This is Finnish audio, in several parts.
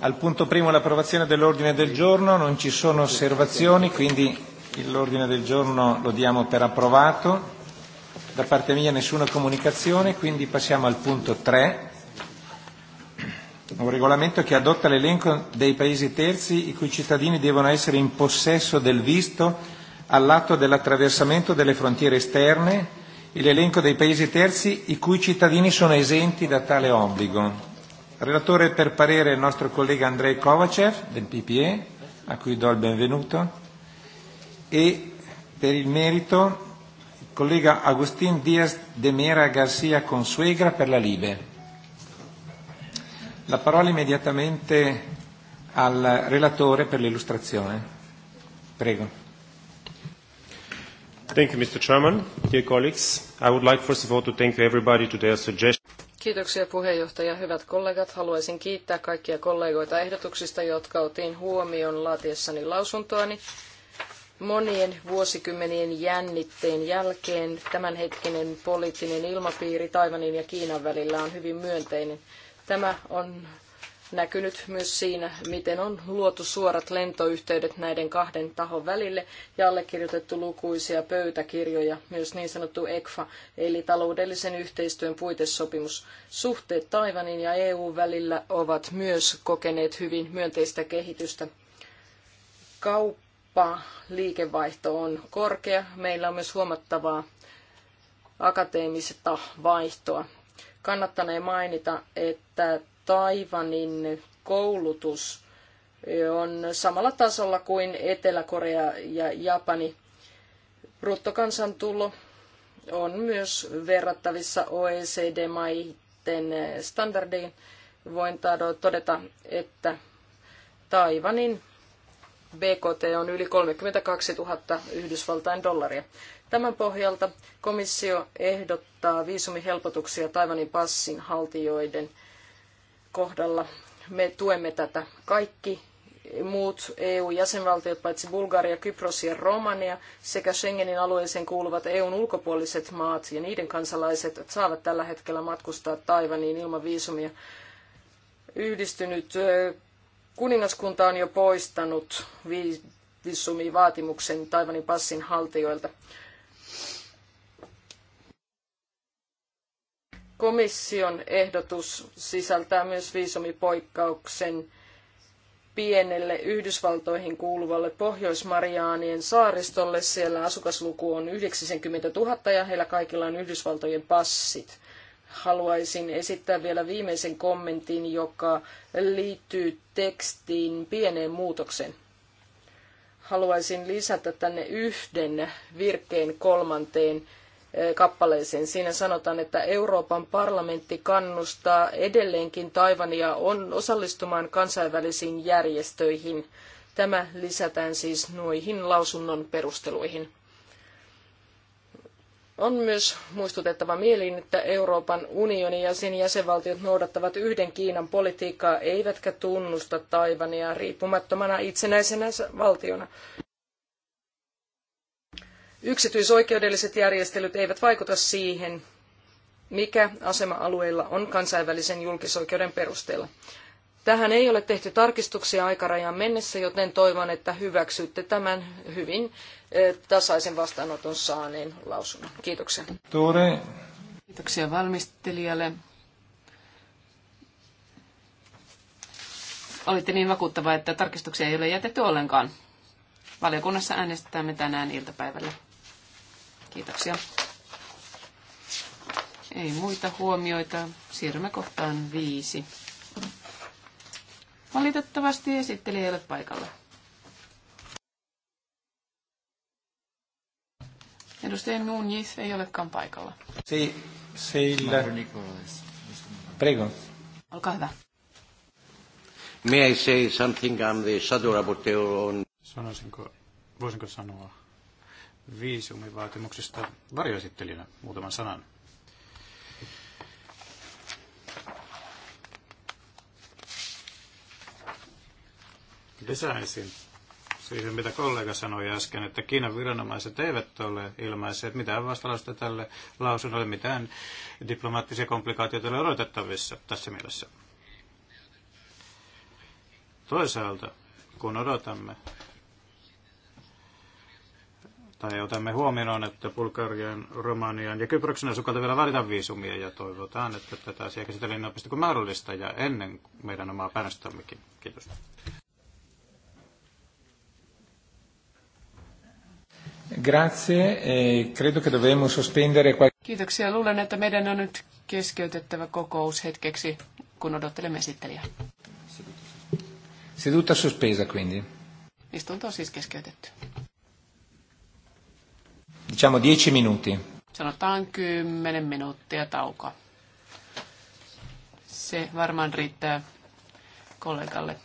Al punto primo l'approvazione dell'ordine del giorno, non ci sono osservazioni, quindi l'ordine del giorno lo diamo per approvato. Da parte mia nessuna comunicazione, quindi passiamo al punto 3, un regolamento che adotta l'elenco dei paesi terzi i cui cittadini devono essere in possesso del visto all'atto dell'attraversamento delle frontiere esterne l'elenco dei paesi terzi i cui cittadini sono esenti da tale obbligo. Relatore per parere il nostro collega Andrei Kovacev del PPE, a cui do il benvenuto, e per il merito il collega Agustin Diaz de Mera Garcia Consuegra per la Libe. La parola immediatamente al relatore per l'illustrazione. Prego. Thank you, Mr. Chairman. Dear colleagues, I would like first of all to thank everybody to their suggestions. Kiitoksia puheenjohtaja. Hyvät kollegat, haluaisin kiittää kaikkia kollegoita ehdotuksista, jotka otin huomioon laatiessani lausuntoani. Monien vuosikymmenien jännitteen jälkeen tämänhetkinen poliittinen ilmapiiri Taivanin ja Kiinan välillä on hyvin myönteinen. Tämä on näkynyt myös siinä, miten on luotu suorat lentoyhteydet näiden kahden tahon välille ja allekirjoitettu lukuisia pöytäkirjoja, myös niin sanottu ECFA, eli taloudellisen yhteistyön puitesopimus. Suhteet Taivanin ja EU välillä ovat myös kokeneet hyvin myönteistä kehitystä. Kauppa, liikevaihto on korkea. Meillä on myös huomattavaa akateemista vaihtoa. Kannattanee mainita, että Taivanin koulutus on samalla tasolla kuin Etelä-Korea ja Japani. Bruttokansantulo on myös verrattavissa OECD-maiden standardiin. Voin todeta, että Taivanin BKT on yli 32 000 Yhdysvaltain dollaria. Tämän pohjalta komissio ehdottaa viisumihelpotuksia Taivanin passin haltijoiden – kohdalla. Me tuemme tätä kaikki muut EU-jäsenvaltiot, paitsi Bulgaria, Kypros ja Romania, sekä Schengenin alueeseen kuuluvat EUn ulkopuoliset maat ja niiden kansalaiset saavat tällä hetkellä matkustaa Taivaniin ilman viisumia. Yhdistynyt kuningaskunta on jo poistanut viisumivaatimuksen Taivanin passin haltijoilta. Komission ehdotus sisältää myös viisumipoikkauksen pienelle Yhdysvaltoihin kuuluvalle Pohjois-Mariaanien saaristolle. Siellä asukasluku on 90 000 ja heillä kaikilla on Yhdysvaltojen passit. Haluaisin esittää vielä viimeisen kommentin, joka liittyy tekstiin pieneen muutokseen. Haluaisin lisätä tänne yhden virkkeen kolmanteen kappaleeseen. Siinä sanotaan, että Euroopan parlamentti kannustaa edelleenkin Taivania on osallistumaan kansainvälisiin järjestöihin. Tämä lisätään siis noihin lausunnon perusteluihin. On myös muistutettava mieliin, että Euroopan unioni ja sen jäsenvaltiot noudattavat yhden Kiinan politiikkaa eivätkä tunnusta Taivania riippumattomana itsenäisenä valtiona. Yksityisoikeudelliset järjestelyt eivät vaikuta siihen, mikä asema alueilla on kansainvälisen julkisoikeuden perusteella. Tähän ei ole tehty tarkistuksia aikarajaan mennessä, joten toivon, että hyväksytte tämän hyvin eh, tasaisen vastaanoton saaneen lausunnon. Kiitoksia. Tuure. Kiitoksia valmistelijalle. Olitte niin vakuuttava, että tarkistuksia ei ole jätetty ollenkaan. Valiokunnassa äänestämme tänään iltapäivällä. Kiitoksia. Ei muita huomioita. Siirrymme kohtaan viisi. Valitettavasti esittelijä ei ole paikalla. Edustaja Nunez ei olekaan paikalla. Si, sillä... Prego. Olkaa hyvä. May I say something on the on... Sanoisinko, voisinko sanoa viisumivaatimuksista varjoesittelijänä muutaman sanan. Lisäisin siihen, mitä kollega sanoi äsken, että Kiinan viranomaiset eivät ole ilmaisseet mitään vastalausta tälle lausunnolle, mitään diplomaattisia komplikaatioita ole odotettavissa tässä mielessä. Toisaalta, kun odotamme tai otamme huomioon, että Bulgarian, Romanian ja Kyproksen asukkailta vielä vaaditaan viisumia ja toivotaan, että tätä asiaa käsitellään nopeasti kuin mahdollista ja ennen meidän omaa päästömmekin. Kiitos. Grazie. E, credo che dovremmo sospendere Kiitoksia. Luulen, että meidän on nyt keskeytettävä kokous hetkeksi, kun odottelemme esittelijää. Seduta sospesa quindi. Istunto on siis keskeytetty diciamo 10 minuti. Sanotaan 10 minuuttia tauko. Se varmaan riittää kollegalle.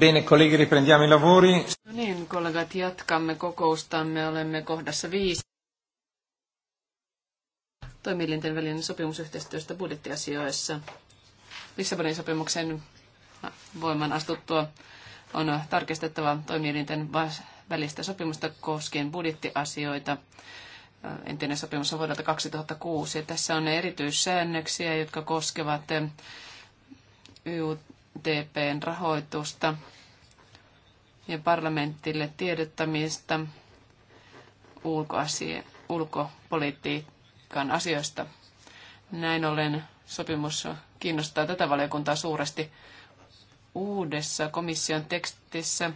Bene, colleghi, riprendiamo i lavori. No niin, kollegat, jatkamme kokoustamme. Olemme kohdassa viisi. Toimielinten välinen sopimusyhteistyöstä budjettiasioissa. Lissabonin sopimuksen voiman astuttua on tarkistettava toimielinten välistä sopimusta koskien budjettiasioita. Entinen sopimus on vuodelta 2006 ja tässä on erityissäännöksiä, jotka koskevat YUTPn e rahoitusta ja parlamentille tiedottamista ulkoasia, ulkopolitiikan asioista. Näin ollen sopimus kiinnostaa tätä valiokuntaa suuresti uudessa komission tekstissä.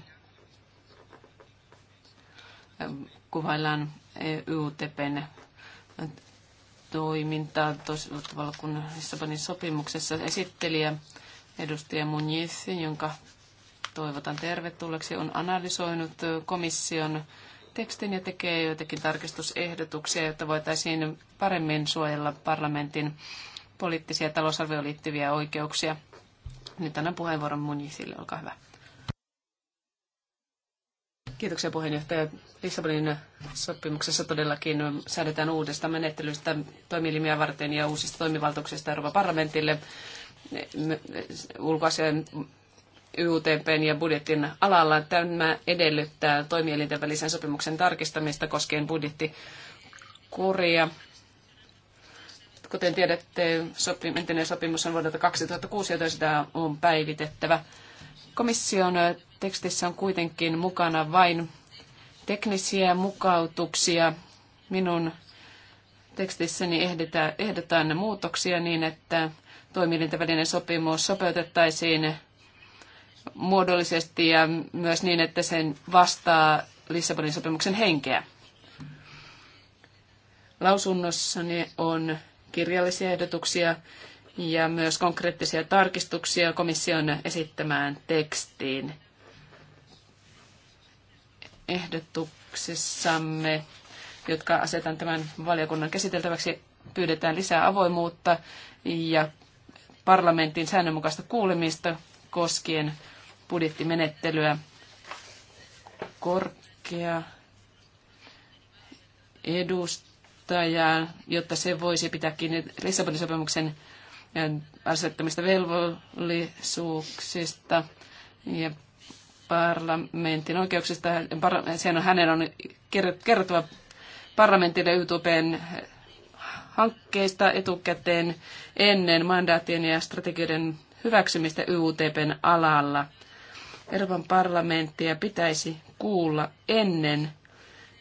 Kuvaillaan EUTPn toimintaa toisella tavalla kuin Lissabonin sopimuksessa esittelijä edustaja Muniz, jonka toivotan tervetulleeksi, on analysoinut komission tekstin ja tekee joitakin tarkistusehdotuksia, jotta voitaisiin paremmin suojella parlamentin poliittisia talousarvioon liittyviä oikeuksia. Nyt annan puheenvuoron Munisille, olkaa hyvä. Kiitoksia puheenjohtaja. Lissabonin sopimuksessa todellakin säädetään uudesta menettelystä toimielimiä varten ja uusista toimivaltuuksista Euroopan parlamentille ulkoasian YUTPn ja budjetin alalla. Tämä edellyttää toimielinten välisen sopimuksen tarkistamista koskien budjettikuria. Kuten tiedätte, sopi, entinen sopimus on vuodelta 2006, joten sitä on päivitettävä. Komission tekstissä on kuitenkin mukana vain teknisiä mukautuksia. Minun tekstissäni ehdotan muutoksia niin, että toimielinten välinen sopimus sopeutettaisiin muodollisesti ja myös niin, että sen vastaa Lissabonin sopimuksen henkeä. Lausunnossani on kirjallisia ehdotuksia ja myös konkreettisia tarkistuksia komission esittämään tekstiin. Ehdotuksissamme, jotka asetan tämän valiokunnan käsiteltäväksi, pyydetään lisää avoimuutta ja parlamentin säännönmukaista kuulemista koskien budjettimenettelyä. Korkea edustaja, jotta se voisi pitää kiinni Lissabonin sopimuksen asettamista velvollisuuksista ja parlamentin oikeuksista. Sen on, hänen on kerrottava parlamentille YouTubeen hankkeista etukäteen ennen mandaattien ja strategioiden hyväksymistä YUTPn alalla. Euroopan parlamenttia pitäisi kuulla ennen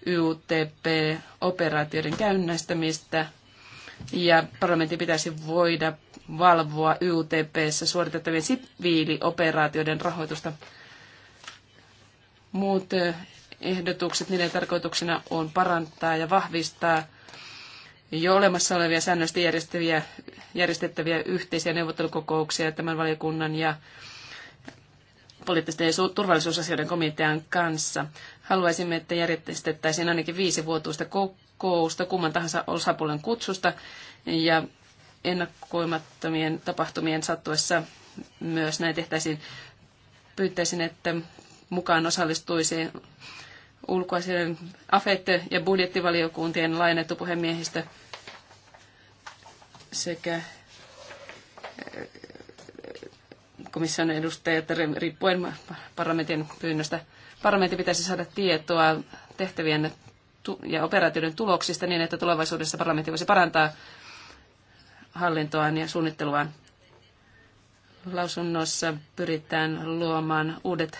YUTP-operaatioiden käynnistämistä ja parlamentti pitäisi voida valvoa YUTPssä suoritettavien siviilioperaatioiden rahoitusta. Muut ehdotukset, niiden tarkoituksena on parantaa ja vahvistaa jo olemassa olevia säännöllisesti järjestettäviä yhteisiä neuvottelukokouksia tämän valiokunnan ja poliittisten ja turvallisuusasioiden komitean kanssa. Haluaisimme, että järjestettäisiin ainakin viisi vuotuista kokousta kumman tahansa osapuolen kutsusta ja ennakoimattomien tapahtumien sattuessa myös näin tehtäisiin. Pyytäisin, että mukaan osallistuisi ulkoasioiden afette ja budjettivaliokuntien lainettu puhemiehistö sekä komission edustajat riippuen parlamentin pyynnöstä. Parlamentti pitäisi saada tietoa tehtävien ja operaatioiden tuloksista niin, että tulevaisuudessa parlamentti voisi parantaa hallintoaan ja suunnitteluaan. Lausunnossa pyritään luomaan uudet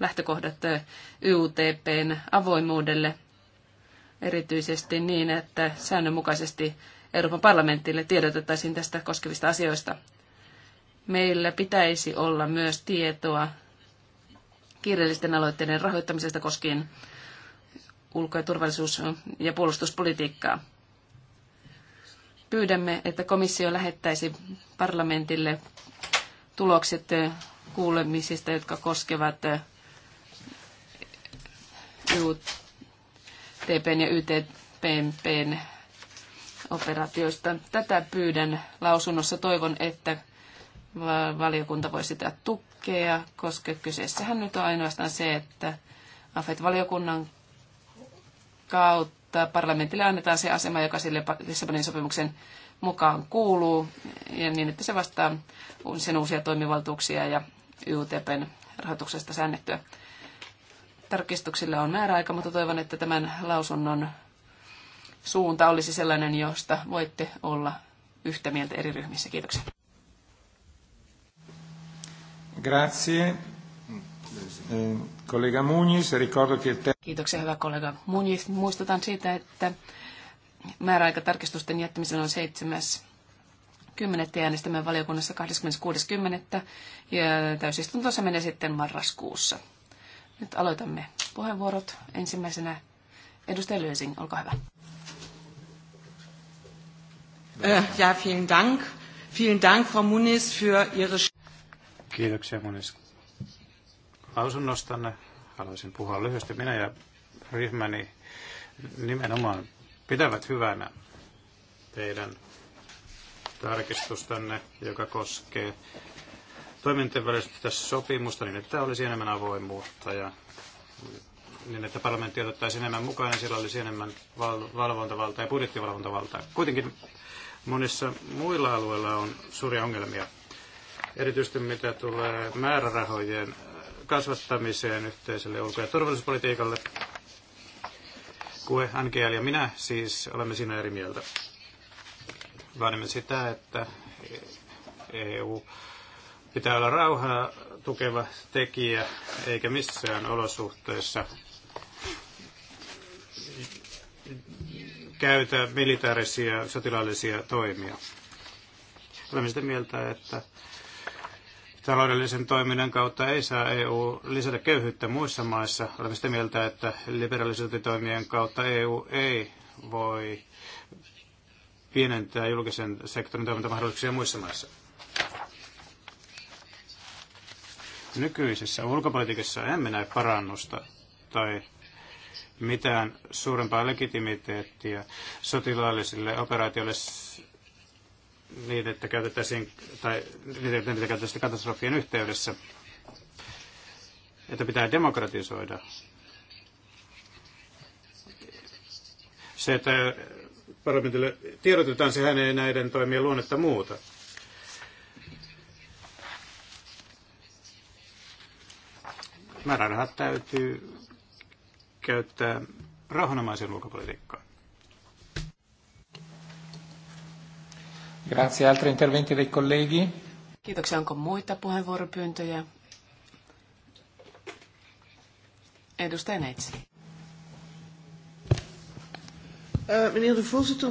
lähtökohdat YUTPn avoimuudelle, erityisesti niin, että säännönmukaisesti Euroopan parlamentille tiedotettaisiin tästä koskevista asioista meillä pitäisi olla myös tietoa kiireellisten aloitteiden rahoittamisesta koskien ulko- ja turvallisuus- ja puolustuspolitiikkaa. Pyydämme, että komissio lähettäisi parlamentille tulokset kuulemisista, jotka koskevat UTP ja YTPn operaatioista. Tätä pyydän lausunnossa. Toivon, että valiokunta voi sitä tukea, koska kyseessähän nyt on ainoastaan se, että AFET-valiokunnan kautta parlamentille annetaan se asema, joka sille Lissabonin sopimuksen mukaan kuuluu, ja niin, että se vastaa sen uusia toimivaltuuksia ja YUTPn rahoituksesta säännettyä. Tarkistuksilla on määräaika, mutta toivon, että tämän lausunnon suunta olisi sellainen, josta voitte olla yhtä mieltä eri ryhmissä. Kiitoksia. Grazie. Kollega eh, ricordo che te... Kiitoksia hyvä kollega Muniz. Muistutan siitä, että määräaikatarkistusten jättämisellä on 7.10. 10. äänestämme valiokunnassa 26.10. ja täysistuntossa menee sitten marraskuussa. Nyt aloitamme puheenvuorot. Ensimmäisenä edustaja Lösing, olkaa hyvä. Äh, ja, vielen Dank. Vielen Dank, Frau Muniz, für Ihre... Kiitoksia monista lausunnostanne. Haluaisin puhua lyhyesti. Minä ja ryhmäni nimenomaan pitävät hyvänä teidän tarkistustanne, joka koskee toimintojen välistä sopimusta, niin että olisi enemmän avoimuutta ja niin, että parlamentti otettaisi enemmän mukaan ja niin sillä olisi enemmän val- valvontavaltaa ja budjettivalvontavaltaa. Kuitenkin monissa muilla alueilla on suuria ongelmia erityisesti mitä tulee määrärahojen äh, kasvattamiseen yhteiselle ulko- ja turvallisuuspolitiikalle. Kue, NGL ja minä siis olemme siinä eri mieltä. Vaadimme sitä, että EU pitää olla rauhaa tukeva tekijä, eikä missään olosuhteissa käytä militaarisia sotilaallisia toimia. Olemme sitä mieltä, että taloudellisen toiminnan kautta ei saa EU lisätä köyhyyttä muissa maissa. Olemme sitä mieltä, että liberalisointitoimien kautta EU ei voi pienentää julkisen sektorin toimintamahdollisuuksia muissa maissa. Nykyisessä ulkopolitiikassa emme näe parannusta tai mitään suurempaa legitimiteettiä sotilaallisille operaatioille niin, että käytettäisiin, tai niitä, niitä käytettäisiin katastrofien yhteydessä, että pitää demokratisoida. Se, että parlamentille tiedotetaan, sehän ei näiden toimien luonnetta muuta. Määrärahat täytyy käyttää rauhanomaisen ulkopolitiikkaan. Grazie. Altri interventi dei colleghi? Kiitoksia. Onko muita puheenvuoropyyntöjä? Edustaja Neitsi. Meneer de voorzitter,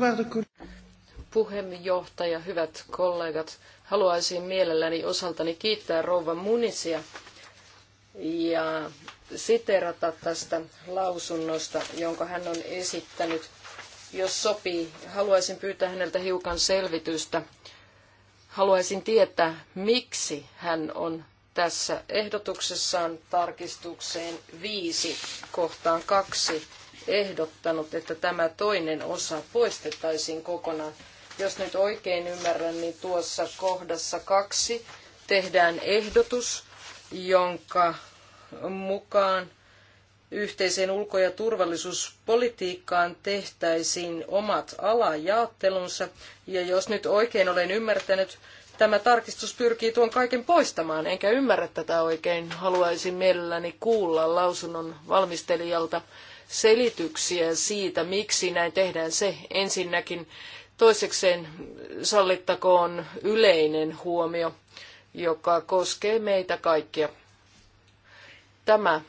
puheenjohtaja, hyvät kollegat. Haluaisin mielelläni osaltani kiittää rouva Munisia ja siterata tästä lausunnosta, jonka hän on esittänyt. Jos sopii, haluaisin pyytää häneltä hiukan selvitystä. Haluaisin tietää, miksi hän on tässä ehdotuksessaan tarkistukseen viisi kohtaan kaksi ehdottanut, että tämä toinen osa poistettaisiin kokonaan. Jos nyt oikein ymmärrän, niin tuossa kohdassa kaksi tehdään ehdotus, jonka mukaan yhteiseen ulko- ja turvallisuuspolitiikkaan tehtäisiin omat alajaottelunsa. Ja jos nyt oikein olen ymmärtänyt, tämä tarkistus pyrkii tuon kaiken poistamaan. Enkä ymmärrä tätä oikein. Haluaisin mielelläni kuulla lausunnon valmistelijalta selityksiä siitä, miksi näin tehdään se ensinnäkin. Toisekseen sallittakoon yleinen huomio, joka koskee meitä kaikkia. Tämä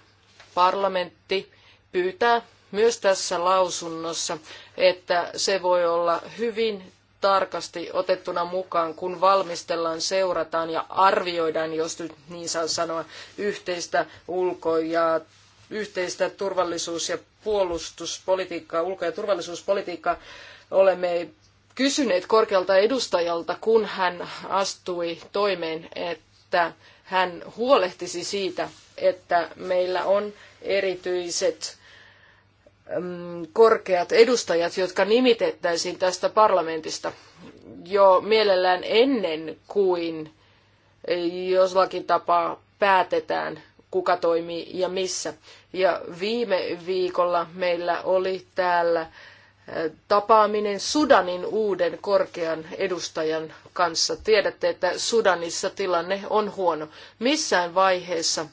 Parlamentti pyytää myös tässä lausunnossa, että se voi olla hyvin tarkasti otettuna mukaan, kun valmistellaan, seurataan ja arvioidaan, jos nyt niin saa sanoa, yhteistä ulko- ja yhteistä turvallisuus- ja puolustuspolitiikkaa, ulko- ja turvallisuuspolitiikkaa. Olemme kysyneet korkealta edustajalta, kun hän astui toimeen, että hän huolehtisi siitä, että meillä on erityiset mm, korkeat edustajat, jotka nimitettäisiin tästä parlamentista jo mielellään ennen kuin jollakin tapaa päätetään, kuka toimii ja missä. Ja viime viikolla meillä oli täällä tapaaminen Sudanin uuden korkean edustajan kanssa. Tiedätte, että Sudanissa tilanne on huono. Missään vaiheessa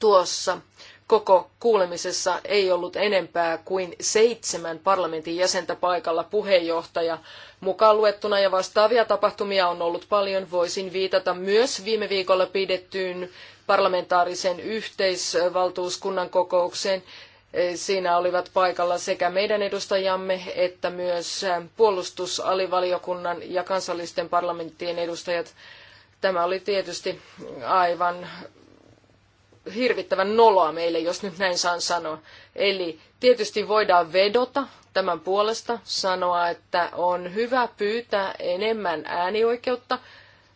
tuossa koko kuulemisessa ei ollut enempää kuin seitsemän parlamentin jäsentä paikalla puheenjohtaja mukaan luettuna ja vastaavia tapahtumia on ollut paljon. Voisin viitata myös viime viikolla pidettyyn parlamentaarisen yhteisvaltuuskunnan kokoukseen, Siinä olivat paikalla sekä meidän edustajamme että myös ähm, puolustusalivaliokunnan ja kansallisten parlamenttien edustajat. Tämä oli tietysti aivan hirvittävän noloa meille, jos nyt näin saan sanoa. Eli tietysti voidaan vedota tämän puolesta, sanoa, että on hyvä pyytää enemmän äänioikeutta,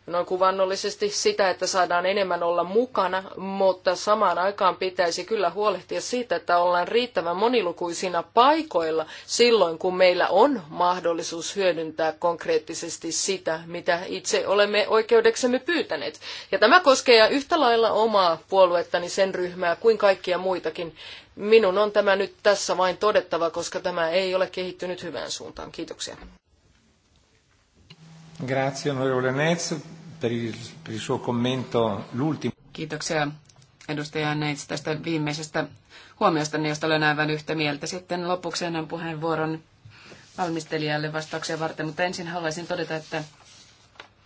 noin kuvannollisesti sitä, että saadaan enemmän olla mukana, mutta samaan aikaan pitäisi kyllä huolehtia siitä, että ollaan riittävän monilukuisina paikoilla silloin, kun meillä on mahdollisuus hyödyntää konkreettisesti sitä, mitä itse olemme oikeudeksemme pyytäneet. Ja tämä koskee yhtä lailla omaa puoluettani, sen ryhmää kuin kaikkia muitakin. Minun on tämä nyt tässä vain todettava, koska tämä ei ole kehittynyt hyvään suuntaan. Kiitoksia. Grazie onorevole Nez per il, per il suo commento, l'ultimo. Kiitoksia edustaja Neits tästä viimeisestä huomiosta, niin josta olen aivan yhtä mieltä. Sitten lopuksi annan puheenvuoron valmistelijalle vastauksia varten, mutta ensin haluaisin todeta, että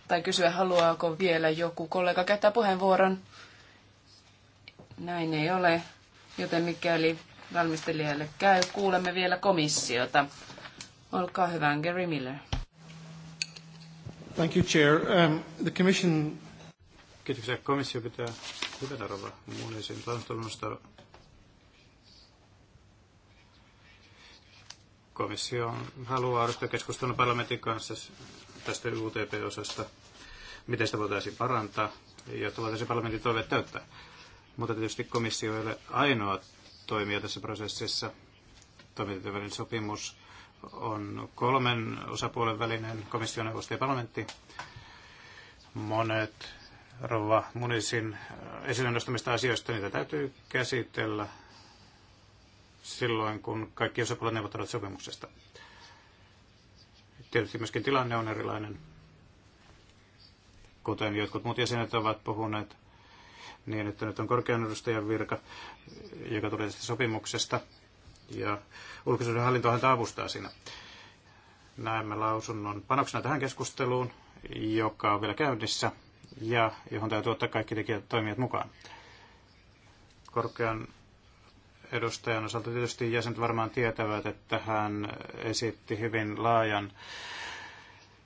tai kysyä, haluaako vielä joku kollega käyttää puheenvuoron. Näin ei ole, joten mikäli valmistelijalle käy, kuulemme vielä komissiota. Olkaa hyvä, Gary Miller. Thank you, Chair. Um, the Commission... Kiitoksia. Komissio pitää arvoa muun Muunisen lausuntoluonnosta. Komissio haluaa arvostaa keskustelun parlamentin kanssa tästä UTP-osasta, miten sitä voitaisiin parantaa, jotta voitaisiin parlamentin toiveet täyttää. Mutta tietysti komissio ei ole ainoa toimija tässä prosessissa. Toimintavälinen sopimus on kolmen osapuolen välinen komissioneuvosto ja parlamentti. Monet Rova Munisin äh, esille nostamista asioista, niitä täytyy käsitellä silloin, kun kaikki osapuolet neuvottelevat sopimuksesta. Tietysti myöskin tilanne on erilainen, kuten jotkut muut jäsenet ovat puhuneet, niin että nyt on korkean edustajan virka, joka tulee tästä sopimuksesta ja ulkoisuuden hallintohan avustaa siinä. Näemme lausunnon panoksena tähän keskusteluun, joka on vielä käynnissä ja johon täytyy ottaa kaikki tekijät toimijat mukaan. Korkean edustajan osalta tietysti jäsenet varmaan tietävät, että hän esitti hyvin laajan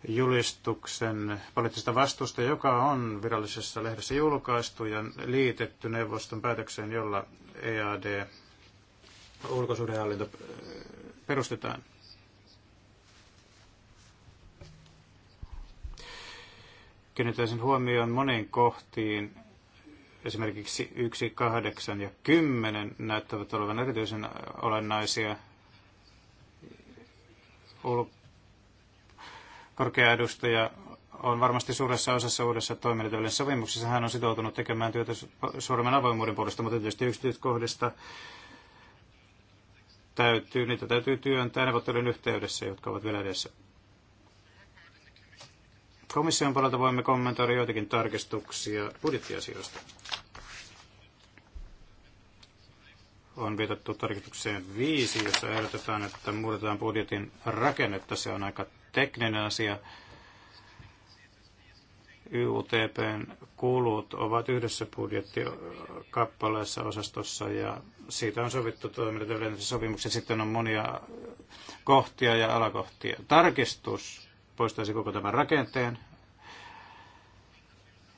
julistuksen poliittista vastuusta, joka on virallisessa lehdessä julkaistu ja liitetty neuvoston päätökseen, jolla EAD ulkosuhdehallinto eh, perustetaan. sen huomioon moniin kohtiin. Esimerkiksi 1, 8 ja 10 näyttävät olevan erityisen olennaisia. korkea edustaja on varmasti suuressa osassa uudessa toimintavälisessä sopimuksessa. Hän on sitoutunut tekemään työtä suuremman avoimuuden puolesta, mutta tietysti yksityiskohdista kohdista täytyy, niitä täytyy työntää neuvottelujen yhteydessä, jotka ovat vielä edessä. Komission puolelta voimme kommentoida joitakin tarkistuksia budjettiasioista. On viitattu tarkistukseen viisi, jossa ehdotetaan, että muutetaan budjetin rakennetta. Se on aika tekninen asia YUTPn kulut ovat yhdessä budjettikappaleessa osastossa ja siitä on sovittu toimintatyöllinen sopimuksen. Sitten on monia kohtia ja alakohtia. Tarkistus poistaisi koko tämän rakenteen.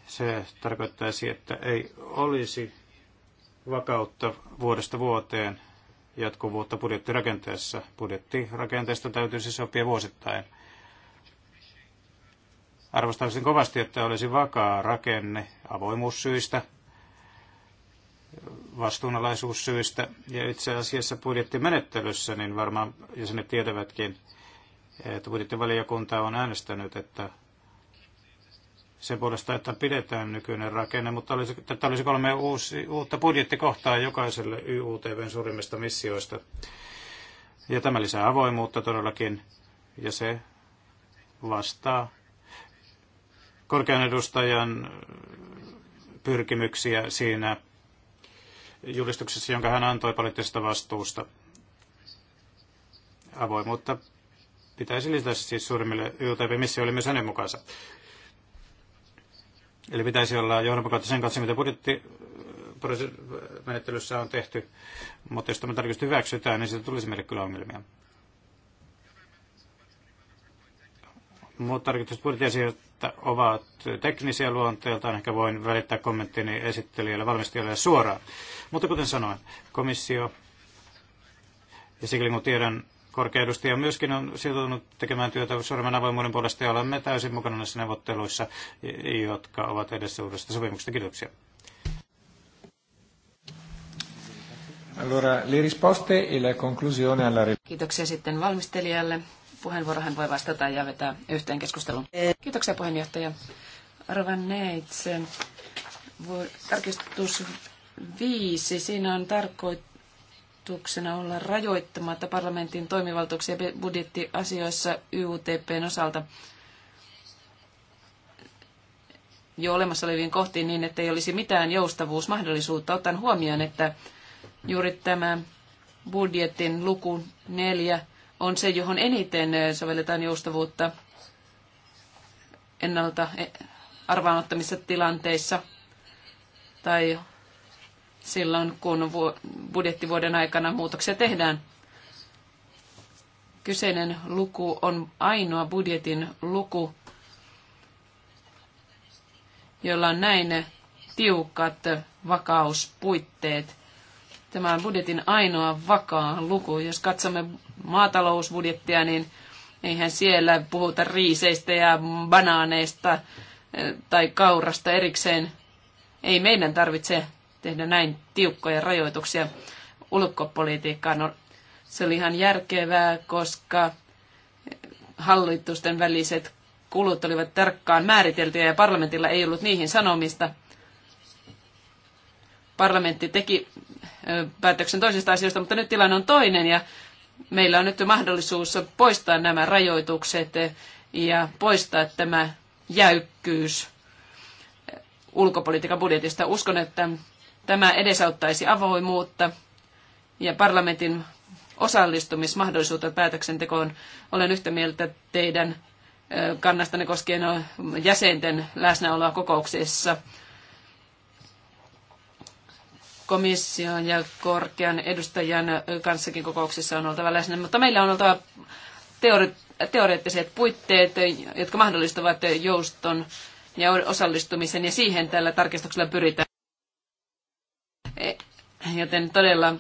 Se tarkoittaisi, että ei olisi vakautta vuodesta vuoteen jatkuvuutta budjettirakenteessa. Budjettirakenteesta täytyisi sopia vuosittain – Arvostaisin kovasti, että olisi vakaa rakenne avoimuussyistä, vastuunalaisuussyistä ja itse asiassa budjettimenettelyssä, niin varmaan jäsenet tietävätkin, että budjettivaliokunta on äänestänyt, että sen puolesta, että pidetään nykyinen rakenne, mutta olisi, tätä olisi kolme uusi, uutta budjettikohtaa jokaiselle YUTVn suurimmista missioista. Ja tämä lisää avoimuutta todellakin, ja se vastaa korkean edustajan pyrkimyksiä siinä julistuksessa, jonka hän antoi poliittisesta vastuusta. Avoimuutta pitäisi lisätä siis suurimmille missä oli myös hänen mukaansa. Eli pitäisi olla johdonmukaista sen kanssa, mitä menettelyssä on tehty, mutta jos tämä tarkistus hyväksytään, niin siitä tulisi meille kyllä ongelmia. Muut tarkoitukset ovat teknisiä luonteeltaan. Ehkä voin välittää kommenttini esittelijälle valmistelijalle suoraan. Mutta kuten sanoin, komissio ja sikäli kun tiedän, korkea edustaja myöskin on sitoutunut tekemään työtä suuremman avoimuuden puolesta ja olemme täysin mukana näissä neuvotteluissa, jotka ovat edessä uudesta sopimuksesta. Kiitoksia. Allora, le risposte e la conclusione alla... Kiitoksia sitten valmistelijalle puheenvuoro. Hän voi vastata ja vetää yhteen keskustelun. Kiitoksia puheenjohtaja. Arvan Neitse, tarkistus viisi. Siinä on tarkoituksena olla rajoittamatta parlamentin toimivaltuuksia budjettiasioissa YUTPn osalta jo olemassa oleviin kohtiin niin, että ei olisi mitään joustavuusmahdollisuutta, otan huomioon, että juuri tämä budjetin luku neljä – on se, johon eniten eh, sovelletaan joustavuutta ennalta eh, arvaamattomissa tilanteissa tai silloin, kun budjettivuoden aikana muutoksia tehdään. Kyseinen luku on ainoa budjetin luku, jolla on näin tiukat vakauspuitteet. Tämä on budjetin ainoa vakaa luku. Jos katsomme maatalousbudjettia, niin eihän siellä puhuta riiseistä ja banaaneista eh, tai kaurasta erikseen. Ei meidän tarvitse tehdä näin tiukkoja rajoituksia ulkopolitiikkaan. No, se oli ihan järkevää, koska hallitusten väliset kulut olivat tarkkaan määriteltyjä ja parlamentilla ei ollut niihin sanomista – parlamentti teki päätöksen toisista asioista, mutta nyt tilanne on toinen ja meillä on nyt mahdollisuus poistaa nämä rajoitukset ja poistaa tämä jäykkyys ulkopolitiikan budjetista. Uskon, että tämä edesauttaisi avoimuutta ja parlamentin osallistumismahdollisuutta päätöksentekoon. Olen yhtä mieltä teidän kannastanne koskien jäsenten läsnäoloa kokouksissa komission ja korkean edustajan kanssakin kokouksissa on oltava läsnä, mutta meillä on oltava teori- teoreettiset puitteet, jotka mahdollistavat jouston ja osallistumisen, ja siihen tällä tarkistuksella pyritään. E, joten todella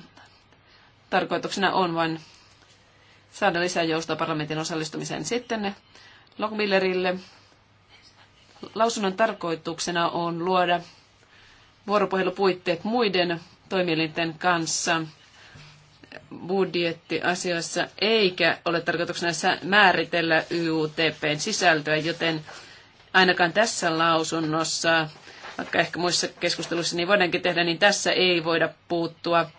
tarkoituksena on vain saada lisää joustoa parlamentin osallistumiseen. Sitten Lockmillerille lausunnon tarkoituksena on luoda vuoropuhelupuitteet muiden toimielinten kanssa budjettiasioissa, eikä ole tarkoituksena määritellä YUTPn sisältöä, joten ainakaan tässä lausunnossa, vaikka ehkä muissa keskusteluissa niin voidaankin tehdä, niin tässä ei voida puuttua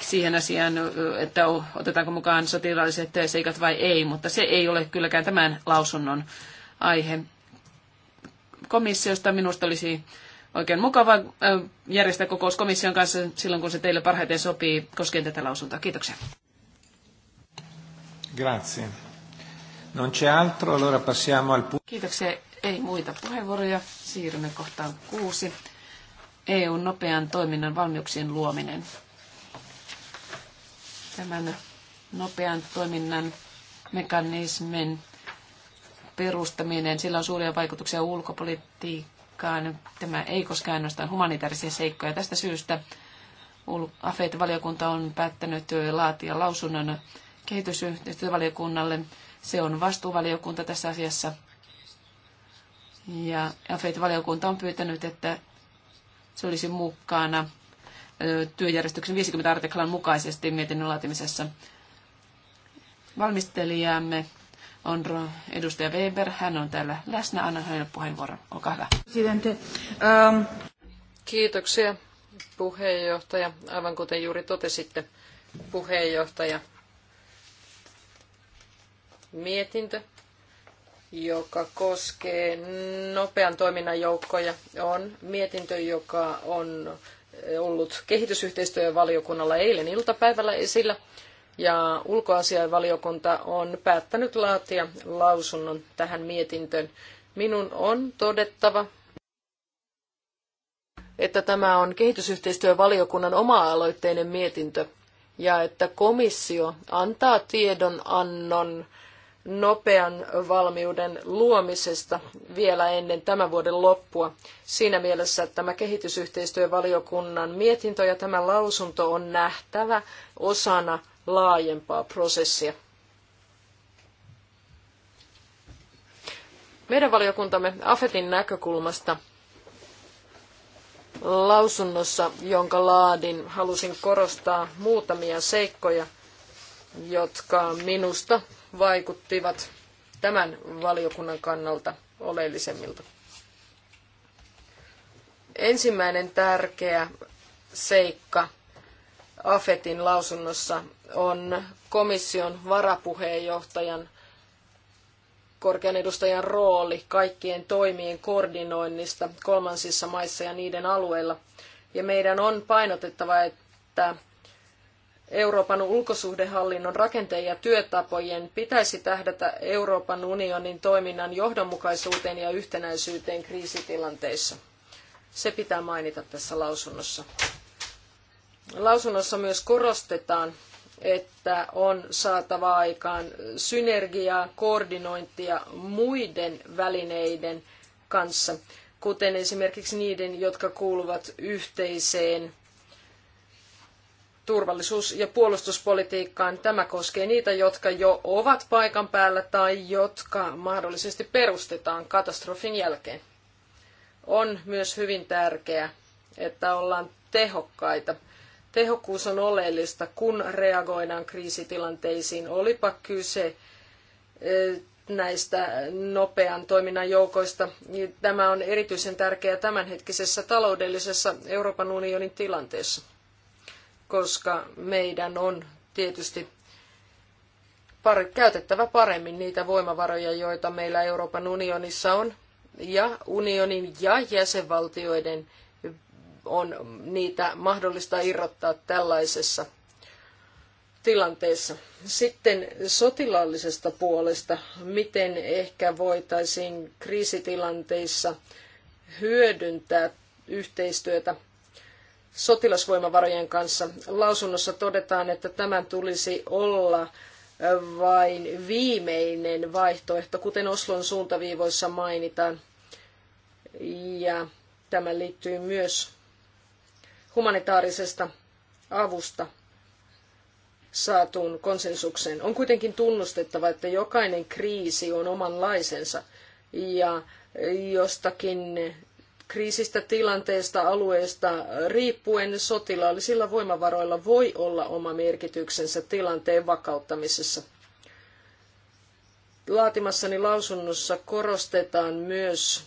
siihen asiaan, että otetaanko mukaan sotilaalliset seikat vai ei, mutta se ei ole kylläkään tämän lausunnon aihe. Komissiosta minusta olisi oikein mukava äh, järjestää kokous komission kanssa silloin, kun se teille parhaiten sopii koskien tätä lausuntoa. Kiitoksia. Grazie. Non c'è altro, allora passiamo al punto. Kiitoksia. Ei muita puheenvuoroja. Siirrymme kohtaan kuusi. EUn nopean toiminnan valmiuksien luominen. Tämän nopean toiminnan mekanismin perustaminen, sillä on suuria vaikutuksia ulkopolitiikkaan tarkkaan. Tämä ei koske ainoastaan humanitaarisia seikkoja. Tästä syystä AFET-valiokunta on päättänyt laatia lausunnon kehitysyhteistyövaliokunnalle. Se on vastuuvaliokunta tässä asiassa. Ja AFET-valiokunta on pyytänyt, että se olisi mukana työjärjestyksen 50 artiklan mukaisesti mietinnön laatimisessa. Valmistelijamme on edustaja Weber. Hän on täällä läsnä. Anna hänelle puheenvuoron. Olkaa hyvä. Um, Kiitoksia puheenjohtaja. Aivan kuten juuri totesitte, puheenjohtaja. Mietintö, joka koskee nopean toiminnan joukkoja, on mietintö, joka on ollut kehitysyhteistyövaliokunnalla eilen iltapäivällä esillä ja ulkoasiainvaliokunta on päättänyt laatia lausunnon tähän mietintöön. Minun on todettava, että tämä on kehitysyhteistyövaliokunnan oma-aloitteinen mietintö ja että komissio antaa tiedonannon nopean valmiuden luomisesta vielä ennen tämän vuoden loppua. Siinä mielessä tämä kehitysyhteistyövaliokunnan mietintö ja tämä lausunto on nähtävä osana laajempaa prosessia. Meidän valiokuntamme AFETin näkökulmasta lausunnossa, jonka laadin, halusin korostaa muutamia seikkoja, jotka minusta vaikuttivat tämän valiokunnan kannalta oleellisemmilta. Ensimmäinen tärkeä seikka AFETin lausunnossa on komission varapuheenjohtajan korkean edustajan rooli kaikkien toimien koordinoinnista kolmansissa maissa ja niiden alueilla. Ja meidän on painotettava, että Euroopan ulkosuhdehallinnon rakenteen ja työtapojen pitäisi tähdätä Euroopan unionin toiminnan johdonmukaisuuteen ja yhtenäisyyteen kriisitilanteissa. Se pitää mainita tässä lausunnossa. Lausunnossa myös korostetaan, että on saatava aikaan synergiaa, koordinointia muiden välineiden kanssa, kuten esimerkiksi niiden, jotka kuuluvat yhteiseen turvallisuus- ja puolustuspolitiikkaan. Tämä koskee niitä, jotka jo ovat paikan päällä tai jotka mahdollisesti perustetaan katastrofin jälkeen. On myös hyvin tärkeää, että ollaan tehokkaita Tehokkuus on oleellista, kun reagoidaan kriisitilanteisiin, olipa kyse e, näistä nopean toiminnan joukoista. Tämä on erityisen tärkeää tämänhetkisessä taloudellisessa Euroopan unionin tilanteessa, koska meidän on tietysti käytettävä paremmin niitä voimavaroja, joita meillä Euroopan unionissa on, ja unionin ja jäsenvaltioiden on niitä mahdollista irrottaa tällaisessa tilanteessa. Sitten sotilaallisesta puolesta, miten ehkä voitaisiin kriisitilanteissa hyödyntää yhteistyötä sotilasvoimavarojen kanssa. Lausunnossa todetaan, että tämän tulisi olla vain viimeinen vaihtoehto, kuten Oslon suuntaviivoissa mainitaan. Ja tämä liittyy myös humanitaarisesta avusta saatuun konsensukseen. On kuitenkin tunnustettava, että jokainen kriisi on omanlaisensa ja jostakin kriisistä, tilanteesta, alueesta riippuen sotilaallisilla voimavaroilla voi olla oma merkityksensä tilanteen vakauttamisessa. Laatimassani lausunnossa korostetaan myös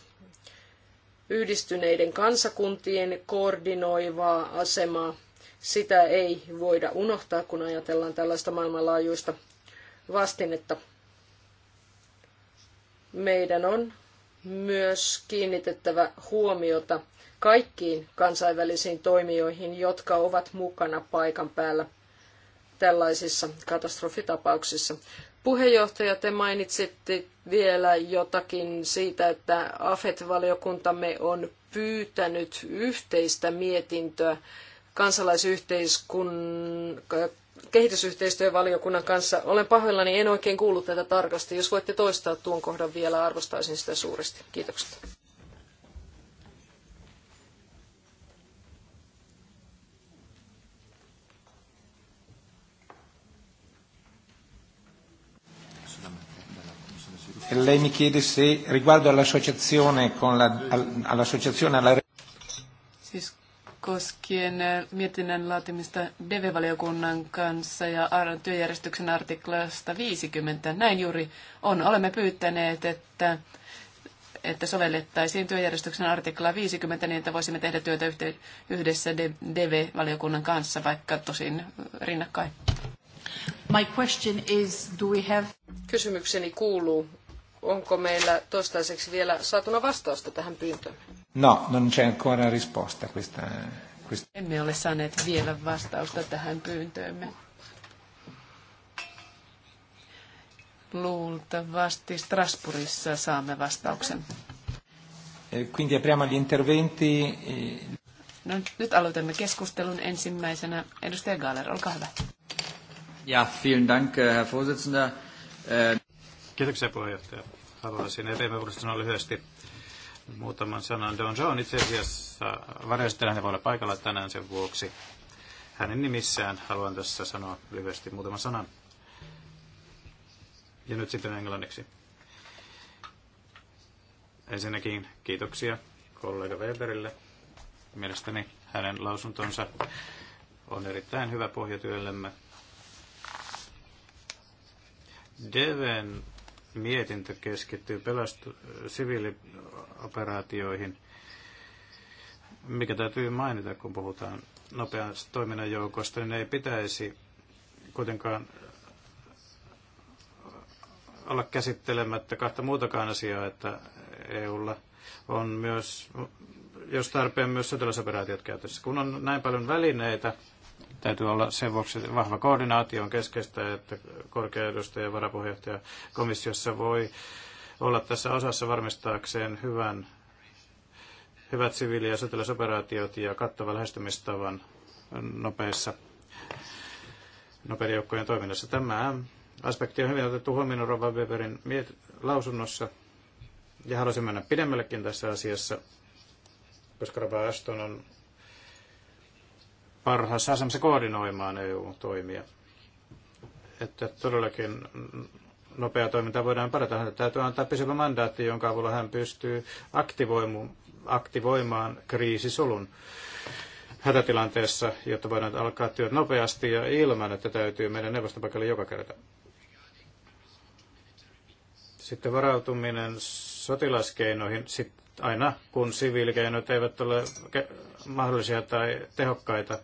yhdistyneiden kansakuntien koordinoivaa asemaa. Sitä ei voida unohtaa, kun ajatellaan tällaista maailmanlaajuista vastinetta. Meidän on myös kiinnitettävä huomiota kaikkiin kansainvälisiin toimijoihin, jotka ovat mukana paikan päällä tällaisissa katastrofitapauksissa. Puheenjohtaja, te mainitsitte vielä jotakin siitä, että AFET-valiokuntamme on pyytänyt yhteistä mietintöä kansalaisyhteiskun kehitysyhteistyövaliokunnan kanssa. Olen pahoillani, en oikein kuullut tätä tarkasti. Jos voitte toistaa tuon kohdan vielä, arvostaisin sitä suuresti. Kiitokset. E lei mi chiede se riguardo all'associazione con la, all'associazione alla... Siis koskien eh, mietinnän laatimista DV-valiokunnan kanssa ja työjärjestyksen artiklasta 50. Näin juuri on. Olemme pyytäneet, että, että sovellettaisiin työjärjestyksen artiklaa 50 niin, että voisimme tehdä työtä yhdessä DV-valiokunnan kanssa, vaikka tosin rinnakkain. My question is, do we have... Kysymykseni kuuluu, onko meillä toistaiseksi vielä saatuna vastausta tähän pyyntöön? No, non c'è ancora risposta questa, questa. Emme ole saaneet vielä vastausta tähän pyyntöömme. Luultavasti Strasbourgissa saamme vastauksen. E, quindi apriamo gli interventi. E- no, nyt aloitamme keskustelun ensimmäisenä. Edustaja Gaaler, olkaa hyvä. Ja, vielen Dank, Herr Vorsitzender. Äh, Kiitoksia puheenjohtaja. Haluaisin sanoa lyhyesti muutaman sanan. Don John itse asiassa varjoistelija, hän voi olla paikalla tänään sen vuoksi. Hänen nimissään haluan tässä sanoa lyhyesti muutaman sanan. Ja nyt sitten englanniksi. Ensinnäkin kiitoksia kollega Weberille. Mielestäni hänen lausuntonsa on erittäin hyvä pohjatyöllemme. Deven mietintö keskittyy pelastu- siviilioperaatioihin, mikä täytyy mainita, kun puhutaan nopeasta toiminnan joukosta, niin ei pitäisi kuitenkaan olla käsittelemättä kahta muutakaan asiaa, että EUlla on myös, jos tarpeen, myös sotilasoperaatiot käytössä. Kun on näin paljon välineitä, Täytyy olla sen vuoksi vahva koordinaatio on keskeistä, että korkea edustaja ja varapuheenjohtaja komissiossa voi olla tässä osassa varmistaakseen hyvän, hyvät siviili- ja sotilasoperaatiot ja kattavan lähestymistavan nopeissa nopeiden joukkojen toiminnassa. Tämä aspekti on hyvin otettu huomioon Rova Weberin lausunnossa ja haluaisin mennä pidemmällekin tässä asiassa, koska Rova Aston on parhaassa asemassa koordinoimaan EU-toimia. Että todellakin nopea toiminta voidaan parata. Hän täytyy antaa pysyvä mandaatti, jonka avulla hän pystyy aktivoimaan kriisisolun hätätilanteessa, jotta voidaan alkaa työt nopeasti ja ilman, että täytyy mennä neuvostopaikalle joka kerta. Sitten varautuminen sotilaskeinoihin. sitten aina kun siviilikeinot eivät ole mahdollisia tai tehokkaita.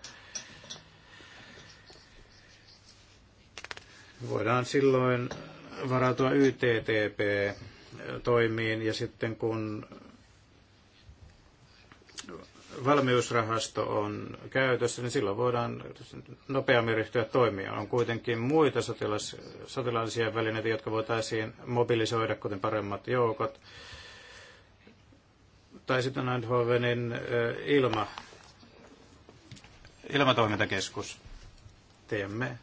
Voidaan silloin varautua YTTP-toimiin ja sitten kun valmiusrahasto on käytössä, niin silloin voidaan nopeammin ryhtyä toimia. On kuitenkin muita sotilas, sotilaallisia välineitä, jotka voitaisiin mobilisoida, kuten paremmat joukot, tai sitten Eindhovenin ilma, ilmatoimintakeskus. Teemme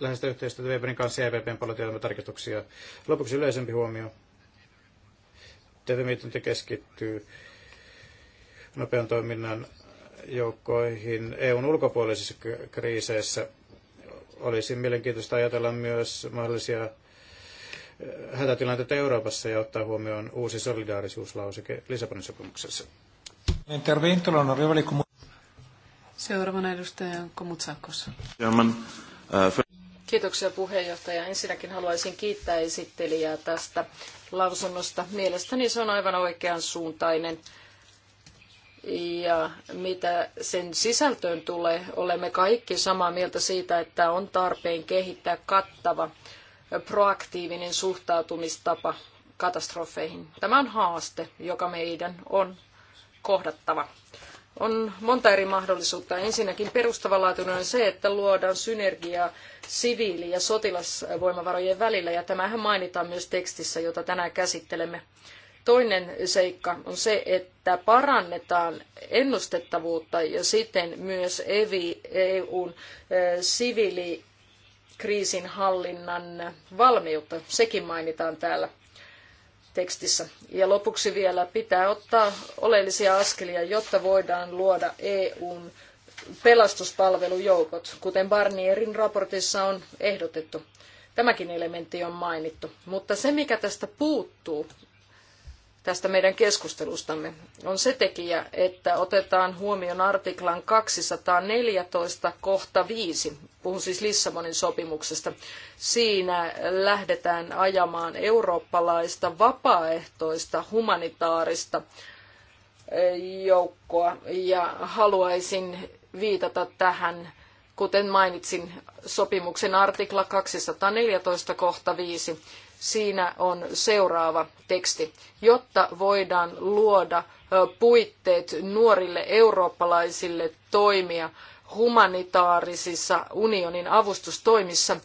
läheistä yhteistyötä Weberin kanssa ja EVPn tarkistuksia. Lopuksi yleisempi huomio. TV-mietintä keskittyy nopean toiminnan joukkoihin EUn ulkopuolisissa kriiseissä. Olisi mielenkiintoista ajatella myös mahdollisia hätätilanteita Euroopassa ja ottaa huomioon uusi solidaarisuuslauseke Lissabonin sopimuksessa. Seuraavana edustaja Komutsakos. Uh, Kiitoksia puheenjohtaja. Ensinnäkin haluaisin kiittää esittelijää tästä lausunnosta. Mielestäni se on aivan oikean suuntainen. Ja mitä sen sisältöön tulee, olemme kaikki samaa mieltä siitä, että on tarpeen kehittää kattava proaktiivinen suhtautumistapa katastrofeihin. Tämä on haaste, joka meidän on kohdattava. On monta eri mahdollisuutta. Ensinnäkin perustavanlaatuinen on se, että luodaan synergiaa siviili- ja sotilasvoimavarojen välillä, ja tämähän mainitaan myös tekstissä, jota tänään käsittelemme. Toinen seikka on se, että parannetaan ennustettavuutta ja siten myös EVI, EUn eh, siviili- kriisinhallinnan valmiutta. Sekin mainitaan täällä tekstissä. Ja lopuksi vielä pitää ottaa oleellisia askelia, jotta voidaan luoda EUn pelastuspalvelujoukot, kuten Barnierin raportissa on ehdotettu. Tämäkin elementti on mainittu. Mutta se, mikä tästä puuttuu, tästä meidän keskustelustamme, on se tekijä, että otetaan huomioon artiklan 214 kohta 5. Puhun siis Lissabonin sopimuksesta. Siinä lähdetään ajamaan eurooppalaista vapaaehtoista humanitaarista e, joukkoa ja haluaisin viitata tähän, kuten mainitsin, sopimuksen artikla 214 kohta 5 siinä on seuraava teksti. Jotta voidaan luoda puitteet nuorille eurooppalaisille toimia humanitaarisissa unionin avustustoimissa,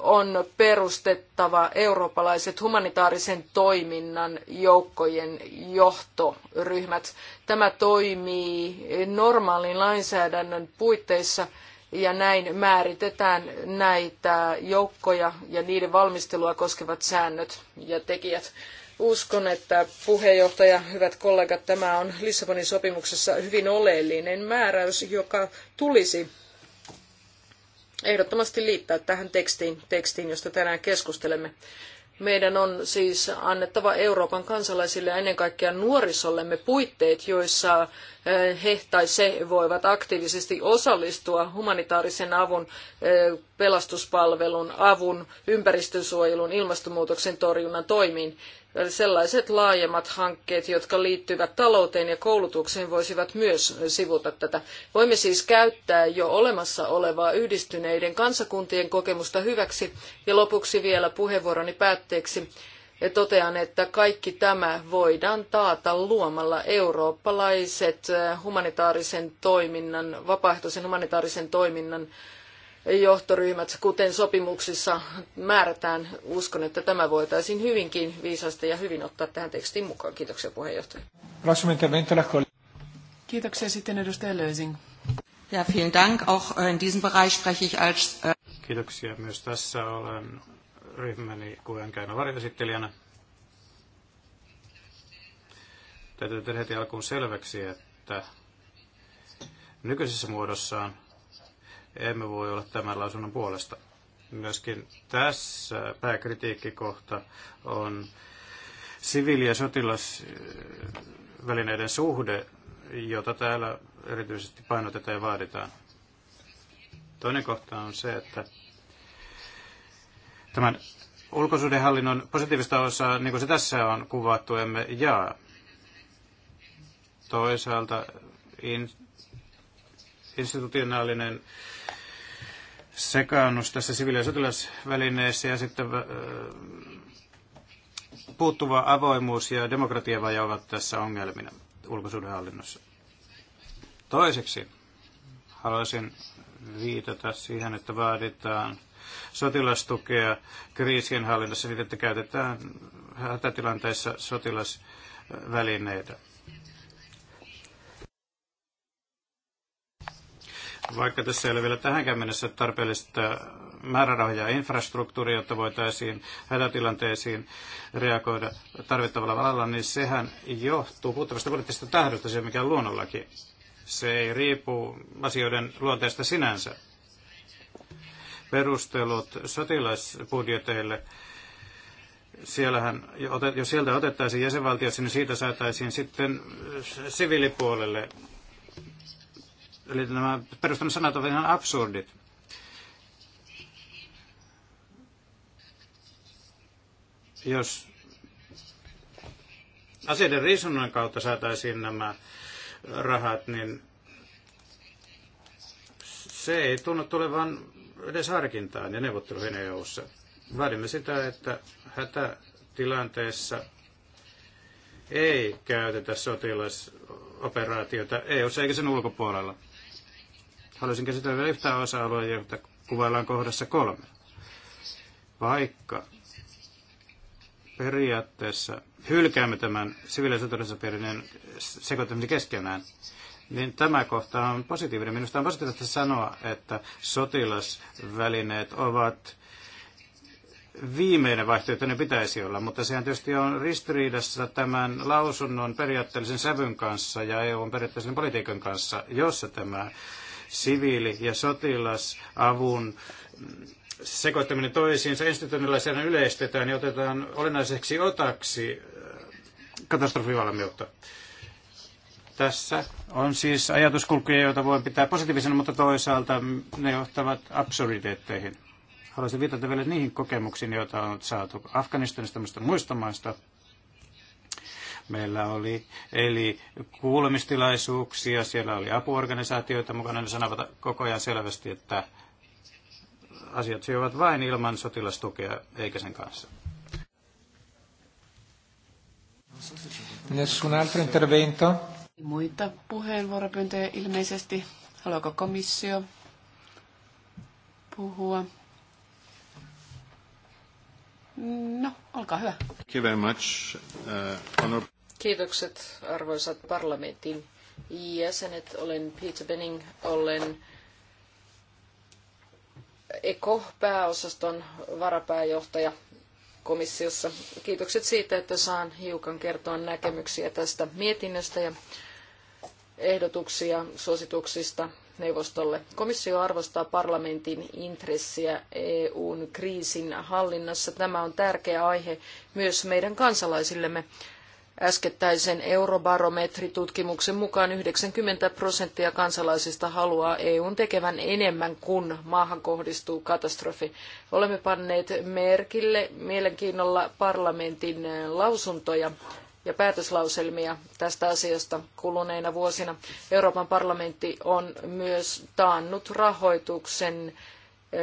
on perustettava eurooppalaiset humanitaarisen toiminnan joukkojen johtoryhmät. Tämä toimii normaalin lainsäädännön puitteissa ja näin määritetään näitä joukkoja ja niiden valmistelua koskevat säännöt ja tekijät. Uskon, että puheenjohtaja, hyvät kollegat, tämä on Lissabonin sopimuksessa hyvin oleellinen määräys, joka tulisi ehdottomasti liittää tähän tekstiin, tekstiin josta tänään keskustelemme. Meidän on siis annettava Euroopan kansalaisille ja ennen kaikkea nuorisollemme puitteet, joissa eh, he tai se voivat aktiivisesti osallistua humanitaarisen avun, eh, pelastuspalvelun, avun, ympäristönsuojelun, ilmastonmuutoksen torjunnan toimiin sellaiset laajemmat hankkeet, jotka liittyvät talouteen ja koulutukseen, voisivat myös sivuta tätä. Voimme siis käyttää jo olemassa olevaa yhdistyneiden kansakuntien kokemusta hyväksi. Ja lopuksi vielä puheenvuoroni päätteeksi totean, että kaikki tämä voidaan taata luomalla eurooppalaiset eh, humanitaarisen toiminnan, vapaaehtoisen humanitaarisen toiminnan johtoryhmät, kuten sopimuksissa määrätään. Uskon, että tämä voitaisiin hyvinkin viisasta ja hyvin ottaa tähän tekstiin mukaan. Kiitoksia puheenjohtaja. Kiitoksia sitten edustaja Ja, vielen Dank. Auch äh, in diesem Bereich spreche ich als... Äh, Kiitoksia. Myös tässä olen ryhmäni QNKn varjoesittelijänä. Täytyy tehdä heti alkuun selväksi, että nykyisessä muodossaan emme voi olla tämän lausunnon puolesta. Myöskin tässä pääkritiikkikohta on siviili- ja sotilasvälineiden suhde, jota täällä erityisesti painotetaan ja vaaditaan. Toinen kohta on se, että tämän ulkosuhdehallinnon positiivista osaa, niin kuin se tässä on kuvattu, emme jaa. Toisaalta institutionaalinen sekaannus tässä siviili- ja sotilasvälineessä ja sitten puuttuva avoimuus ja demokratiavaje ovat tässä ongelmina ulkosuudenhallinnossa. Toiseksi haluaisin viitata siihen, että vaaditaan sotilastukea kriisienhallinnassa niin, että käytetään hätätilanteissa sotilasvälineitä. Vaikka tässä ei ole vielä tähänkään mennessä tarpeellista määrärahoja ja infrastruktuuria, jotta voitaisiin hätätilanteisiin reagoida tarvittavalla valalla, niin sehän johtuu puuttavasta poliittisesta tahdosta, se mikä on luonnollakin. Se ei riipu asioiden luonteesta sinänsä. Perustelut sotilasbudjeteille siellähän, jos sieltä otettaisiin jäsenvaltiossa, niin siitä saataisiin sitten siviilipuolelle Eli nämä sanat ovat ihan absurdit. Jos asioiden riisunnan kautta saataisiin nämä rahat, niin se ei tunnu tulevan edes harkintaan ja neuvotteluihin EU-ssa. Vaadimme sitä, että hätätilanteessa ei käytetä sotilasoperaatiota EU-ssa eikä sen ulkopuolella. Haluaisin käsitellä vielä yhtä osa-aluetta, jota kuvaillaan kohdassa kolme. Vaikka periaatteessa hylkäämme tämän siviilisotilasapiirinen sekoittamisen keskenään, niin tämä kohta on positiivinen. Minusta on positiivista sanoa, että sotilasvälineet ovat viimeinen vaihtoehto ne pitäisi olla, mutta sehän tietysti on ristiriidassa tämän lausunnon periaatteellisen sävyn kanssa ja EUn periaatteellisen politiikan kanssa, jossa tämä siviili- ja sotilasavun sekoittaminen toisiinsa institutionaalisena yleistetään ja otetaan olennaiseksi otaksi äh, katastrofivalmiutta. Tässä on siis ajatuskulkuja, joita voin pitää positiivisena, mutta toisaalta ne johtavat absurditeetteihin. Haluaisin viitata vielä niihin kokemuksiin, joita on saatu Afganistanista muista maista, Meillä oli eli kuulemistilaisuuksia, siellä oli apuorganisaatioita mukana, ne sanovat koko ajan selvästi, että asiat syövät vain ilman sotilastukea, eikä sen kanssa. Nessun altro intervento? Muita puheenvuoropyyntöjä ilmeisesti. Haluaako komissio puhua? No, olkaa hyvä. Thank you very much, uh, Kiitokset arvoisat parlamentin jäsenet. Olen Peter Benning, olen ECO-pääosaston varapääjohtaja komissiossa. Kiitokset siitä, että saan hiukan kertoa näkemyksiä tästä mietinnöstä ja ehdotuksia suosituksista neuvostolle. Komissio arvostaa parlamentin intressiä EUn kriisin hallinnassa. Tämä on tärkeä aihe myös meidän kansalaisillemme. Äskettäisen eurobarometritutkimuksen mukaan 90 prosenttia kansalaisista haluaa EUn tekevän enemmän, kun maahan kohdistuu katastrofi. Olemme panneet merkille mielenkiinnolla parlamentin lausuntoja ja päätöslauselmia tästä asiasta kuluneina vuosina. Euroopan parlamentti on myös taannut rahoituksen 7,5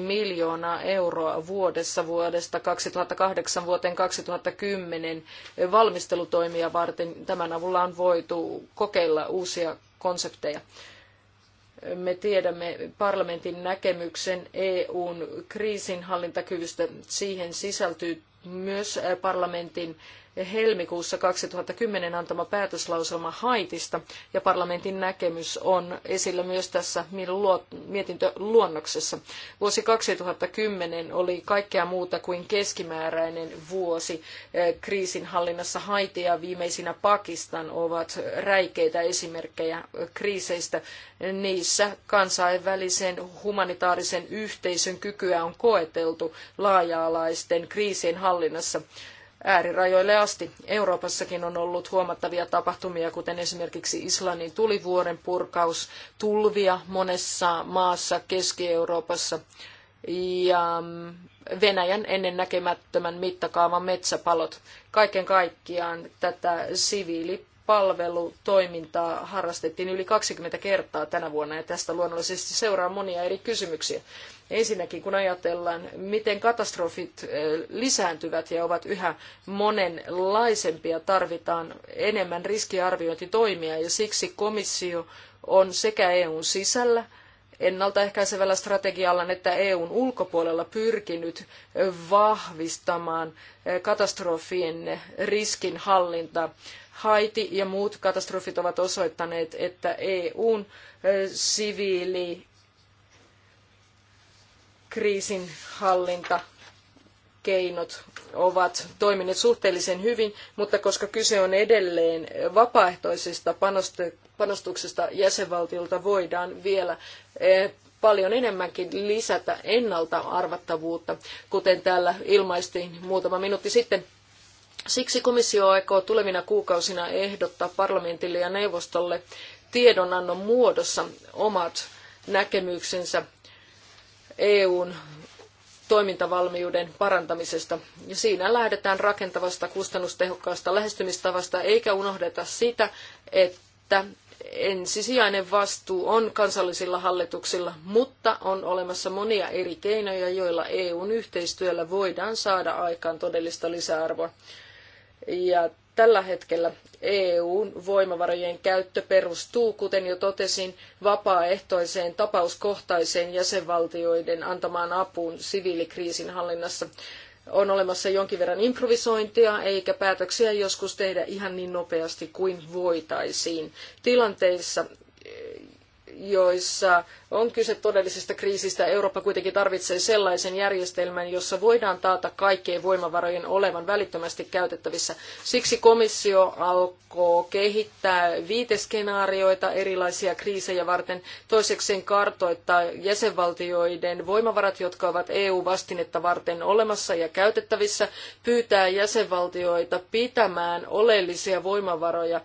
miljoonaa euroa vuodessa vuodesta 2008 vuoteen 2010 valmistelutoimia varten. Tämän avulla on voitu kokeilla uusia konsepteja. Me tiedämme parlamentin näkemyksen EUn kriisinhallintakyvystä. Siihen sisältyy myös parlamentin helmikuussa 2010 antama päätöslauselma Haitista ja parlamentin näkemys on esillä myös tässä mietintöluonnoksessa. Vuosi 2010 oli kaikkea muuta kuin keskimääräinen vuosi. Kriisinhallinnassa Haiti ja viimeisinä Pakistan ovat räikeitä esimerkkejä kriiseistä. Niissä kansainvälisen humanitaarisen yhteisön kykyä on koeteltu laaja-alaisten kriisien hallinnassa äärirajoille asti. Euroopassakin on ollut huomattavia tapahtumia, kuten esimerkiksi Islannin tulivuoren purkaus, tulvia monessa maassa Keski-Euroopassa ja mm, Venäjän ennennäkemättömän mittakaavan metsäpalot. Kaiken kaikkiaan tätä siviili palvelutoimintaa harrastettiin yli 20 kertaa tänä vuonna ja tästä luonnollisesti seuraa monia eri kysymyksiä. Ensinnäkin kun ajatellaan, miten katastrofit eh, lisääntyvät ja ovat yhä monenlaisempia, tarvitaan enemmän riskiarviointitoimia ja siksi komissio on sekä EUn sisällä ennaltaehkäisevällä strategialla että EUn ulkopuolella pyrkinyt vahvistamaan eh, katastrofien riskinhallinta. Haiti ja muut katastrofit ovat osoittaneet, että EUn eh, siviili kriisinhallinta keinot ovat toimineet suhteellisen hyvin, mutta koska kyse on edelleen vapaaehtoisesta panostuksesta, jäsenvaltiolta voidaan vielä eh, paljon enemmänkin lisätä ennalta arvattavuutta, kuten täällä ilmaistiin muutama minuutti sitten. Siksi komissio aikoo tulevina kuukausina ehdottaa parlamentille ja neuvostolle tiedonannon muodossa omat näkemyksensä EUn toimintavalmiuden parantamisesta. Ja siinä lähdetään rakentavasta kustannustehokkaasta lähestymistavasta, eikä unohdeta sitä, että ensisijainen vastuu on kansallisilla hallituksilla, mutta on olemassa monia eri keinoja, joilla EUn yhteistyöllä voidaan saada aikaan todellista lisäarvoa. Ja Tällä hetkellä EUn voimavarojen käyttö perustuu, kuten jo totesin, vapaaehtoiseen tapauskohtaiseen jäsenvaltioiden antamaan apuun siviilikriisinhallinnassa. On olemassa jonkin verran improvisointia, eikä päätöksiä joskus tehdä ihan niin nopeasti kuin voitaisiin. Tilanteissa, joissa on kyse todellisesta kriisistä, Eurooppa kuitenkin tarvitsee sellaisen järjestelmän, jossa voidaan taata kaikkien voimavarojen olevan välittömästi käytettävissä. Siksi komissio alkoi kehittää viiteskenaarioita erilaisia kriisejä varten. Toisekseen kartoittaa jäsenvaltioiden voimavarat, jotka ovat EU-vastinetta varten olemassa ja käytettävissä, pyytää jäsenvaltioita pitämään oleellisia voimavaroja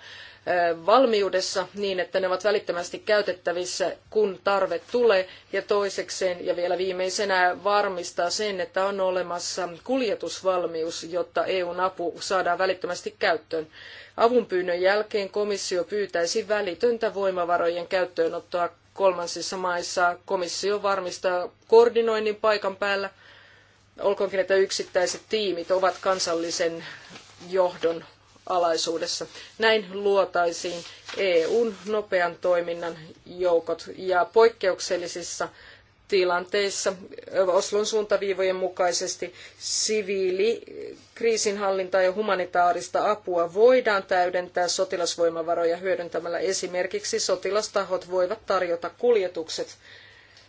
valmiudessa niin, että ne ovat välittömästi käytettävissä, kun tarve tulee. Ja toisekseen ja vielä viimeisenä varmistaa sen, että on olemassa kuljetusvalmius, jotta EUn apu saadaan välittömästi käyttöön. Avunpyynnön jälkeen komissio pyytäisi välitöntä voimavarojen käyttöönottoa kolmansissa maissa. Komissio varmistaa koordinoinnin paikan päällä, olkoonkin että yksittäiset tiimit ovat kansallisen johdon alaisuudessa. Näin luotaisiin EUn nopean toiminnan joukot ja poikkeuksellisissa tilanteissa Oslon suuntaviivojen mukaisesti siviili, kriisinhallinta ja humanitaarista apua voidaan täydentää sotilasvoimavaroja hyödyntämällä. Esimerkiksi sotilastahot voivat tarjota kuljetukset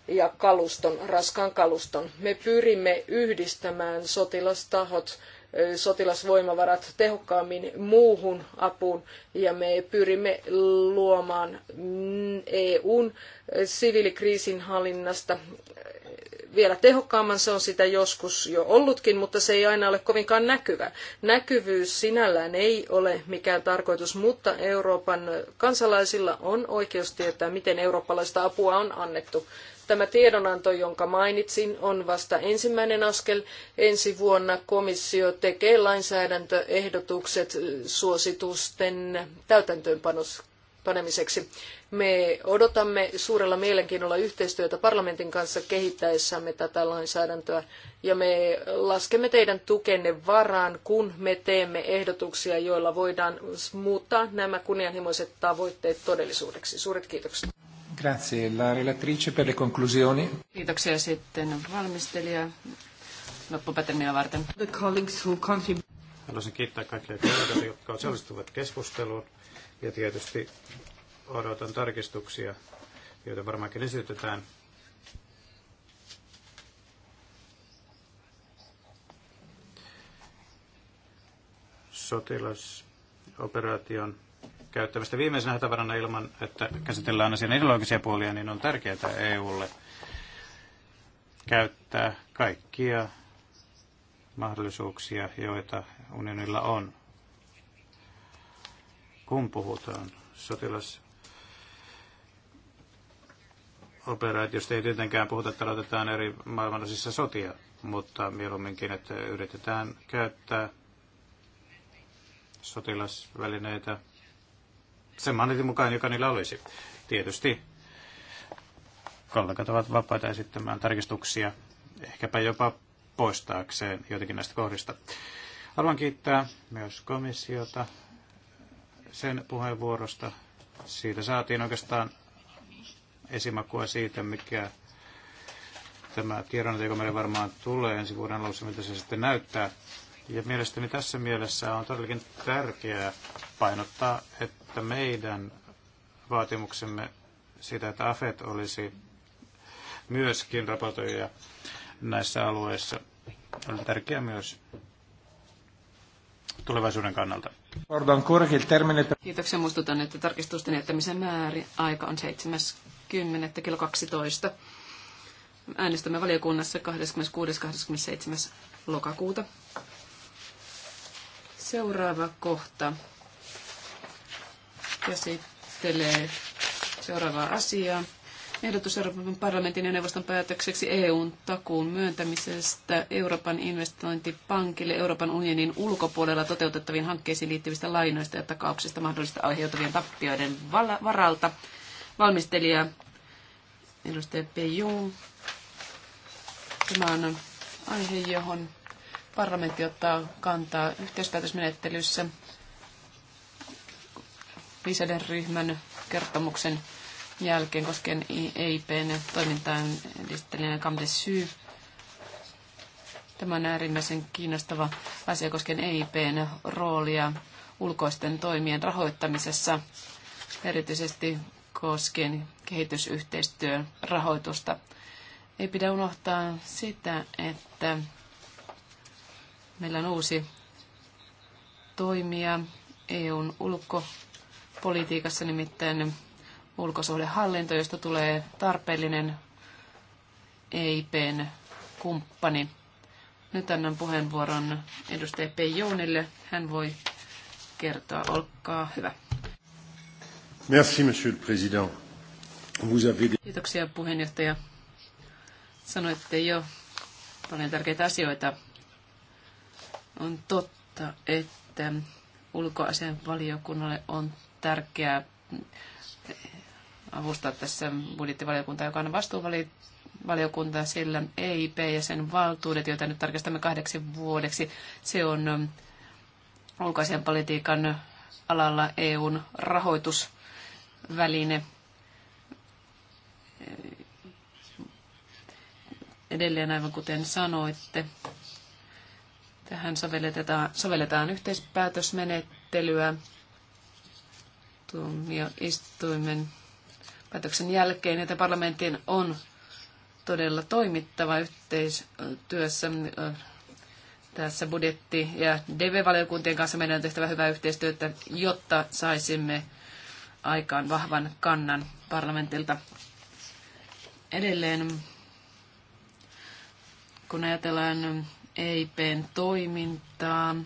ja kaluston, raskaan kaluston. Me pyrimme yhdistämään sotilastahot sotilasvoimavarat tehokkaammin muuhun apuun ja me pyrimme luomaan EUn siviilikriisinhallinnasta vielä tehokkaamman se on sitä joskus jo ollutkin, mutta se ei aina ole kovinkaan näkyvä. Näkyvyys sinällään ei ole mikään tarkoitus, mutta Euroopan kansalaisilla on oikeus tietää, miten eurooppalaista apua on annettu. Tämä tiedonanto, jonka mainitsin, on vasta ensimmäinen askel. Ensi vuonna komissio tekee lainsäädäntöehdotukset suositusten täytäntöönpanemiseksi. Me odotamme suurella mielenkiinnolla yhteistyötä parlamentin kanssa kehittäessämme tätä lainsäädäntöä ja me laskemme teidän tukenne varaan, kun me teemme ehdotuksia, joilla voidaan muuttaa nämä kunnianhimoiset tavoitteet todellisuudeksi. Suuret kiitokset. Grazie la relatrice per le conclusioni. Kiitoksia sitten valmistelija loppupätelmiä varten. The colleagues who contribute. Haluaisin kiittää kaikkia kollegoita, jotka osallistuvat keskusteluun ja tietysti odotan tarkistuksia, joita varmaankin esitetään. Sotilasoperaation käyttämistä viimeisenä hätävarana ilman, että käsitellään asian ideologisia puolia, niin on tärkeää EUlle käyttää kaikkia mahdollisuuksia, joita unionilla on, kun puhutaan sotilas operaatiosta ei tietenkään puhuta, että aloitetaan eri maailmanosissa sotia, mutta mieluumminkin, että yritetään käyttää sotilasvälineitä sen mandatin mukaan, joka niillä olisi. Tietysti kollegat ovat vapaita esittämään tarkistuksia, ehkäpä jopa poistaakseen jotenkin näistä kohdista. Haluan kiittää myös komissiota sen puheenvuorosta. Siitä saatiin oikeastaan esimakua siitä, mikä tämä tiedon, joka meille varmaan tulee ensi vuoden alussa, miltä se sitten näyttää. Ja mielestäni tässä mielessä on todellakin tärkeää painottaa, että meidän vaatimuksemme siitä, että AFET olisi myöskin raportoija näissä alueissa, on tärkeää myös tulevaisuuden kannalta. Kiitoksia. Muistutan, että tarkistusten jättämisen määrä aika on 70. kello 12. Äänestämme valiokunnassa 26.–27. lokakuuta. Seuraava kohta käsittelee seuraavaa asiaa. Ehdotus Euroopan parlamentin ja neuvoston päätökseksi EUn takuun myöntämisestä Euroopan investointipankille Euroopan unionin ulkopuolella toteutettaviin hankkeisiin liittyvistä lainoista ja takauksista mahdollista aiheutuvien tappioiden varalta. Valmistelija edustaja Peijung. Tämä on aihe, johon parlamentti ottaa kantaa yhteispäätösmenettelyssä viisaiden ryhmän kertomuksen jälkeen koskien EIPn toimintaan edistäjänä Kamde Syy. Tämä on äärimmäisen kiinnostava asia koskien EIPn roolia ulkoisten toimien rahoittamisessa, erityisesti koskien kehitysyhteistyön rahoitusta. Ei pidä unohtaa sitä, että Meillä on uusi toimija EUn ulkopolitiikassa, nimittäin ulkosuhdehallinto, josta tulee tarpeellinen EIPn kumppani. Nyt annan puheenvuoron edustaja P. Jounille. Hän voi kertoa. Olkaa hyvä. Merci, monsieur le président. Vous avez... Kiitoksia puheenjohtaja. Sanoitte jo paljon tärkeitä asioita on totta, että ulkoasian valiokunnalle on tärkeää avustaa tässä budjettivaliokuntaa, joka on vastuuvaliokunta, sillä EIP ja sen valtuudet, joita nyt tarkistamme kahdeksi vuodeksi, se on ulkoisen politiikan alalla EUn rahoitusväline. Edelleen aivan kuten sanoitte, Tähän sovelletaan, sovelletaan yhteispäätösmenettelyä tuomioistuimen päätöksen jälkeen, että parlamentin on todella toimittava yhteistyössä äh, tässä budjetti- ja DV-valiokuntien kanssa meidän on tehtävä hyvää yhteistyötä, jotta saisimme aikaan vahvan kannan parlamentilta. Edelleen, kun ajatellaan EIPn toimintaa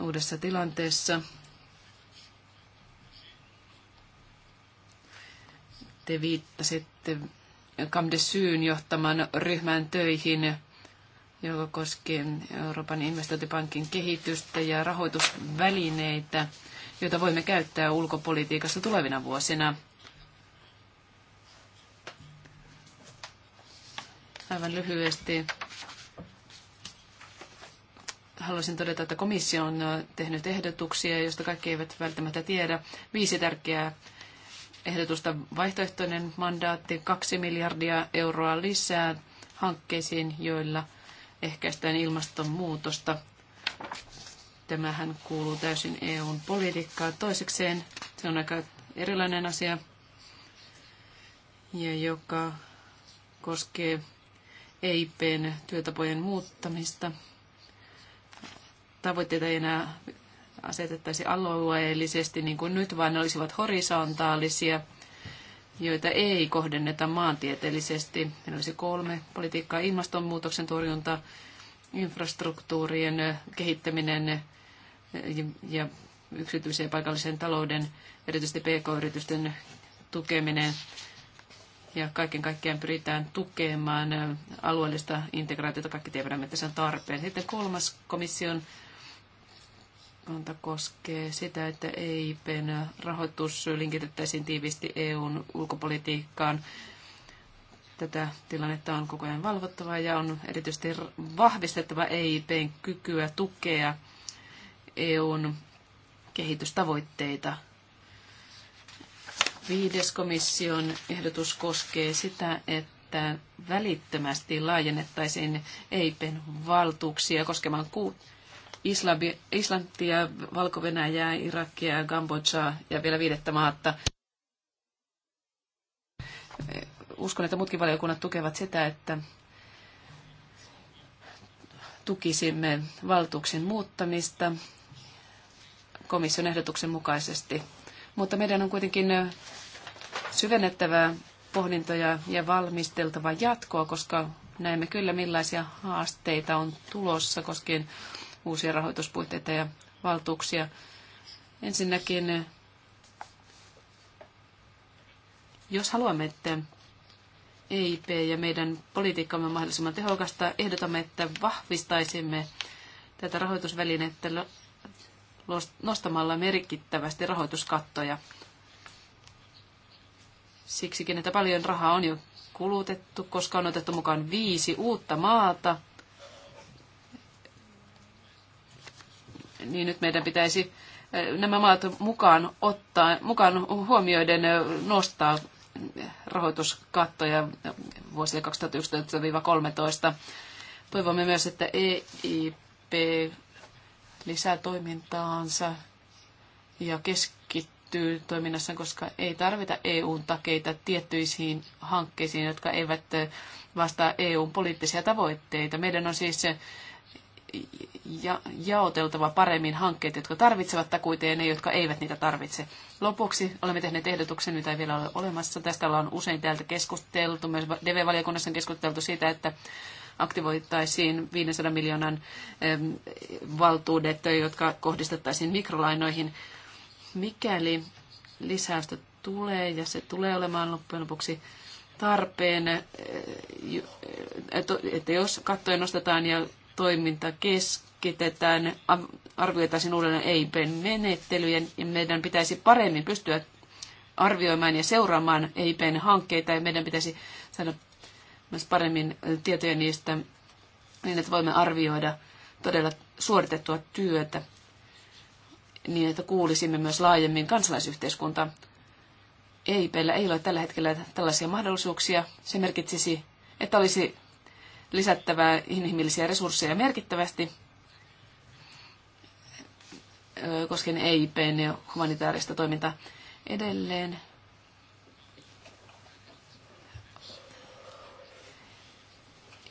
uudessa tilanteessa. Te viittasitte Kamdesyyn johtaman ryhmän töihin, joka koskee Euroopan investointipankin kehitystä ja rahoitusvälineitä, joita voimme käyttää ulkopolitiikassa tulevina vuosina. Aivan lyhyesti haluaisin todeta, että komissio on äh, tehnyt ehdotuksia, joista kaikki eivät välttämättä tiedä. Viisi tärkeää ehdotusta. Vaihtoehtoinen mandaatti, kaksi miljardia euroa lisää hankkeisiin, joilla ehkäistään ilmastonmuutosta. Tämähän kuuluu täysin EUn politiikkaan. Toisekseen se on aika erilainen asia, ja joka koskee EIPn työtapojen muuttamista – tavoitteita ei enää asetettaisi alueellisesti niin kuin nyt, vaan ne olisivat horisontaalisia, joita ei kohdenneta maantieteellisesti. Meillä olisi kolme politiikkaa, ilmastonmuutoksen torjunta, infrastruktuurien kehittäminen ja yksityisen ja paikallisen talouden, erityisesti pk-yritysten tukeminen. Ja kaiken kaikkiaan pyritään tukemaan alueellista integraatiota. Kaikki tiedämme, että se on tarpeen. Sitten kolmas komission kanta koskee sitä, että EIPn rahoitus linkitettäisiin tiiviisti EUn ulkopolitiikkaan. Tätä tilannetta on koko ajan valvottava ja on erityisesti vahvistettava EIPn kykyä tukea EUn kehitystavoitteita. Viides komission ehdotus koskee sitä, että välittömästi laajennettaisiin EIPn valtuuksia koskemaan Islantia, Valko-Venäjää, Irakia, Kambodžaa ja vielä viidettä maata. Uskon, että muutkin valiokunnat tukevat sitä, että tukisimme valtuuksien muuttamista komission ehdotuksen mukaisesti. Mutta meidän on kuitenkin syvennettävää pohdintoja ja valmisteltava jatkoa, koska näemme kyllä millaisia haasteita on tulossa koskien uusia rahoituspuitteita ja valtuuksia. Ensinnäkin, jos haluamme, että EIP ja meidän politiikkamme on mahdollisimman tehokasta, ehdotamme, että vahvistaisimme tätä rahoitusvälinettä nostamalla merkittävästi rahoituskattoja. Siksikin, että paljon rahaa on jo kulutettu, koska on otettu mukaan viisi uutta maata – niin nyt meidän pitäisi eh, nämä maat mukaan ottaa, mukaan huomioiden eh, nostaa rahoituskattoja vuosille 2011-2013. Toivomme myös, että EIP lisää toimintaansa ja keskittyy toiminnassaan, koska ei tarvita EU-takeita tiettyisiin hankkeisiin, jotka eivät eh, vastaa EUn poliittisia tavoitteita. Meidän on siis ja, jaoteltava paremmin hankkeet, jotka tarvitsevat takuita ja ne, jotka eivät niitä tarvitse. Lopuksi olemme tehneet ehdotuksen, mitä ei vielä ole olemassa. Tästä ollaan usein täältä keskusteltu. Myös DV-valiokunnassa on keskusteltu siitä, että aktivoittaisiin 500 miljoonan valtuudet, jotka kohdistettaisiin mikrolainoihin. Mikäli lisäystä tulee, ja se tulee olemaan loppujen lopuksi tarpeen, että jos kattoja nostetaan ja toiminta keskitetään, arvioitaisiin uudelleen EIPn menettelyjen ja meidän pitäisi paremmin pystyä arvioimaan ja seuraamaan EIPn hankkeita ja meidän pitäisi saada myös paremmin tietoja niistä niin, että voimme arvioida todella suoritettua työtä niin, että kuulisimme myös laajemmin kansalaisyhteiskuntaa. EIPllä ei ole tällä hetkellä tällaisia mahdollisuuksia. Se merkitsisi, että olisi lisättävää inhimillisiä resursseja merkittävästi koskien EIPn ja humanitaarista toimintaa edelleen.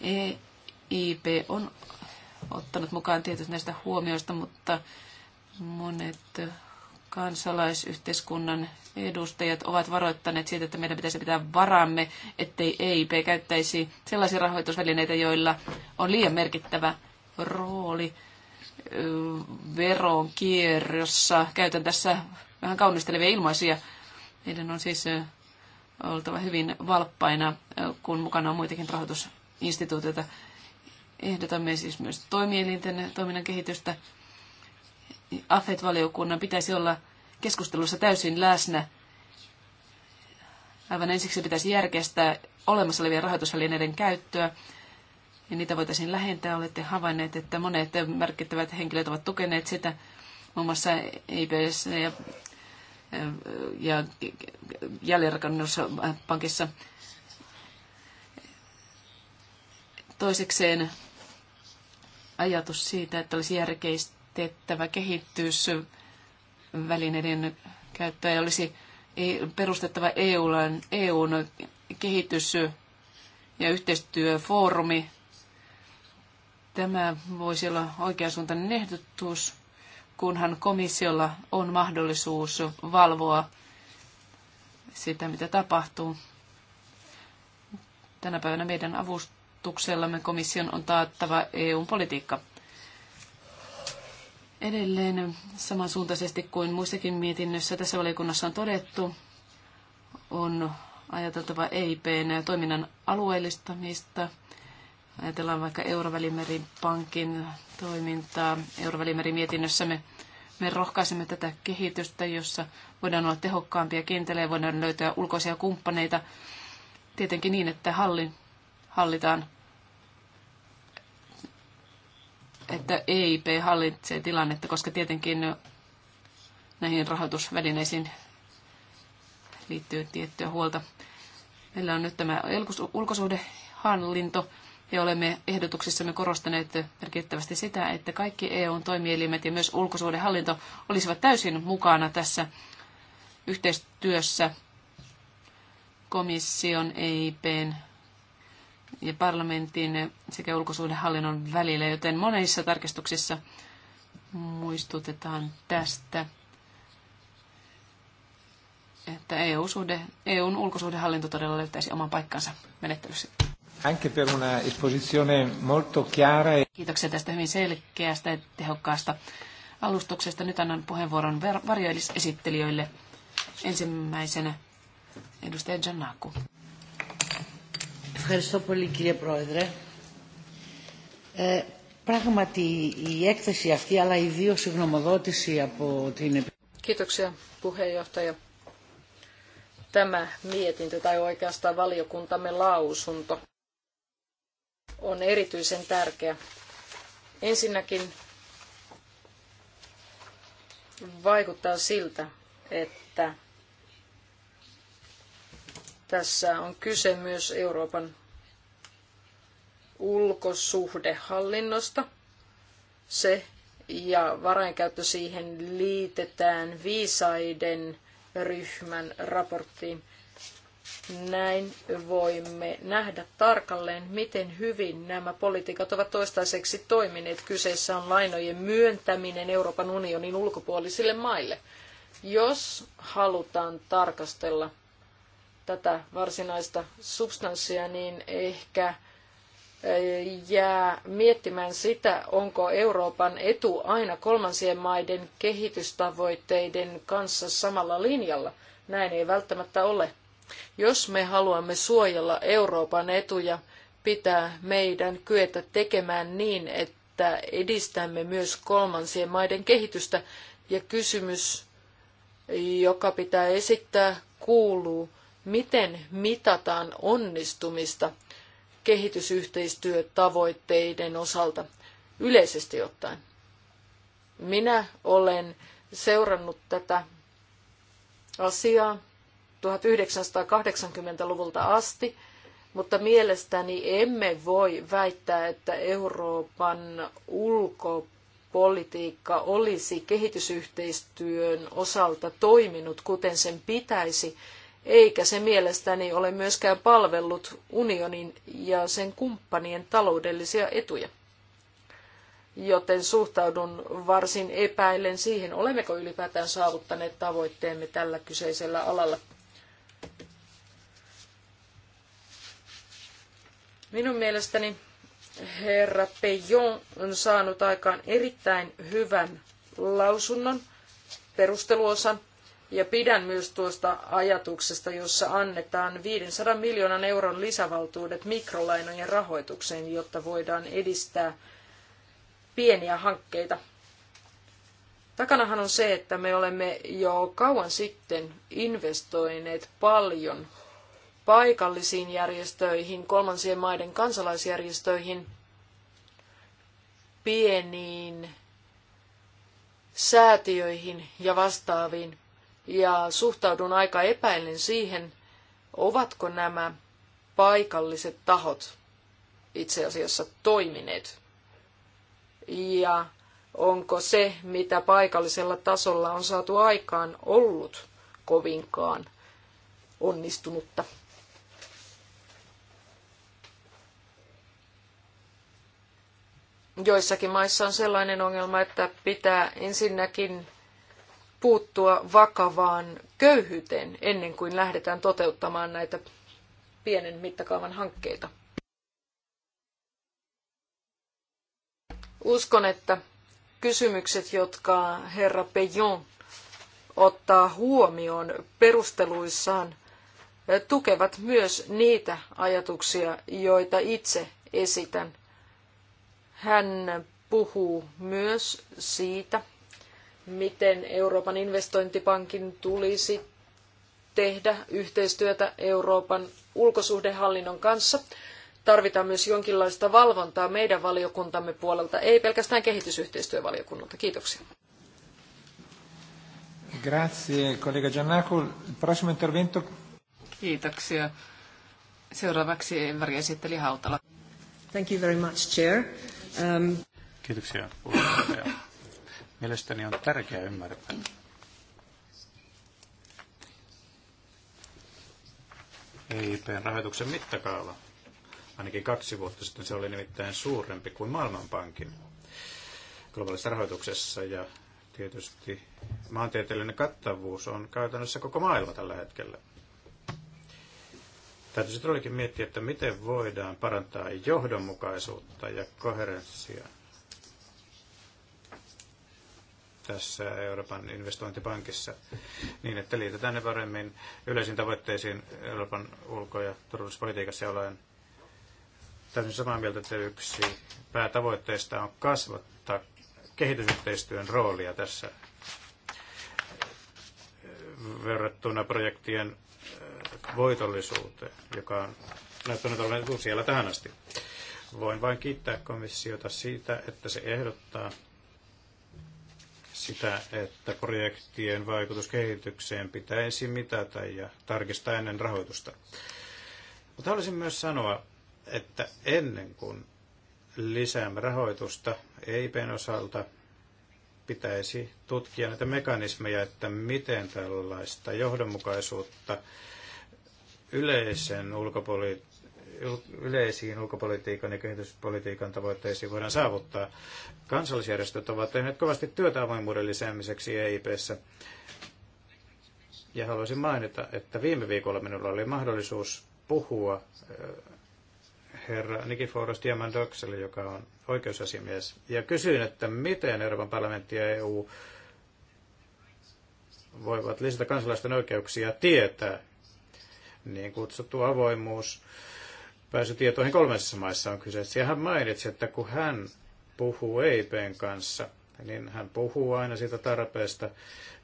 EIP on ottanut mukaan tietysti näistä huomioista, mutta monet kansalaisyhteiskunnan edustajat ovat varoittaneet siitä, että meidän pitäisi pitää varamme, ettei EIP käyttäisi sellaisia rahoitusvälineitä, joilla on liian merkittävä rooli veronkierrossa. Käytän tässä vähän kaunistelevia ilmaisia. Meidän on siis oltava hyvin valppaina, kun mukana on muitakin rahoitusinstituutioita. Ehdotamme siis myös toimielinten toiminnan kehitystä AFET-valiokunnan pitäisi olla keskustelussa täysin läsnä. Aivan ensiksi pitäisi järkeistää olemassa olevien rahoitusvälineiden käyttöä, ja niitä voitaisiin lähentää. Olette havainneet, että monet merkittävät henkilöt ovat tukeneet sitä, muun muassa IBS e ja, ja jäljenrakennuspankissa. Toisekseen ajatus siitä, että olisi järkeistä kehitettävä välineiden käyttöä ja olisi perustettava EUn, EUn kehitys- ja yhteistyöfoorumi. Tämä voisi olla oikeasuuntainen ehdotus, kunhan komissiolla on mahdollisuus valvoa sitä, mitä tapahtuu. Tänä päivänä meidän avustuksellamme komission on taattava EUn politiikka. Edelleen samansuuntaisesti kuin muissakin mietinnöissä tässä valiokunnassa on todettu, on ajateltava EIPn toiminnan alueellistamista. Ajatellaan vaikka Eurovälimerin pankin toimintaa. Eurovälimerin mietinnössämme me rohkaisemme tätä kehitystä, jossa voidaan olla tehokkaampia ja voidaan löytää ulkoisia kumppaneita, tietenkin niin, että hallin, hallitaan että EIP hallitsee tilannetta, koska tietenkin näihin rahoitusvälineisiin liittyy tiettyä huolta. Meillä on nyt tämä ulkosuhdehallinto, ja olemme ehdotuksissamme korostaneet merkittävästi sitä, että kaikki EUn toimielimet ja myös ulkosuhdehallinto olisivat täysin mukana tässä yhteistyössä komission, EIPn ja parlamentin sekä ulkosuhdehallinnon välillä, joten monissa tarkistuksissa muistutetaan tästä, että EU-suhde, EUn ulkosuhdehallinto todella löytäisi oman paikkansa menettelyssä. Anche per una esposizione molto chiara. E- Kiitoksia tästä hyvin selkeästä ja tehokkaasta alustuksesta. Nyt annan puheenvuoron varjoedisesittelijöille Ensimmäisenä edustaja Giannaku. Ευχαριστώ πολύ κύριε Πρόεδρε. Ε, πράγματι η έκθεση αυτή, αλλά ιδίως η γνωμοδότηση από την Kiitoksia puheenjohtaja. Tämä mietintö tai oikeastaan valiokuntamme lausunto on erityisen tärkeä. Ensinnäkin vaikuttaa siltä, että tässä on kyse myös Euroopan ulkosuhdehallinnosta. Se ja varainkäyttö siihen liitetään viisaiden ryhmän raporttiin. Näin voimme nähdä tarkalleen, miten hyvin nämä politiikat ovat toistaiseksi toimineet. Kyseessä on lainojen myöntäminen Euroopan unionin ulkopuolisille maille. Jos halutaan tarkastella tätä varsinaista substanssia, niin ehkä eh, jää miettimään sitä, onko Euroopan etu aina kolmansien maiden kehitystavoitteiden kanssa samalla linjalla. Näin ei välttämättä ole. Jos me haluamme suojella Euroopan etuja, pitää meidän kyetä tekemään niin, että edistämme myös kolmansien maiden kehitystä. Ja kysymys, joka pitää esittää, kuuluu, miten mitataan onnistumista kehitysyhteistyötavoitteiden osalta yleisesti ottaen. Minä olen seurannut tätä asiaa 1980-luvulta asti, mutta mielestäni emme voi väittää, että Euroopan ulkopolitiikka olisi kehitysyhteistyön osalta toiminut, kuten sen pitäisi, eikä se mielestäni ole myöskään palvellut unionin ja sen kumppanien taloudellisia etuja. Joten suhtaudun varsin epäillen siihen, olemmeko ylipäätään saavuttaneet tavoitteemme tällä kyseisellä alalla. Minun mielestäni herra Pejon on saanut aikaan erittäin hyvän lausunnon, perusteluosan, ja pidän myös tuosta ajatuksesta, jossa annetaan 500 miljoonan euron lisävaltuudet mikrolainojen rahoitukseen, jotta voidaan edistää pieniä hankkeita. Takanahan on se, että me olemme jo kauan sitten investoineet paljon paikallisiin järjestöihin, kolmansien maiden kansalaisjärjestöihin, pieniin säätiöihin ja vastaaviin ja suhtaudun aika epäillen siihen, ovatko nämä paikalliset tahot itse asiassa toimineet. Ja onko se, mitä paikallisella tasolla on saatu aikaan, ollut kovinkaan onnistunutta. Joissakin maissa on sellainen ongelma, että pitää ensinnäkin puuttua vakavaan köyhyyteen ennen kuin lähdetään toteuttamaan näitä pienen mittakaavan hankkeita. Uskon, että kysymykset, jotka herra Pejon ottaa huomioon perusteluissaan, tukevat myös niitä ajatuksia, joita itse esitän. Hän puhuu myös siitä, miten Euroopan investointipankin tulisi tehdä yhteistyötä Euroopan ulkosuhdehallinnon kanssa. Tarvitaan myös jonkinlaista valvontaa meidän valiokuntamme puolelta, ei pelkästään kehitysyhteistyövaliokunnalta. Kiitoksia. Grazie, collega Giannaku. Prossimo intervento. Kiitoksia. Seuraavaksi Varja esitteli Hautala. Thank you very much, Chair. Um... Kiitoksia puheenjohtaja Mielestäni on tärkeää ymmärtää. EIPn rahoituksen mittakaava. Ainakin kaksi vuotta sitten se oli nimittäin suurempi kuin Maailmanpankin globaalissa rahoituksessa ja tietysti maantieteellinen kattavuus on käytännössä koko maailma tällä hetkellä. Täytyisi todellakin miettiä, että miten voidaan parantaa johdonmukaisuutta ja koherenssia tässä Euroopan investointipankissa niin, että liitetään ne paremmin yleisiin tavoitteisiin Euroopan ulko- ja turvallisuuspolitiikassa, ja olen täysin samaa mieltä, että yksi päätavoitteista on kasvattaa kehitysyhteistyön roolia tässä verrattuna projektien äh, voitollisuuteen, joka on näyttänyt olevan siellä tähän asti. Voin vain kiittää komissiota siitä, että se ehdottaa sitä, että projektien vaikutus kehitykseen pitäisi mitata ja tarkistaa ennen rahoitusta. Mutta haluaisin myös sanoa, että ennen kuin lisäämme rahoitusta EIPn osalta, pitäisi tutkia näitä mekanismeja, että miten tällaista johdonmukaisuutta yleisen ulkopoliittisen yleisiin ulkopolitiikan ja kehityspolitiikan tavoitteisiin voidaan saavuttaa. Kansallisjärjestöt ovat tehneet kovasti työtä avoimuuden lisäämiseksi EIPssä. Ja haluaisin mainita, että viime viikolla minulla oli mahdollisuus puhua eh, herra Nikiforos Diamandokselle, joka on oikeusasiamies, ja kysyin, että miten Euroopan parlamentti ja EU voivat lisätä kansalaisten oikeuksia tietää niin kutsuttu avoimuus pääsy kolmessa maissa on kyseessä. Ja hän mainitsi, että kun hän puhuu EIPn kanssa, niin hän puhuu aina siitä tarpeesta,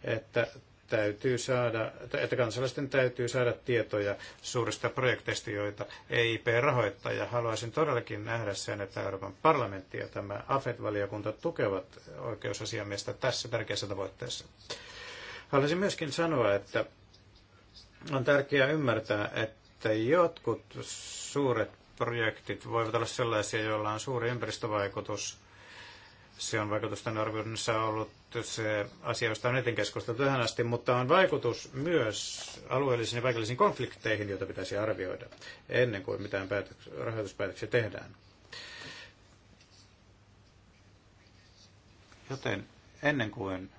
että täytyy saada, että kansalaisten täytyy saada tietoja suurista projekteista, joita EIP rahoittaa. Ja haluaisin todellakin nähdä sen, että Euroopan parlamentti ja tämä AFET-valiokunta tukevat oikeusasiamiestä tässä tärkeässä tavoitteessa. Haluaisin myöskin sanoa, että on tärkeää ymmärtää, että että jotkut suuret projektit voivat olla sellaisia, joilla on suuri ympäristövaikutus. Se on vaikutusten arvioinnissa ollut se asia, josta on eniten keskusteltu tähän asti, mutta on vaikutus myös alueellisiin ja paikallisiin konflikteihin, joita pitäisi arvioida ennen kuin mitään päätöks- rahoituspäätöksiä tehdään. Joten ennen kuin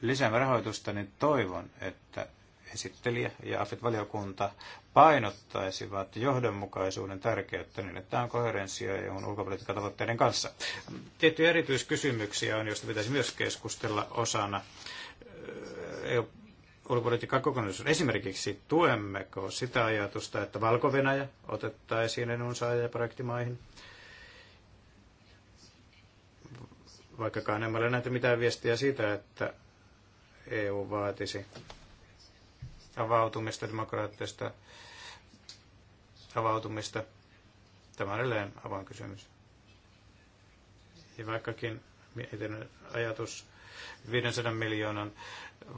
lisäämme rahoitusta, niin toivon, että esittelijä ja AFIT-valiokunta e painottaisivat johdonmukaisuuden tärkeyttä niin, että on koherenssia EUn ulkopolitiikan tavoitteiden kanssa. Tiettyjä erityiskysymyksiä on, joista pitäisi myös keskustella osana eh, EU ulkopolitiikan kokonaisuus. Esimerkiksi tuemmeko sitä ajatusta, että valko otettaisiin saajaprojektimaihin? Vaikkakaan en ole näitä mitään viestiä siitä, että EU vaatisi avautumista, demokraattista avautumista. Tämä on edelleen kysymys. Ja vaikkakin ajatus 500 miljoonan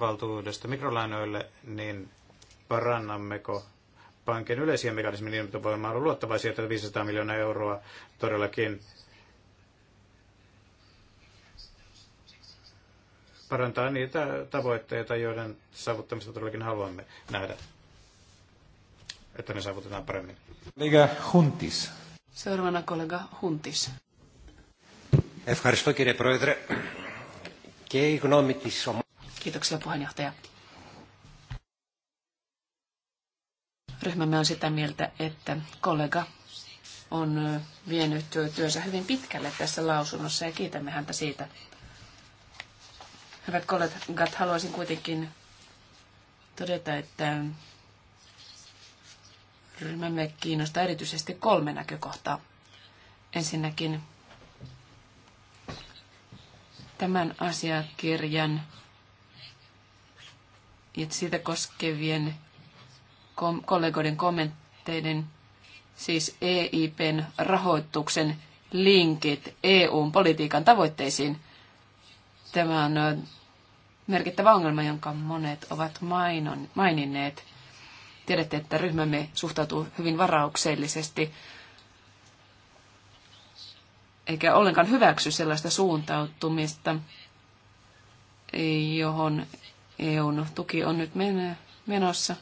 valtuudesta mikrolainoille, niin parannammeko pankin yleisiä mekanismin niin, että olla luottavaisia, että 500 miljoonaa euroa todellakin parantaa niitä tavoitteita, joiden saavuttamista todellakin haluamme nähdä, että ne saavutetaan paremmin. Kollega Huntis. Seuraavana kollega Huntis. Ευχαριστώ κύριε Πρόεδρε. Kiitoksia puheenjohtaja. Ryhmämme on sitä mieltä, että kollega on vienyt työnsä hyvin pitkälle tässä lausunnossa ja kiitämme häntä siitä. Hyvät kollegat, haluaisin kuitenkin todeta, että ryhmämme kiinnostaa erityisesti kolme näkökohtaa. Ensinnäkin tämän asiakirjan ja siitä koskevien kom- kollegoiden kommentteiden, siis EIPn rahoituksen linkit EUn politiikan tavoitteisiin – Tämä on merkittävä ongelma, jonka monet ovat mainon, maininneet. Tiedätte, että ryhmämme suhtautuu hyvin varauksellisesti eikä ollenkaan hyväksy sellaista suuntautumista, johon EUn tuki on nyt menossa.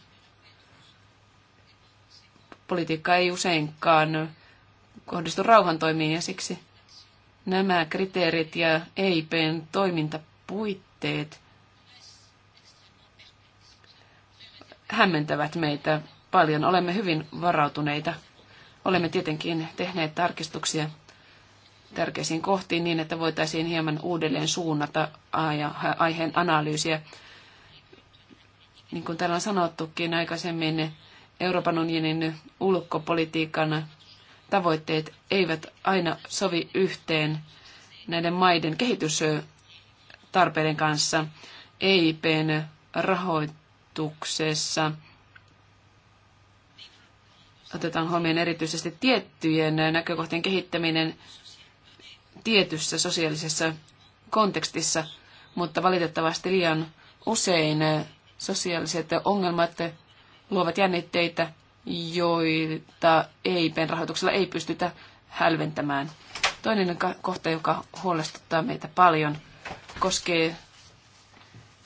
Politiikka ei useinkaan kohdistu rauhantoimiin ja siksi nämä kriteerit ja EIPn toimintapuitteet hämmentävät meitä paljon. Olemme hyvin varautuneita. Olemme tietenkin tehneet tarkistuksia tärkeisiin kohtiin niin, että voitaisiin hieman uudelleen suunnata aiheen analyysiä. Niin kuin täällä on sanottukin aikaisemmin, Euroopan unionin ulkopolitiikan tavoitteet eivät aina sovi yhteen näiden maiden kehitystarpeiden kanssa EIPn rahoituksessa. Otetaan huomioon erityisesti tiettyjen näkökohtien kehittäminen tietyssä sosiaalisessa kontekstissa, mutta valitettavasti liian usein sosiaaliset ongelmat luovat jännitteitä joita pen rahoituksella ei pystytä hälventämään. Toinen kohta, joka huolestuttaa meitä paljon, koskee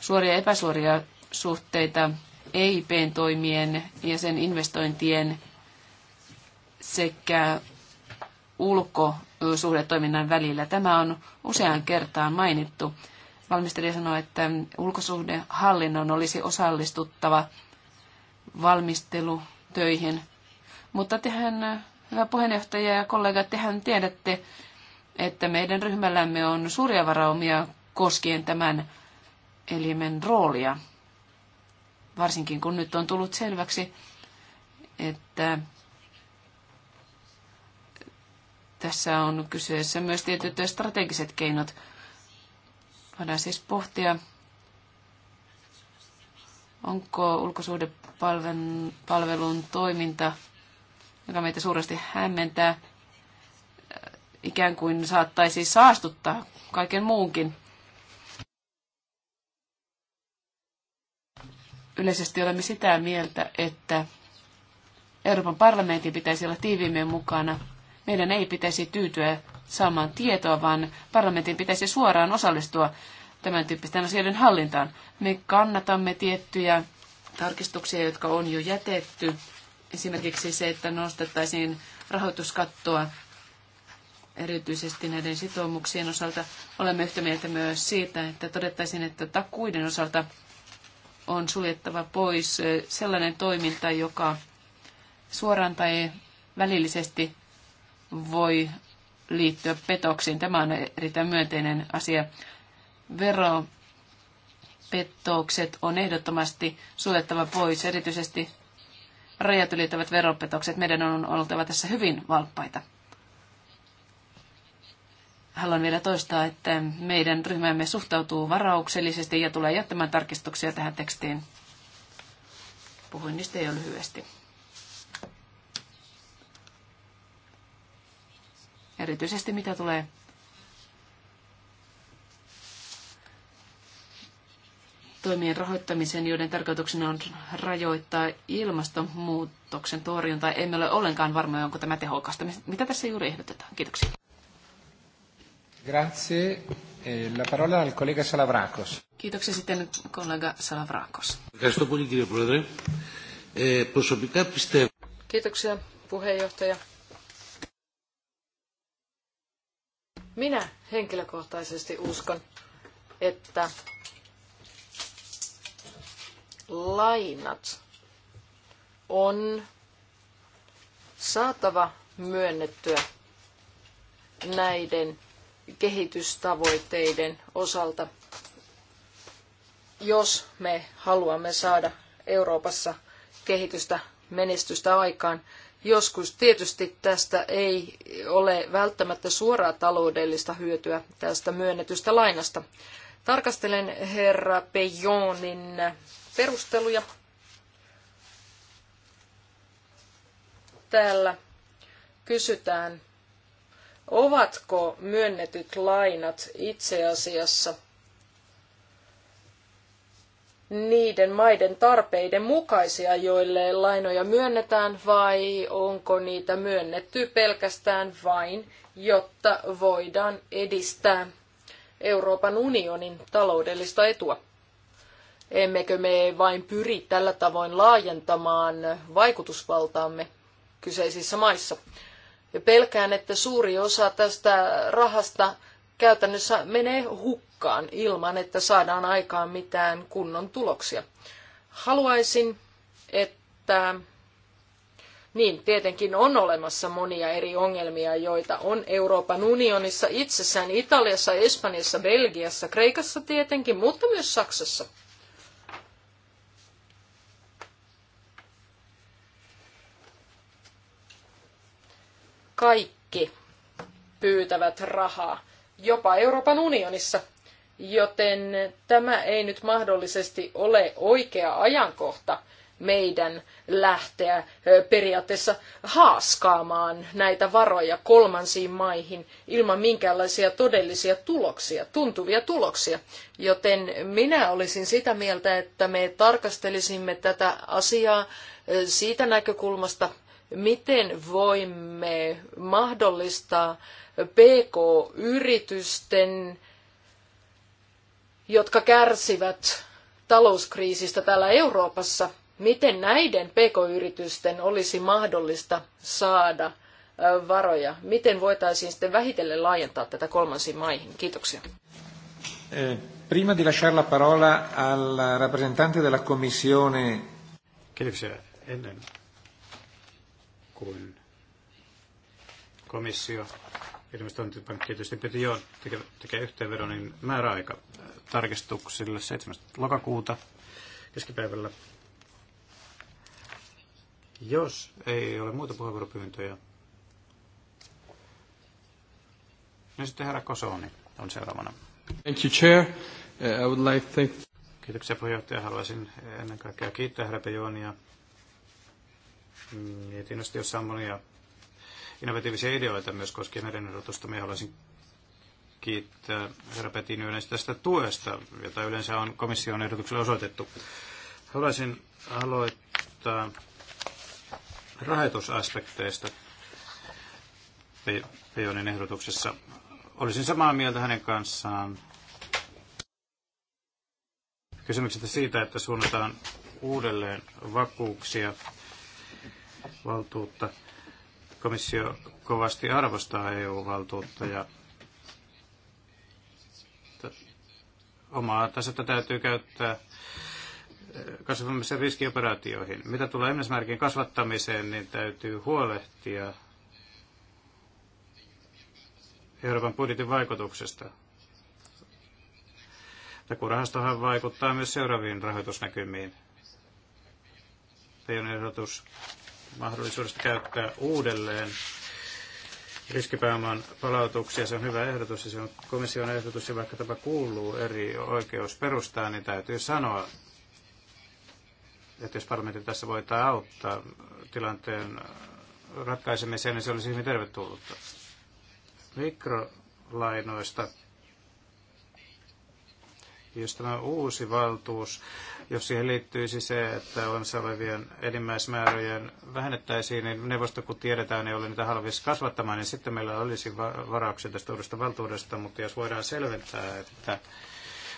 suoria ja epäsuoria suhteita EIPn toimien ja sen investointien sekä ulkosuhdetoiminnan välillä. Tämä on useaan kertaan mainittu. Valmistelija sanoi, että ulkosuhdehallinnon olisi osallistuttava valmistelu töihin. Mutta tehän, hyvä puheenjohtaja ja kollega, tehän tiedätte, että meidän ryhmällämme on suuria varaumia koskien tämän elimen roolia. Varsinkin kun nyt on tullut selväksi, että tässä on kyseessä myös tietyt strategiset keinot. Voidaan siis pohtia, onko ulkosuhdepolitiikka palvelun toiminta, joka meitä suuresti hämmentää, äh, ikään kuin saattaisi saastuttaa kaiken muunkin. Yleisesti olemme sitä mieltä, että Euroopan parlamentin pitäisi olla tiiviimmin mukana. Meidän ei pitäisi tyytyä saamaan tietoa, vaan parlamentin pitäisi suoraan osallistua tämän tyyppisten asioiden hallintaan. Me kannatamme tiettyjä tarkistuksia, jotka on jo jätetty. Esimerkiksi se, että nostettaisiin rahoituskattoa erityisesti näiden sitoumuksien osalta. Olemme yhtä mieltä myös siitä, että todettaisiin, että takuiden osalta on suljettava pois sellainen toiminta, joka suoraan tai välillisesti voi liittyä petoksiin. Tämä on erittäin myönteinen asia. Vero veropetokset on ehdottomasti suljettava pois, erityisesti rajat ylittävät veropetokset. Meidän on oltava tässä hyvin valppaita. Haluan vielä toistaa, että meidän ryhmämme suhtautuu varauksellisesti ja tulee jättämään tarkistuksia tähän tekstiin. Puhuin niistä jo lyhyesti. Erityisesti mitä tulee toimien rahoittamisen, joiden tarkoituksena on rajoittaa ilmastonmuutoksen torjuntaa. Emme ole ollenkaan varmoja, onko tämä tehokasta. Mitä tässä juuri ehdotetaan? Kiitoksia. Grazie. E la parola al collega Salavrakos. Kiitoksia sitten kollega Salavrakos. Kiitoksia puheenjohtaja. Minä henkilökohtaisesti uskon, että lainat on saatava myönnettyä näiden kehitystavoitteiden osalta, jos me haluamme saada Euroopassa kehitystä, menestystä aikaan. Joskus tietysti tästä ei ole välttämättä suoraa taloudellista hyötyä tästä myönnetystä lainasta. Tarkastelen herra Pejonin perusteluja. Täällä kysytään, ovatko myönnetyt lainat itse asiassa niiden maiden tarpeiden mukaisia, joille lainoja myönnetään, vai onko niitä myönnetty pelkästään vain, jotta voidaan edistää Euroopan unionin taloudellista etua. Emmekö me vain pyri tällä tavoin laajentamaan vaikutusvaltaamme kyseisissä maissa? Ja pelkään, että suuri osa tästä rahasta käytännössä menee hukkaan ilman, että saadaan aikaan mitään kunnon tuloksia. Haluaisin, että niin, tietenkin on olemassa monia eri ongelmia, joita on Euroopan unionissa itsessään, Italiassa, Espanjassa, Belgiassa, Kreikassa tietenkin, mutta myös Saksassa. kaikki pyytävät rahaa, jopa Euroopan unionissa. Joten tämä ei nyt mahdollisesti ole oikea ajankohta meidän lähteä periaatteessa haaskaamaan näitä varoja kolmansiin maihin ilman minkäänlaisia todellisia tuloksia, tuntuvia tuloksia. Joten minä olisin sitä mieltä, että me tarkastelisimme tätä asiaa siitä näkökulmasta, miten voimme mahdollistaa PK-yritysten, jotka kärsivät talouskriisistä täällä Euroopassa, miten näiden PK-yritysten olisi mahdollista saada varoja? Miten voitaisiin sitten vähitellen laajentaa tätä kolmansiin maihin? Kiitoksia. Eh, prima di lasciare la parola al rappresentante della Commissione. Kiitoksia. Ennen kuin komissio investointipankki tietysti piti jo tekee, tekee yhteenvedon, niin määräaika tarkistuksille 7. lokakuuta keskipäivällä. Jos ei ole muita puheenvuoropyyntöjä, niin sitten herra Kosoni on seuraavana. Thank you, Chair. Uh, I would like to thank... Kiitoksia puheenjohtaja. Haluaisin ennen kaikkea kiittää herra Pejonia mietinnöstä, jos on monia innovatiivisia ideoita myös koskien näiden erotusta. Minä haluaisin kiittää herra Petin yleensä tästä tuesta, jota yleensä on komission ehdotukselle osoitettu. Haluaisin aloittaa rahoitusaspekteista Pejonin ehdotuksessa. Olisin samaa mieltä hänen kanssaan kysymyksestä siitä, että suunnataan uudelleen vakuuksia valtuutta. Komissio kovasti arvostaa EU-valtuutta ja omaa tasetta täytyy käyttää eh, kasvamisen riskioperaatioihin. Mitä tulee ennäsmärkin kasvattamiseen, niin täytyy huolehtia Euroopan budjetin vaikutuksesta. Takurahastohan vaikuttaa myös seuraaviin rahoitusnäkymiin. Teidän ehdotus mahdollisuudesta käyttää uudelleen riskipääoman palautuksia. Se on hyvä ehdotus ja se on komission ehdotus ja vaikka tämä kuuluu eri oikeusperustaan, niin täytyy sanoa, että jos parlamentti tässä voitaan auttaa tilanteen ratkaisemiseen, niin se olisi hyvin tervetullutta. Mikrolainoista jos tämä uusi valtuus, jos siihen liittyisi se, että olemassa olevien enimmäismääräjien vähennettäisiin, niin neuvosto kun tiedetään ei ole niitä halvis kasvattamaan, niin sitten meillä olisi varauksia tästä uudesta valtuudesta, mutta jos voidaan selventää, että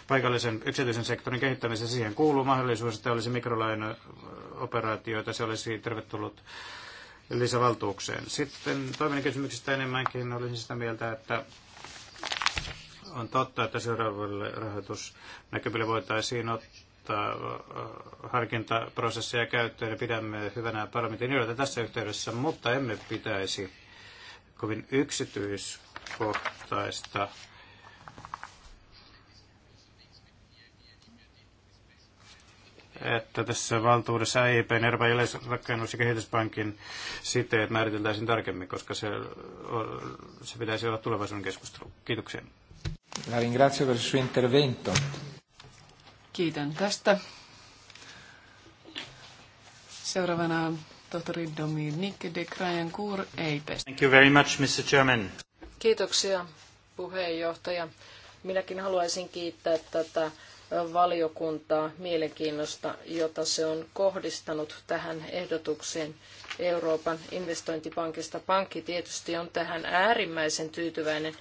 paikallisen yksityisen sektorin kehittämisessä siihen kuuluu mahdollisuus, että olisi mikrolaino-operaatioita, se olisi tervetullut lisävaltuukseen. Sitten toinen kysymyksistä enemmänkin olisin sitä mieltä, että on totta, että seuraavalle rahoitusnäkymille voitaisiin ottaa harkintaprosesseja käyttöön ja pidämme hyvänä parlamentin yöltä tässä yhteydessä, mutta emme pitäisi kovin yksityiskohtaista että tässä valtuudessa EIP, Euroopan jälleenrakennus- ja kehityspankin siteet määriteltäisiin tarkemmin, koska se, se pitäisi olla tulevaisuuden keskustelu. Kiitoksia. La ringrazio per il suo intervento. Kiitän tästä. Seuraavana tohtori Dominique de Krajan Kuur EIPES. Thank you very much, Mr. Chairman. Kiitoksia, puheenjohtaja. Minäkin haluaisin kiittää tätä valiokuntaa mielenkiinnosta, jota se on kohdistanut tähän ehdotukseen Euroopan investointipankista. Pankki tietysti on tähän äärimmäisen tyytyväinen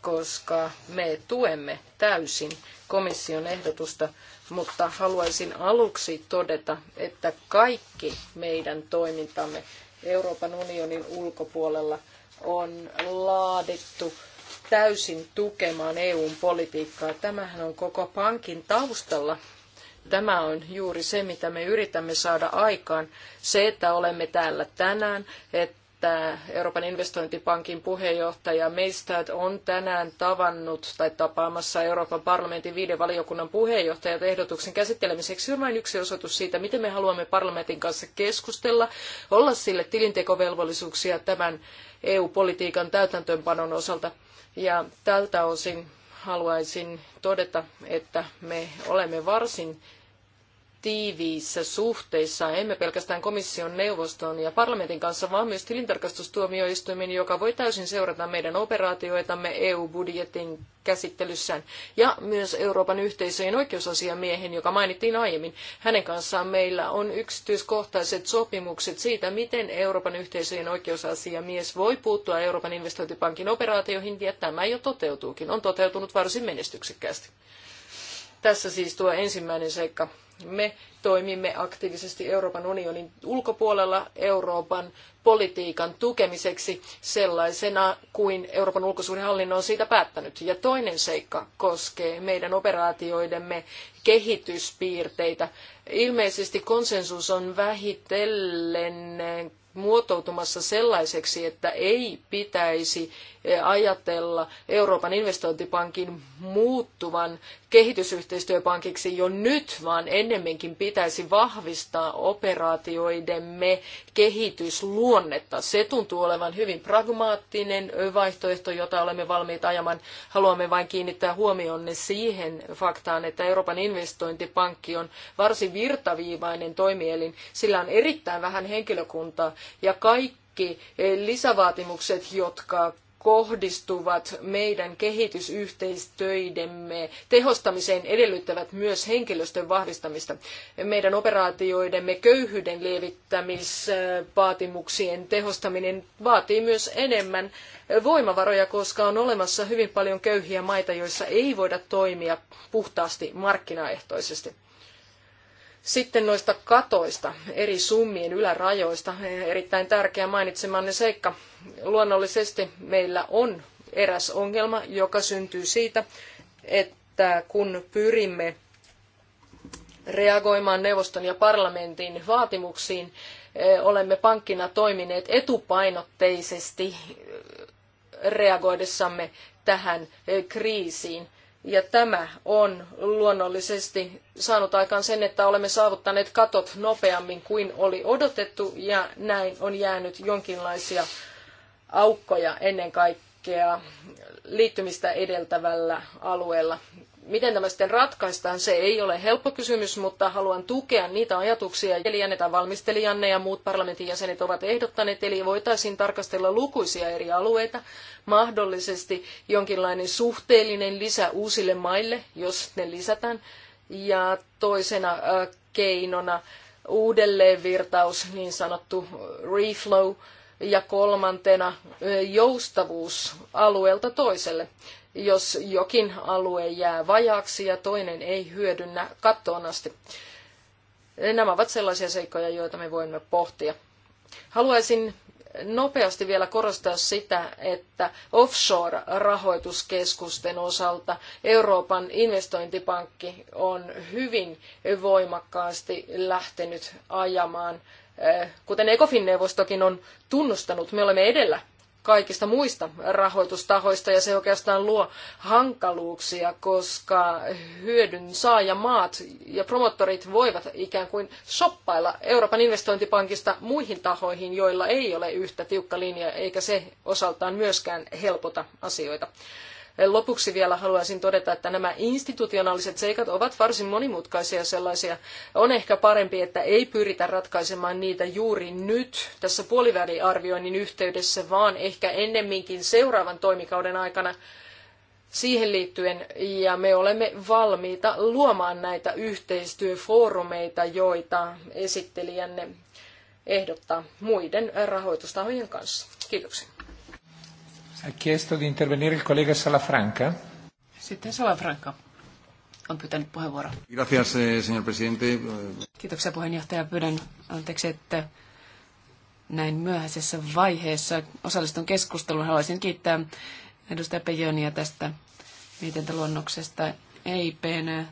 koska me tuemme täysin komission ehdotusta, mutta haluaisin aluksi todeta, että kaikki meidän toimintamme Euroopan unionin ulkopuolella on laadittu täysin tukemaan EUn politiikkaa. Tämähän on koko pankin taustalla. Tämä on juuri se, mitä me yritämme saada aikaan. Se, että olemme täällä tänään, että että Euroopan investointipankin puheenjohtaja Meistad on tänään tavannut tai tapaamassa Euroopan parlamentin viiden valiokunnan puheenjohtajat ehdotuksen käsittelemiseksi on vain yksi osoitus siitä, miten me haluamme parlamentin kanssa keskustella, olla sille tilintekovelvollisuuksia tämän EU-politiikan täytäntöönpanon osalta. Ja tältä osin haluaisin todeta, että me olemme varsin tiiviissä suhteissa, emme pelkästään komission, neuvoston ja parlamentin kanssa, vaan myös tilintarkastustuomioistuimen, joka voi täysin seurata meidän operaatioitamme EU-budjetin käsittelyssään, ja myös Euroopan yhteisöjen oikeusasiamiehen, joka mainittiin aiemmin. Hänen kanssaan meillä on yksityiskohtaiset sopimukset siitä, miten Euroopan yhteisöjen oikeusasiamies voi puuttua Euroopan investointipankin operaatioihin, ja tämä jo toteutuukin, on toteutunut varsin menestyksekkäästi. Tässä siis tuo ensimmäinen seikka. Me toimimme aktiivisesti Euroopan unionin ulkopuolella Euroopan politiikan tukemiseksi sellaisena kuin Euroopan ulkosuhdehallinno on siitä päättänyt. Ja toinen seikka koskee meidän operaatioidemme kehityspiirteitä. Ilmeisesti konsensus on vähitellen muotoutumassa sellaiseksi, että ei pitäisi ajatella Euroopan investointipankin muuttuvan kehitysyhteistyöpankiksi jo nyt, vaan ennemminkin pitäisi vahvistaa operaatioidemme kehitysluonnetta. Se tuntuu olevan hyvin pragmaattinen vaihtoehto, jota olemme valmiit ajamaan. Haluamme vain kiinnittää huomionne siihen faktaan, että Euroopan investointipankki on varsin virtaviivainen toimielin. Sillä on erittäin vähän henkilökuntaa ja kaikki lisävaatimukset, jotka kohdistuvat meidän kehitysyhteistyöidemme tehostamiseen edellyttävät myös henkilöstön vahvistamista. Meidän operaatioidemme köyhyyden lievittämisvaatimuksien tehostaminen vaatii myös enemmän voimavaroja, koska on olemassa hyvin paljon köyhiä maita, joissa ei voida toimia puhtaasti markkinaehtoisesti. Sitten noista katoista, eri summien ylärajoista, erittäin tärkeä mainitsemanne seikka. Luonnollisesti meillä on eräs ongelma, joka syntyy siitä, että kun pyrimme reagoimaan neuvoston ja parlamentin vaatimuksiin, eh, olemme pankkina toimineet etupainotteisesti eh, reagoidessamme tähän eh, kriisiin. Ja tämä on luonnollisesti saanut aikaan sen, että olemme saavuttaneet katot nopeammin kuin oli odotettu ja näin on jäänyt jonkinlaisia aukkoja ennen kaikkea liittymistä edeltävällä alueella miten tämä sitten ratkaistaan, se ei ole helppo kysymys, mutta haluan tukea niitä ajatuksia, eli valmistelijanne ja muut parlamentin jäsenet ovat ehdottaneet, eli voitaisiin tarkastella lukuisia eri alueita, mahdollisesti jonkinlainen suhteellinen lisä uusille maille, jos ne lisätään, ja toisena äh, keinona uudelleenvirtaus, niin sanottu reflow, ja kolmantena äh, joustavuus alueelta toiselle jos jokin alue jää vajaaksi ja toinen ei hyödynnä kattoon asti. Nämä ovat sellaisia seikkoja, joita me voimme pohtia. Haluaisin nopeasti vielä korostaa sitä, että offshore-rahoituskeskusten osalta Euroopan investointipankki on hyvin voimakkaasti lähtenyt ajamaan, eh, kuten ECOFIN-neuvostokin on tunnustanut, me olemme edellä kaikista muista rahoitustahoista ja se oikeastaan luo hankaluuksia, koska hyödyn saajamaat ja promottorit voivat ikään kuin shoppailla Euroopan investointipankista muihin tahoihin, joilla ei ole yhtä tiukka linja, eikä se osaltaan myöskään helpota asioita. Lopuksi vielä haluaisin todeta, että nämä institutionaaliset seikat ovat varsin monimutkaisia sellaisia. On ehkä parempi, että ei pyritä ratkaisemaan niitä juuri nyt tässä puoliväliarvioinnin yhteydessä, vaan ehkä ennemminkin seuraavan toimikauden aikana siihen liittyen, ja me olemme valmiita luomaan näitä yhteistyöfoorumeita, joita esittelijänne ehdottaa muiden rahoitustahojen kanssa. Kiitoksia. Ha chiesto di intervenire il collega Salafranca. Sitten Salafranca on pyytänyt puheenvuoroa. Gracias, eh, señor presidente. Kiitoksia puheenjohtaja. Pyydän anteeksi, että näin myöhäisessä vaiheessa osallistun keskusteluun. Haluaisin kiittää edustaja Pejonia tästä mietintöluonnoksesta. EIPn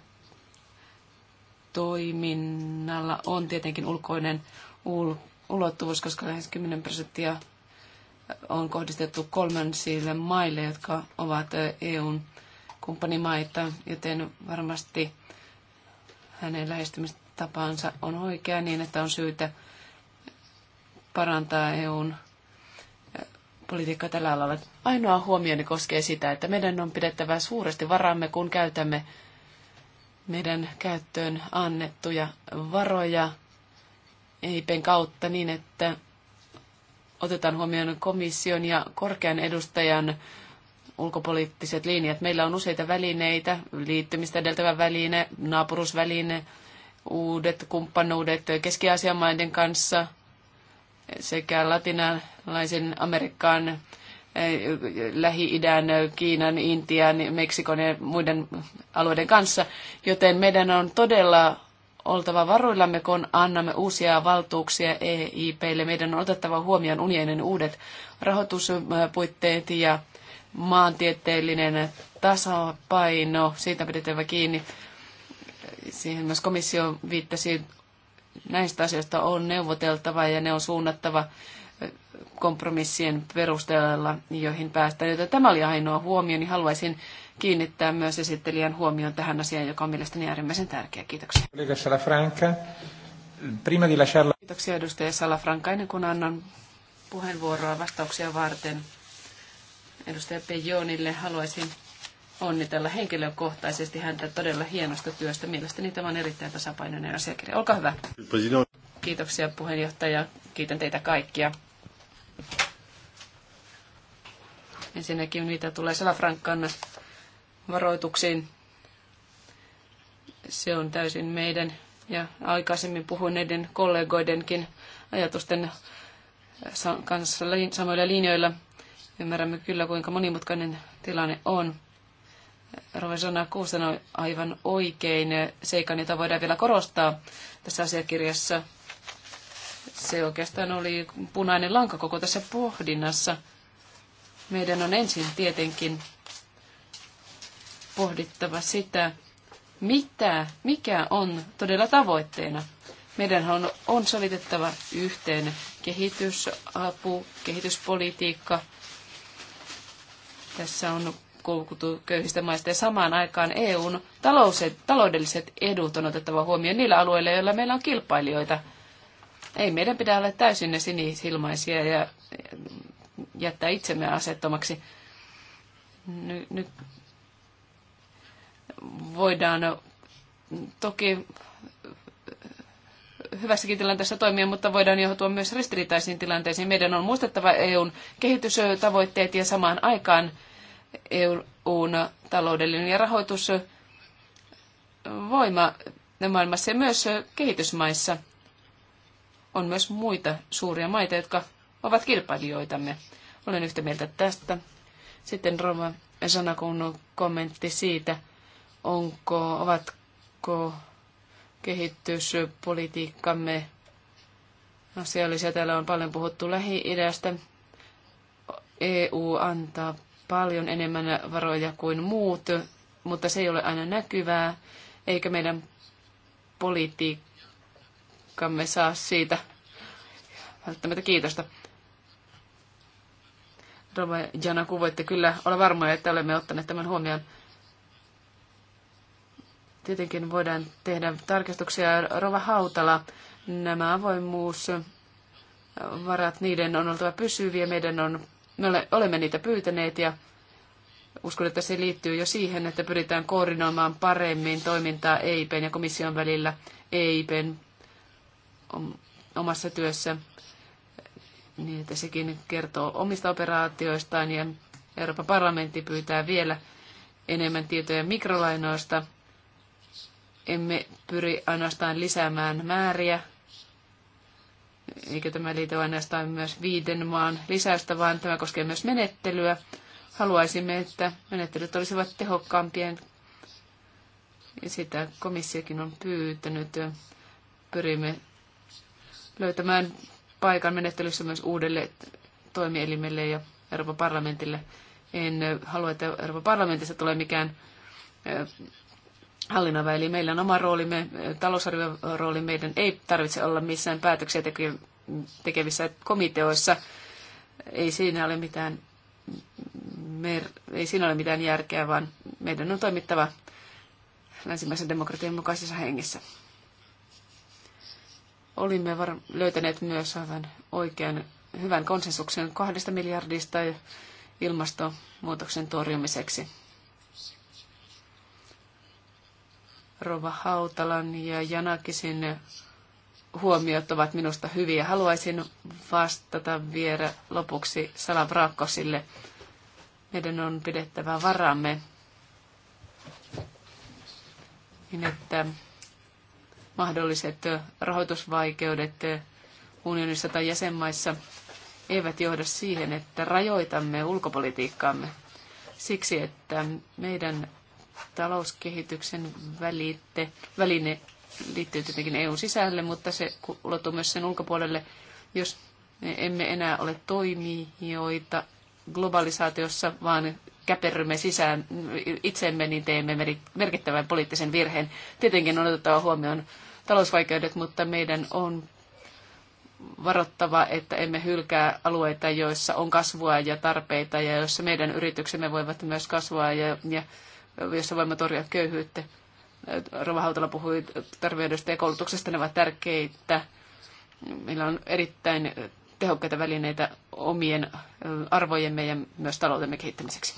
toiminnalla on tietenkin ulkoinen ulottuvuus, koska lähes 10 prosenttia on kohdistettu kolmansille maille, jotka ovat EUn kumppanimaita, joten varmasti hänen lähestymistapaansa on oikea niin, että on syytä parantaa EUn politiikkaa tällä alalla. Ainoa huomioni koskee sitä, että meidän on pidettävä suuresti varamme, kun käytämme meidän käyttöön annettuja varoja EIPen kautta niin, että otetaan huomioon komission ja korkean edustajan ulkopoliittiset linjat. Meillä on useita välineitä, liittymistä edeltävä väline, naapurusväline, uudet kumppanuudet Keski-Aasian maiden kanssa sekä latinalaisen Amerikan, eh, Lähi-idän, Kiinan, Intian, Meksikon ja muiden alueiden kanssa, joten meidän on todella oltava varuillamme, kun annamme uusia valtuuksia EIPille. Meidän on otettava huomioon unionin uudet rahoituspuitteet ja maantieteellinen tasapaino. Siitä pidetään kiinni. Siihen myös komissio viittasi. Näistä asioista on neuvoteltava ja ne on suunnattava kompromissien perusteella, joihin päästään. Joten tämä oli ainoa huomio, niin haluaisin kiinnittää myös esittelijän huomioon tähän asiaan, joka on mielestäni äärimmäisen tärkeä. Kiitoksia. Kiitoksia edustaja Salafranca. Ennen kuin annan puheenvuoroa vastauksia varten edustaja Pejonille, haluaisin onnitella henkilökohtaisesti häntä todella hienosta työstä. Mielestäni tämä on erittäin tasapainoinen asiakirja. Olkaa hyvä. Kiitoksia puheenjohtaja. Kiitän teitä kaikkia. Ensinnäkin mitä tulee Salafrancaan varoituksiin. Se on täysin meidän ja aikaisemmin puhuneiden kollegoidenkin ajatusten kanssa samoilla linjoilla. Ymmärrämme kyllä, kuinka monimutkainen tilanne on. Rovesana Kuu sanoi aivan oikein seikan, jota voidaan vielä korostaa tässä asiakirjassa. Se oikeastaan oli punainen lanka koko tässä pohdinnassa. Meidän on ensin tietenkin pohdittava sitä, mitä, mikä on todella tavoitteena. Meidän on, on sovitettava yhteen kehitysapu, kehityspolitiikka. Tässä on kulkutu köyhistä maista ja samaan aikaan EUn talouset, taloudelliset edut on otettava huomioon niillä alueilla, joilla meillä on kilpailijoita. Ei meidän pidä olla täysin ne sinisilmaisia ja jättää itsemme asettomaksi. Nyt, nyt voidaan toki hyvässäkin tilanteessa toimia, mutta voidaan johtua myös ristiriitaisiin tilanteisiin. Meidän on muistettava EUn kehitystavoitteet ja samaan aikaan EUn taloudellinen ja rahoitusvoima maailmassa ja myös kehitysmaissa. On myös muita suuria maita, jotka ovat kilpailijoitamme. Olen yhtä mieltä tästä. Sitten Roma sanakunnon kommentti siitä, onko, ovatko kehityspolitiikkamme asiallisia. Täällä on paljon puhuttu Lähi-idästä. EU antaa paljon enemmän varoja kuin muut, mutta se ei ole aina näkyvää, eikä meidän politiikkamme saa siitä välttämättä kiitosta. Rova Jana, kuvoitte kyllä olla varmoja, että olemme ottaneet tämän huomioon. Tietenkin voidaan tehdä tarkistuksia. Rova Hautala, nämä avoimuusvarat, niiden on oltava pysyviä. Meidän on, me olemme niitä pyytäneet ja uskon, että se liittyy jo siihen, että pyritään koordinoimaan paremmin toimintaa EIPn ja komission välillä EIPen omassa työssä, niin että sekin kertoo omista operaatioistaan ja Euroopan parlamentti pyytää vielä enemmän tietoja mikrolainoista emme pyri ainoastaan lisäämään määriä, eikä tämä liity ainoastaan myös viiden maan lisäystä, vaan tämä koskee myös menettelyä. Haluaisimme, että menettelyt olisivat tehokkaampien, ja sitä komissiokin on pyytänyt. Pyrimme löytämään paikan menettelyssä myös uudelle toimielimelle ja Euroopan parlamentille. En halua, että Euroopan parlamentissa tulee mikään hallinnava. Eli meillä on oma roolimme, talousarvion rooli. Meidän ei tarvitse olla missään päätöksiä tekevissä komiteoissa. Ei siinä ole mitään, mer, ei siinä ole mitään järkeä, vaan meidän on toimittava länsimäisen demokratian mukaisessa hengessä. Olimme var- löytäneet myös aivan oikean hyvän konsensuksen kahdesta miljardista ilmastonmuutoksen torjumiseksi. Rova Hautalan ja Janakisin huomiot ovat minusta hyviä. Haluaisin vastata vielä lopuksi Salavrakosille. Meidän on pidettävä varamme niin, että mahdolliset rahoitusvaikeudet unionissa tai jäsenmaissa eivät johda siihen, että rajoitamme ulkopolitiikkaamme siksi, että meidän talouskehityksen välite, väline liittyy tietenkin EUn sisälle, mutta se ulottuu myös sen ulkopuolelle, jos me emme enää ole toimijoita globalisaatiossa, vaan käperrymme sisään itsemme, niin teemme merkittävän poliittisen virheen. Tietenkin on otettava huomioon talousvaikeudet, mutta meidän on varottava, että emme hylkää alueita, joissa on kasvua ja tarpeita ja joissa meidän yrityksemme voivat myös kasvaa ja, ja jossa voimme torjua köyhyyttä. Rova Hautala puhui terveydestä ja koulutuksesta, ne ovat tärkeitä. Meillä on erittäin tehokkaita välineitä omien arvojemme ja myös taloutemme kehittämiseksi.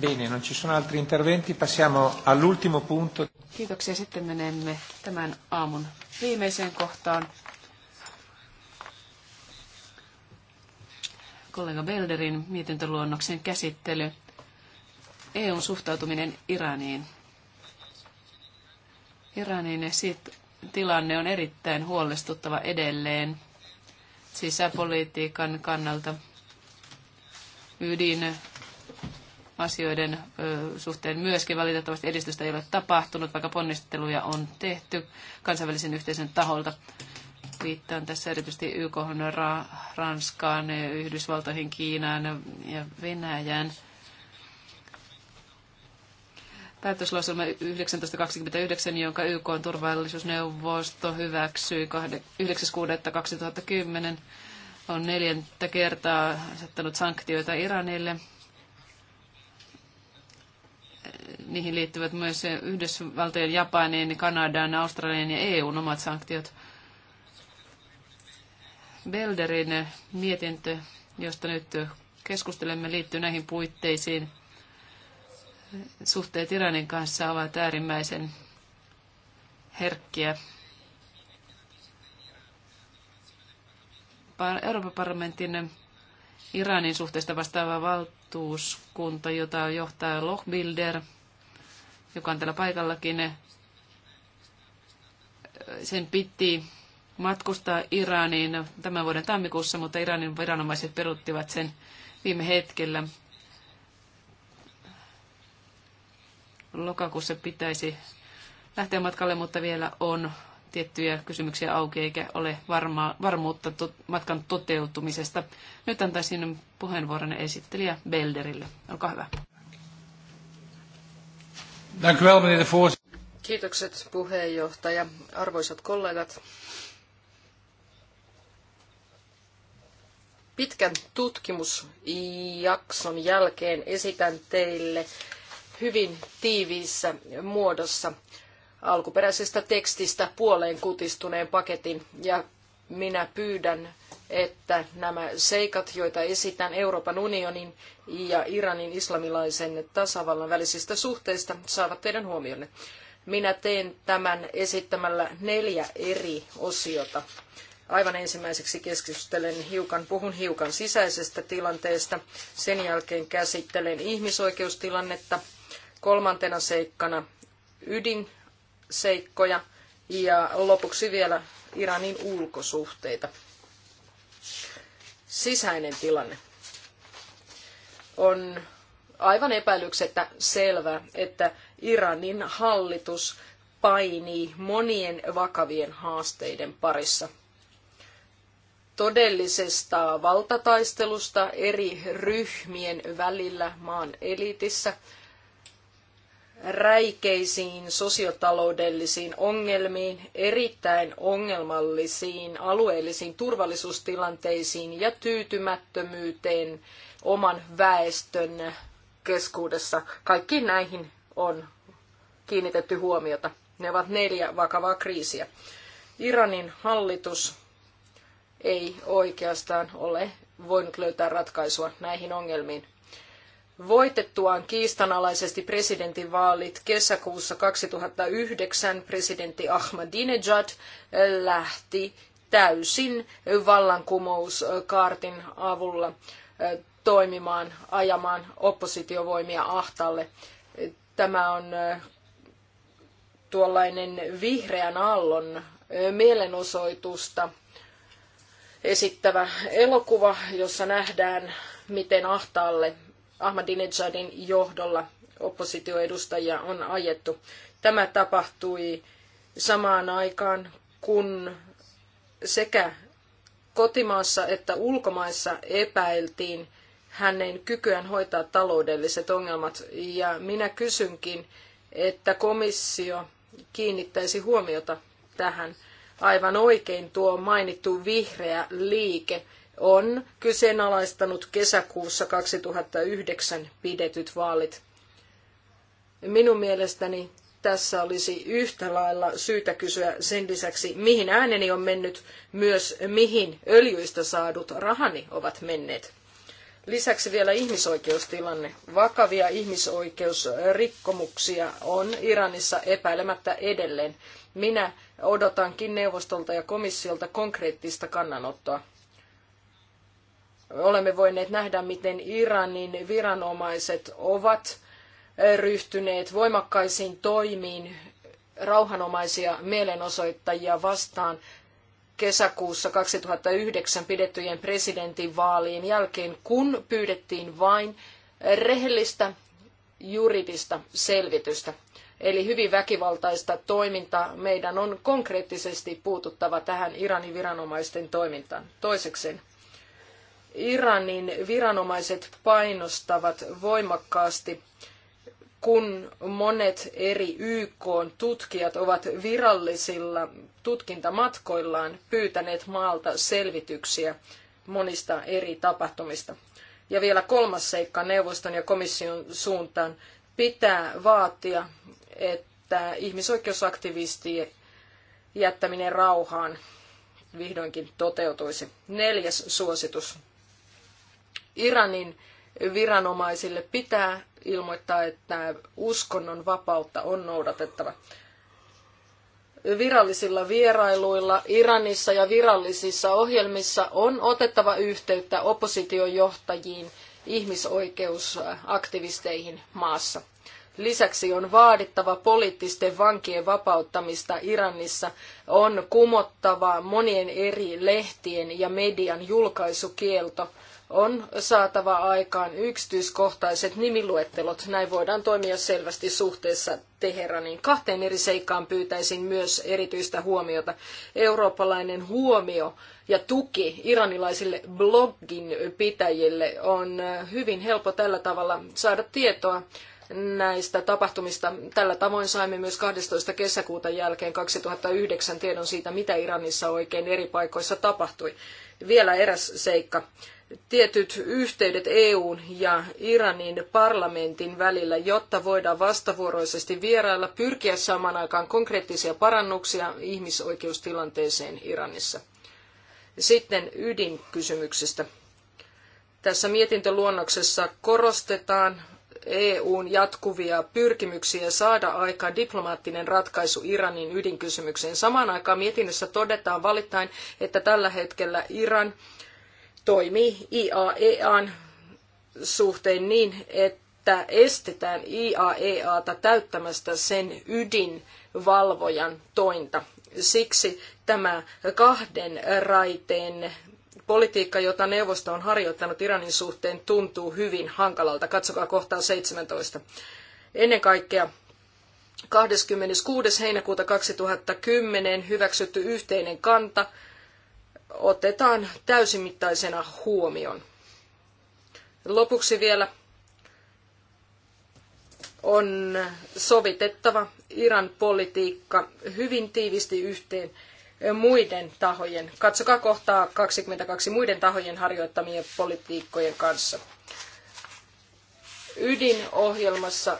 Bene, non ci sono altri interventi. Passiamo all'ultimo punto. Kiitoksia. Sitten menemme tämän aamun viimeiseen kohtaan. Kollega Belderin mietintöluonnoksen käsittely. EUn suhtautuminen Iraniin. ja siitä tilanne on erittäin huolestuttava edelleen sisäpolitiikan kannalta ydin asioiden suhteen myöskin valitettavasti edistystä ei ole tapahtunut, vaikka ponnisteluja on tehty kansainvälisen yhteisön taholta. Viittaan tässä erityisesti YK, Ranskaan, Yhdysvaltoihin, Kiinaan ja Venäjään – päätöslauselma 1929, jonka YK on turvallisuusneuvosto hyväksyi 9.6.2010, on neljäntä kertaa asettanut sanktioita Iranille. Niihin liittyvät myös Yhdysvaltojen, Japanin, Kanadan, Australian ja EUn omat sanktiot. Belderin mietintö, josta nyt keskustelemme, liittyy näihin puitteisiin – suhteet Iranin kanssa ovat äärimmäisen herkkiä. Euroopan parlamentin Iranin suhteesta vastaava valtuuskunta, jota johtaa Lochbilder, joka on täällä paikallakin, sen piti matkustaa Iraniin tämän vuoden tammikuussa, mutta Iranin viranomaiset peruttivat sen viime hetkellä. lokakuussa pitäisi lähteä matkalle, mutta vielä on tiettyjä kysymyksiä auki eikä ole varma, varmuutta tot, matkan toteutumisesta. Nyt antaisin puheenvuoron esittelijä Belderille. Olkaa hyvä. Kiitokset puheenjohtaja. Arvoisat kollegat, pitkän tutkimusjakson jälkeen esitän teille hyvin tiiviissä muodossa alkuperäisestä tekstistä puoleen kutistuneen paketin ja minä pyydän, että nämä seikat, joita esitän Euroopan unionin ja Iranin islamilaisen tasavallan välisistä suhteista, saavat teidän huomionne. Minä teen tämän esittämällä neljä eri osiota. Aivan ensimmäiseksi keskustelen hiukan, puhun hiukan sisäisestä tilanteesta. Sen jälkeen käsittelen ihmisoikeustilannetta, kolmantena seikkana ydinseikkoja ja lopuksi vielä Iranin ulkosuhteita. Sisäinen tilanne on aivan epäilyksettä selvä, että Iranin hallitus painii monien vakavien haasteiden parissa. Todellisesta valtataistelusta eri ryhmien välillä maan elitissä – räikeisiin sosiotaloudellisiin ongelmiin, erittäin ongelmallisiin alueellisiin turvallisuustilanteisiin ja tyytymättömyyteen oman väestön keskuudessa. Kaikkiin näihin on kiinnitetty huomiota. Ne ovat neljä vakavaa kriisiä. Iranin hallitus ei oikeastaan ole voinut löytää ratkaisua näihin ongelmiin voitettuaan kiistanalaisesti presidentinvaalit kesäkuussa 2009 presidentti Ahmadinejad eh, lähti täysin vallankumouskaartin avulla eh, toimimaan, ajamaan oppositiovoimia ahtalle. Tämä on eh, tuollainen vihreän aallon mielenosoitusta esittävä elokuva, jossa nähdään, miten ahtaalle Ahmadinejadin johdolla oppositioedustajia on ajettu. Tämä tapahtui samaan aikaan, kun sekä kotimaassa että ulkomaissa epäiltiin hänen kykyään hoitaa taloudelliset ongelmat. Ja minä kysynkin, että komissio kiinnittäisi huomiota tähän. Aivan oikein tuo mainittu vihreä liike on kyseenalaistanut kesäkuussa 2009 pidetyt vaalit. Minun mielestäni tässä olisi yhtä lailla syytä kysyä sen lisäksi, mihin ääneni on mennyt, myös mihin öljyistä saadut rahani ovat menneet. Lisäksi vielä ihmisoikeustilanne. Vakavia ihmisoikeusrikkomuksia on Iranissa epäilemättä edelleen. Minä odotankin neuvostolta ja komissiolta konkreettista kannanottoa olemme voineet nähdä, miten Iranin viranomaiset ovat eh, ryhtyneet voimakkaisiin toimiin rauhanomaisia mielenosoittajia vastaan kesäkuussa 2009 pidettyjen presidentinvaalien jälkeen, kun pyydettiin vain rehellistä juridista selvitystä. Eli hyvin väkivaltaista toimintaa. Meidän on konkreettisesti puututtava tähän Iranin viranomaisten toimintaan. Toisekseen Iranin viranomaiset painostavat voimakkaasti, kun monet eri YK tutkijat ovat virallisilla tutkintamatkoillaan pyytäneet maalta selvityksiä monista eri tapahtumista. Ja vielä kolmas seikka neuvoston ja komission suuntaan pitää vaatia, että ihmisoikeusaktivistien jättäminen rauhaan vihdoinkin toteutuisi. Neljäs suositus. Iranin viranomaisille pitää ilmoittaa, että uskonnon vapautta on noudatettava. Virallisilla vierailuilla Iranissa ja virallisissa ohjelmissa on otettava yhteyttä oppositiojohtajiin, ihmisoikeusaktivisteihin maassa. Lisäksi on vaadittava poliittisten vankien vapauttamista Iranissa, on kumottava monien eri lehtien ja median julkaisukielto, on saatava aikaan yksityiskohtaiset nimiluettelot. Näin voidaan toimia selvästi suhteessa Teheraniin. Kahteen eri seikkaan pyytäisin myös erityistä huomiota. Eurooppalainen huomio ja tuki iranilaisille blogin pitäjille on hyvin helppo tällä tavalla saada tietoa näistä tapahtumista. Tällä tavoin saimme myös 12. kesäkuuta jälkeen 2009 tiedon siitä, mitä Iranissa oikein eri paikoissa tapahtui. Vielä eräs seikka tietyt yhteydet EUn ja Iranin parlamentin välillä, jotta voidaan vastavuoroisesti vierailla pyrkiä samaan aikaan konkreettisia parannuksia ihmisoikeustilanteeseen Iranissa. Sitten ydinkysymyksestä. Tässä mietintöluonnoksessa korostetaan EUn jatkuvia pyrkimyksiä saada aikaan diplomaattinen ratkaisu Iranin ydinkysymykseen. Samaan aikaan mietinnössä todetaan valittain, että tällä hetkellä Iran toimii IAEAn suhteen niin, että estetään IAEAta täyttämästä sen ydinvalvojan tointa. Siksi tämä kahden raiteen politiikka, jota neuvosto on harjoittanut Iranin suhteen, tuntuu hyvin hankalalta. Katsokaa kohtaa 17. Ennen kaikkea 26. heinäkuuta 2010 hyväksytty yhteinen kanta – otetaan täysimittaisena huomioon. Lopuksi vielä on sovitettava Iran politiikka hyvin tiivisti yhteen muiden tahojen, katsokaa kohtaa 22 muiden tahojen harjoittamien politiikkojen kanssa. Ydinohjelmassa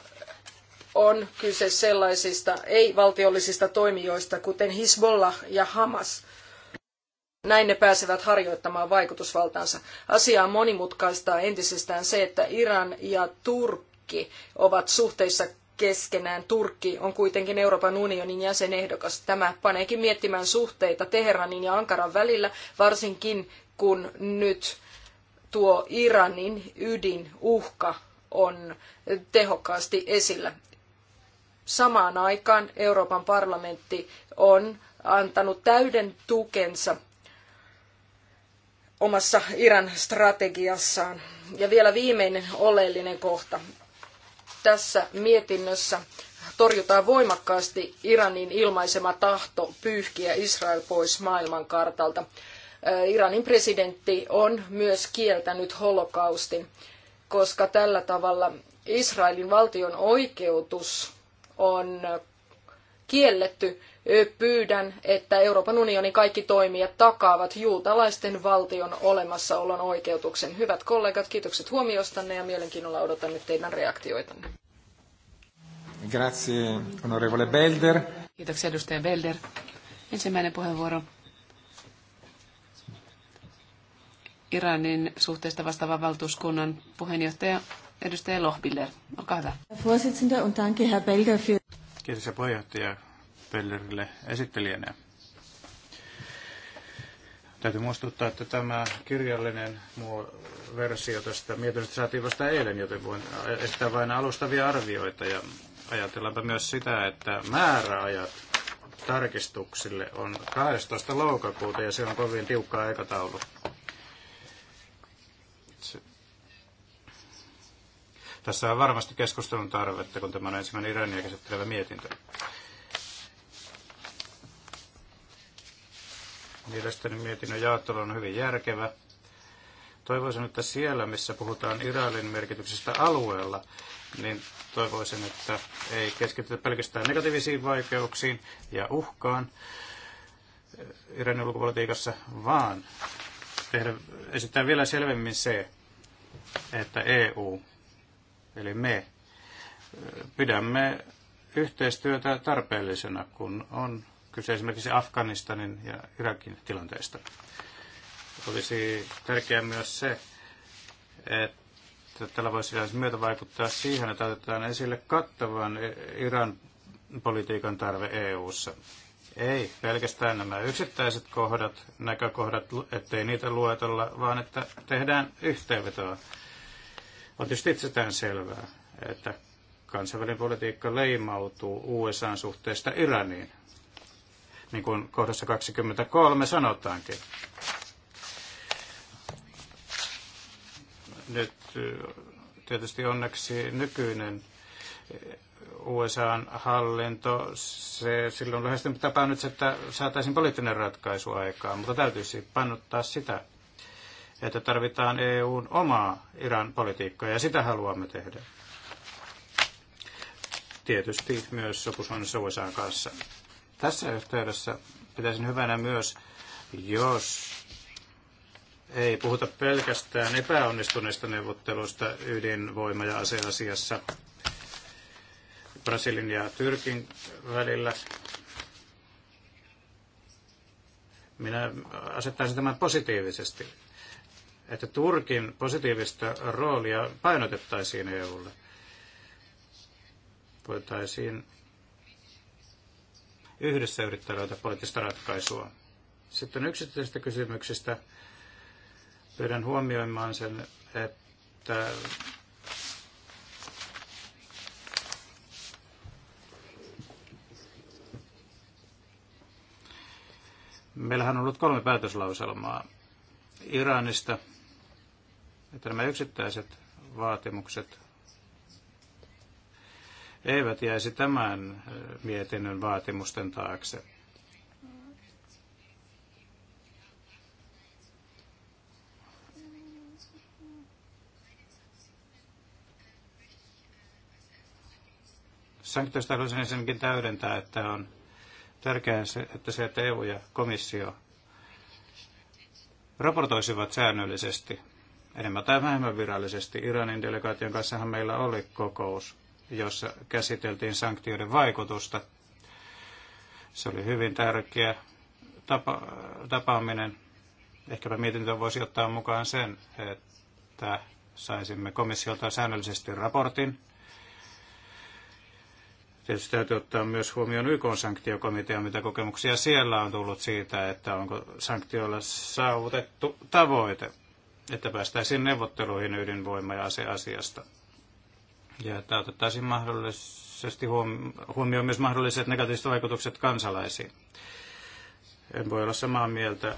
on kyse sellaisista ei-valtiollisista toimijoista, kuten Hisbollah ja Hamas – näin ne pääsevät harjoittamaan vaikutusvaltaansa. Asiaa monimutkaistaa entisestään se, että Iran ja Turkki ovat suhteissa keskenään. Turkki on kuitenkin Euroopan unionin jäsenehdokas. Tämä paneekin miettimään suhteita Teheranin ja Ankaran välillä, varsinkin kun nyt tuo Iranin ydinuhka on tehokkaasti esillä. Samaan aikaan Euroopan parlamentti on antanut täyden tukensa omassa Iran strategiassaan. Ja vielä viimeinen oleellinen kohta. Tässä mietinnössä torjutaan voimakkaasti Iranin ilmaisema tahto pyyhkiä Israel pois maailmankartalta. Äh, Iranin presidentti on myös kieltänyt holokaustin, koska tällä tavalla Israelin valtion oikeutus on kielletty. Pyydän, että Euroopan unionin kaikki toimijat takaavat juutalaisten valtion olemassaolon oikeutuksen. Hyvät kollegat, kiitokset huomiostanne ja mielenkiinnolla odotan nyt teidän reaktioitanne. Grazie, onorevole Belder. Kiitoksia, edustaja Belder. Ensimmäinen puheenvuoro. Iranin suhteesta vastaavan valtuuskunnan puheenjohtaja edustaja Lohbiller. Olkaa hyvä kesä puheenjohtaja Pellerille esittelijänä. Täytyy muistuttaa, että tämä kirjallinen versio tästä mietinnöstä saatiin vasta eilen, joten voin estää vain alustavia arvioita ja ajatellaanpa myös sitä, että määräajat tarkistuksille on 12. loukakuuta ja se on kovin tiukka aikataulu. Tässä on varmasti keskustelun tarvetta, kun tämä on ensimmäinen Irania käsittelevä mietintö. Mielestäni mietinnön jaottelu on hyvin järkevä. Toivoisin, että siellä, missä puhutaan Iranin merkityksestä alueella, niin toivoisin, että ei keskitytä pelkästään negatiivisiin vaikeuksiin ja uhkaan Iranin ulkopolitiikassa, vaan tehdä, esittää vielä selvemmin se, että EU Eli me pidämme yhteistyötä tarpeellisena, kun on kyse esimerkiksi Afganistanin ja Irakin tilanteesta. Olisi tärkeää myös se, että tällä voisi myötä vaikuttaa siihen, että otetaan esille kattavan Iran politiikan tarve EU:ssa. Ei pelkästään nämä yksittäiset kohdat, näkökohdat, ettei niitä luetella, vaan että tehdään yhteenvetoa on tietysti itsestään selvää, että kansainvälinen politiikka leimautuu USAn suhteesta Iraniin, niin kuin kohdassa 23 sanotaankin. Nyt tietysti onneksi nykyinen USAn hallinto, se silloin lähestymistapa nyt, että saataisiin poliittinen ratkaisu aikaan, mutta täytyisi pannuttaa sitä että tarvitaan EUn omaa Iran politiikkaa ja sitä haluamme tehdä. Tietysti myös sopusuunnissa USA kanssa. Tässä yhteydessä pitäisin hyvänä myös, jos ei puhuta pelkästään epäonnistuneista neuvotteluista ydinvoima- ja aseasiassa Brasilin ja Tyrkin välillä. Minä asettaisin tämän positiivisesti että Turkin positiivista roolia painotettaisiin EUlle. Voitaisiin yhdessä yrittää löytää poliittista ratkaisua. Sitten yksittäisistä kysymyksistä pyydän huomioimaan sen, että meillähän on ollut kolme päätöslauselmaa Iranista, että nämä yksittäiset vaatimukset eivät jäisi tämän mietinnön vaatimusten taakse. Sanktiosta haluaisin ensinnäkin täydentää, että on tärkeää se, että se, että EU ja komissio raportoisivat säännöllisesti enemmän tai vähemmän virallisesti. Iranin delegaation kanssahan meillä oli kokous, jossa käsiteltiin sanktioiden vaikutusta. Se oli hyvin tärkeä tapa, tapaaminen. Ehkäpä mietintö voisi ottaa mukaan sen, että saisimme komissiolta säännöllisesti raportin. Tietysti täytyy ottaa myös huomioon YK-sanktiokomitea, mitä kokemuksia siellä on tullut siitä, että onko sanktioilla saavutettu tavoite että päästäisiin neuvotteluihin ydinvoima- ja aseasiasta. Ja että otettaisiin mahdollisesti huomioon myös mahdolliset negatiiviset vaikutukset kansalaisiin. En voi olla samaa mieltä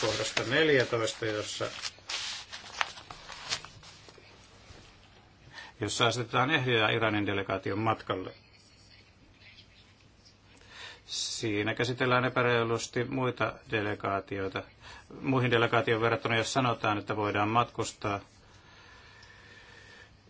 kohdasta 14, jossa, jossa asetetaan ehdoja Iranin delegaation matkalle. Siinä käsitellään epäreilusti muita delegaatioita – muihin delegaation verrattuna, jos sanotaan, että voidaan matkustaa,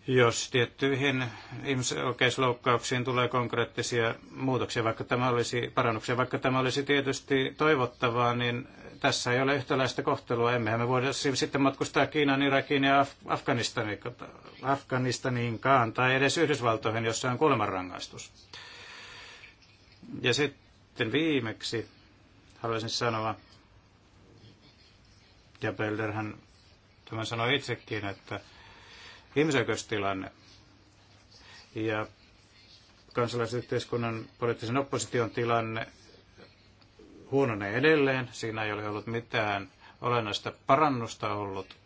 jos tiettyihin ihmisoikeusloukkauksiin tulee konkreettisia muutoksia, vaikka tämä olisi parannuksia, vaikka tämä olisi tietysti toivottavaa, niin tässä ei ole yhtäläistä kohtelua. Emmehän me voida sitten matkustaa Kiinaan, Irakiin ja Af- Afganistaniin, Afganistaniinkaan tai edes Yhdysvaltoihin, jossa on kuolemanrangaistus. Ja sitten viimeksi haluaisin sanoa, ja Belderhän tämän sanoi itsekin, että ihmisoikeustilanne ja kansalaisyhteiskunnan poliittisen opposition tilanne huononee edelleen. Siinä ei ole ollut mitään olennaista parannusta ollut.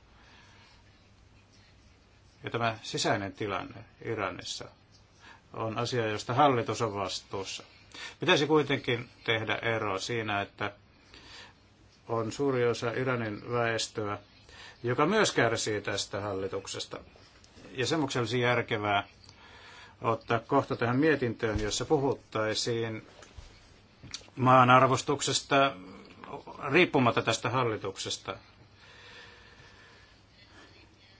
Ja tämä sisäinen tilanne Iranissa on asia, josta hallitus on vastuussa. Pitäisi kuitenkin tehdä ero siinä, että on suuri osa Iranin väestöä, joka myös kärsii tästä hallituksesta. Ja semmoksi olisi järkevää ottaa kohta tähän mietintöön, jossa puhuttaisiin maan arvostuksesta riippumatta tästä hallituksesta.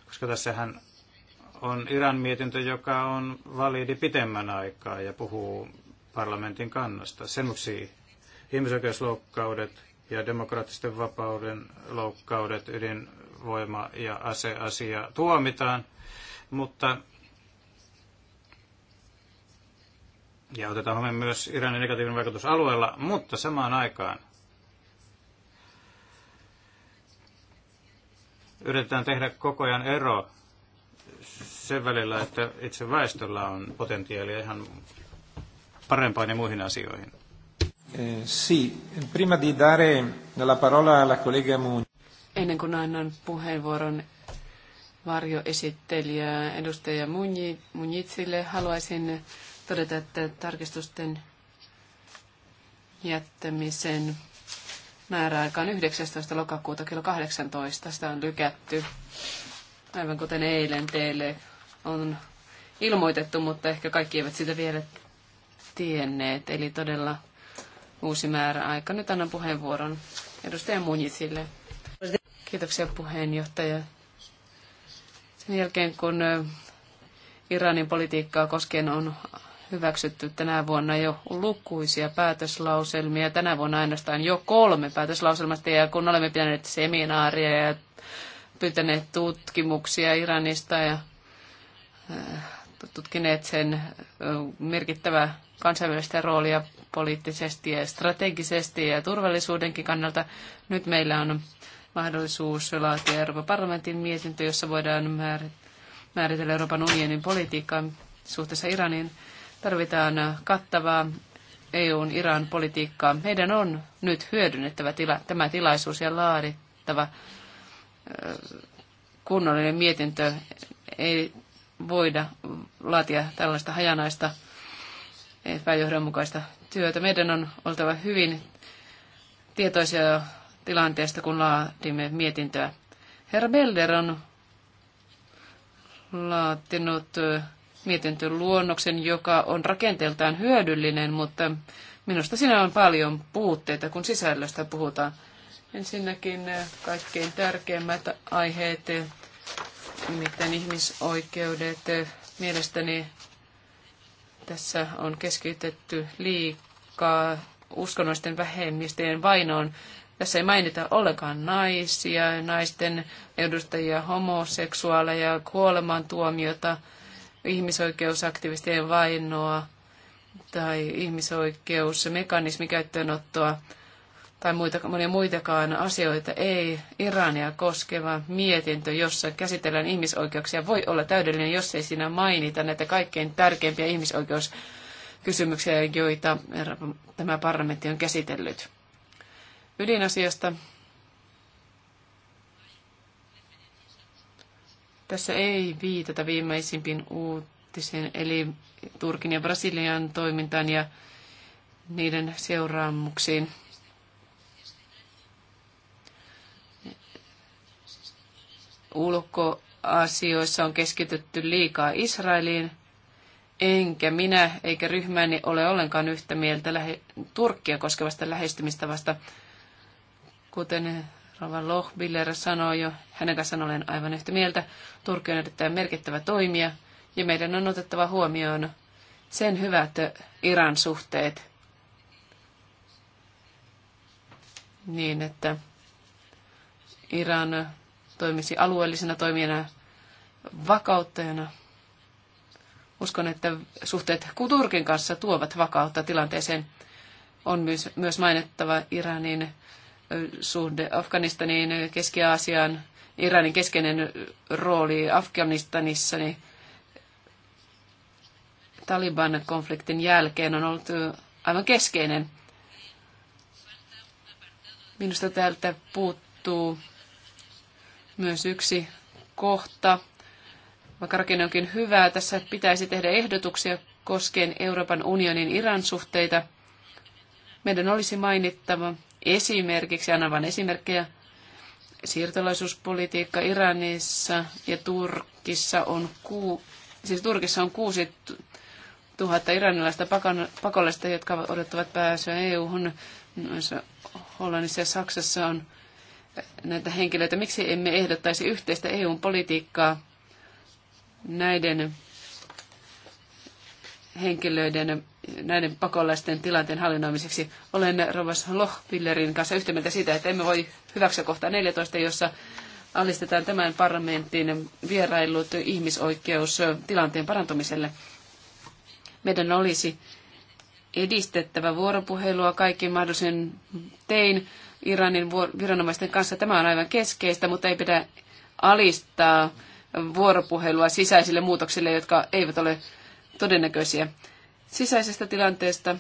Koska tässähän on Iran mietintö, joka on validi pitemmän aikaa ja puhuu parlamentin kannasta. Sen vuoksi ihmisoikeusloukkaudet ja demokraattisten vapauden loukkaudet, ydinvoima ja aseasia tuomitaan, mutta ja otetaan huomioon myös Iranin negatiivinen vaikutus alueella, mutta samaan aikaan yritetään tehdä koko ajan ero sen välillä, että itse väestöllä on potentiaalia ihan parempaan ja muihin asioihin. Eh, sì, prima di dare la parola alla collega Ennen kuin annan puheenvuoron varjoesittelijä edustaja Munji, Munjitsille, haluaisin todeta, että tarkistusten jättämisen määräaika on 19. lokakuuta kello 18. Sitä on lykätty, aivan kuten eilen teille on ilmoitettu, mutta ehkä kaikki eivät sitä vielä tienneet. Eli todella uusi määräaika. Nyt annan puheenvuoron edustaja Munjitsille. Kiitoksia puheenjohtaja. Sen jälkeen kun Iranin politiikkaa koskien on hyväksytty tänä vuonna jo lukuisia päätöslauselmia. Tänä vuonna ainoastaan jo kolme päätöslauselmasta ja kun olemme pitäneet seminaaria ja pyytäneet tutkimuksia Iranista ja tutkineet sen merkittävää kansainvälistä roolia poliittisesti ja strategisesti ja turvallisuudenkin kannalta. Nyt meillä on mahdollisuus laatia Euroopan parlamentin mietintö, jossa voidaan määritellä Euroopan unionin politiikkaa suhteessa Iraniin. Tarvitaan kattavaa EUn Iran politiikkaa. Meidän on nyt hyödynnettävä tila, tämä tilaisuus ja laadittava kunnollinen mietintö. Ei voida laatia tällaista hajanaista epäjohdonmukaista työtä. Meidän on oltava hyvin tietoisia tilanteesta, kun laadimme mietintöä. Herra Belder on laatinut luonnoksen, joka on rakenteeltaan hyödyllinen, mutta minusta siinä on paljon puutteita, kun sisällöstä puhutaan. Ensinnäkin kaikkein tärkeimmät aiheet, nimittäin ihmisoikeudet, mielestäni tässä on keskitetty liikaa uskonnollisten vähemmistöjen vainoon. Tässä ei mainita ollenkaan naisia, naisten edustajia, homoseksuaaleja, kuolemantuomiota, ihmisoikeusaktivistien vainoa tai ihmisoikeusmekanismi käyttöönottoa tai muita, monia muitakaan asioita ei Irania koskeva mietintö, jossa käsitellään ihmisoikeuksia, voi olla täydellinen, jos ei siinä mainita näitä kaikkein tärkeimpiä ihmisoikeuskysymyksiä, joita tämä parlamentti on käsitellyt. Ydinasiasta tässä ei viitata viimeisimpiin uutisiin, eli Turkin ja Brasilian toimintaan ja niiden seuraamuksiin. ulkoasioissa on keskitytty liikaa Israeliin, enkä minä eikä ryhmäni ole ollenkaan yhtä mieltä lähe, Turkkia koskevasta lähestymistavasta. Kuten Rova Lohbiller sanoi jo, hänen kanssaan olen aivan yhtä mieltä. Turkki on erittäin merkittävä toimija ja meidän on otettava huomioon sen hyvät Iran suhteet niin, että Iran toimisi alueellisena toimijana, vakauttajana. Uskon, että suhteet Kuturkin kanssa tuovat vakautta tilanteeseen. On myös, myös mainittava Iranin suhde Afganistaniin, Keski-Aasiaan, Iranin keskeinen rooli Afganistanissa, niin Taliban-konfliktin jälkeen on ollut aivan keskeinen. Minusta täältä puuttuu myös yksi kohta, vaikka rakenne onkin hyvää, tässä pitäisi tehdä ehdotuksia koskien Euroopan unionin Iran suhteita. Meidän olisi mainittava esimerkiksi, annan vain esimerkkejä, siirtolaisuuspolitiikka Iranissa ja Turkissa on, ku, siis Turkissa on kuusi tuhatta iranilaista pakolaista, jotka odottavat pääsyä EU-hun. Hollannissa ja Saksassa on näitä henkilöitä. Miksi emme ehdottaisi yhteistä EU-politiikkaa näiden henkilöiden, näiden pakolaisten tilanteen hallinnoimiseksi. Olen Rovas Lohpillerin kanssa yhtä mieltä siitä, että emme voi hyväksyä kohtaa 14, jossa alistetaan tämän parlamentin vierailut tilanteen parantumiselle. Meidän olisi edistettävä vuoropuhelua kaikin mahdollisen tein Iranin viranomaisten kanssa. Tämä on aivan keskeistä, mutta ei pidä alistaa vuoropuhelua sisäisille muutoksille, jotka eivät ole todennäköisiä. Sisäisestä tilanteesta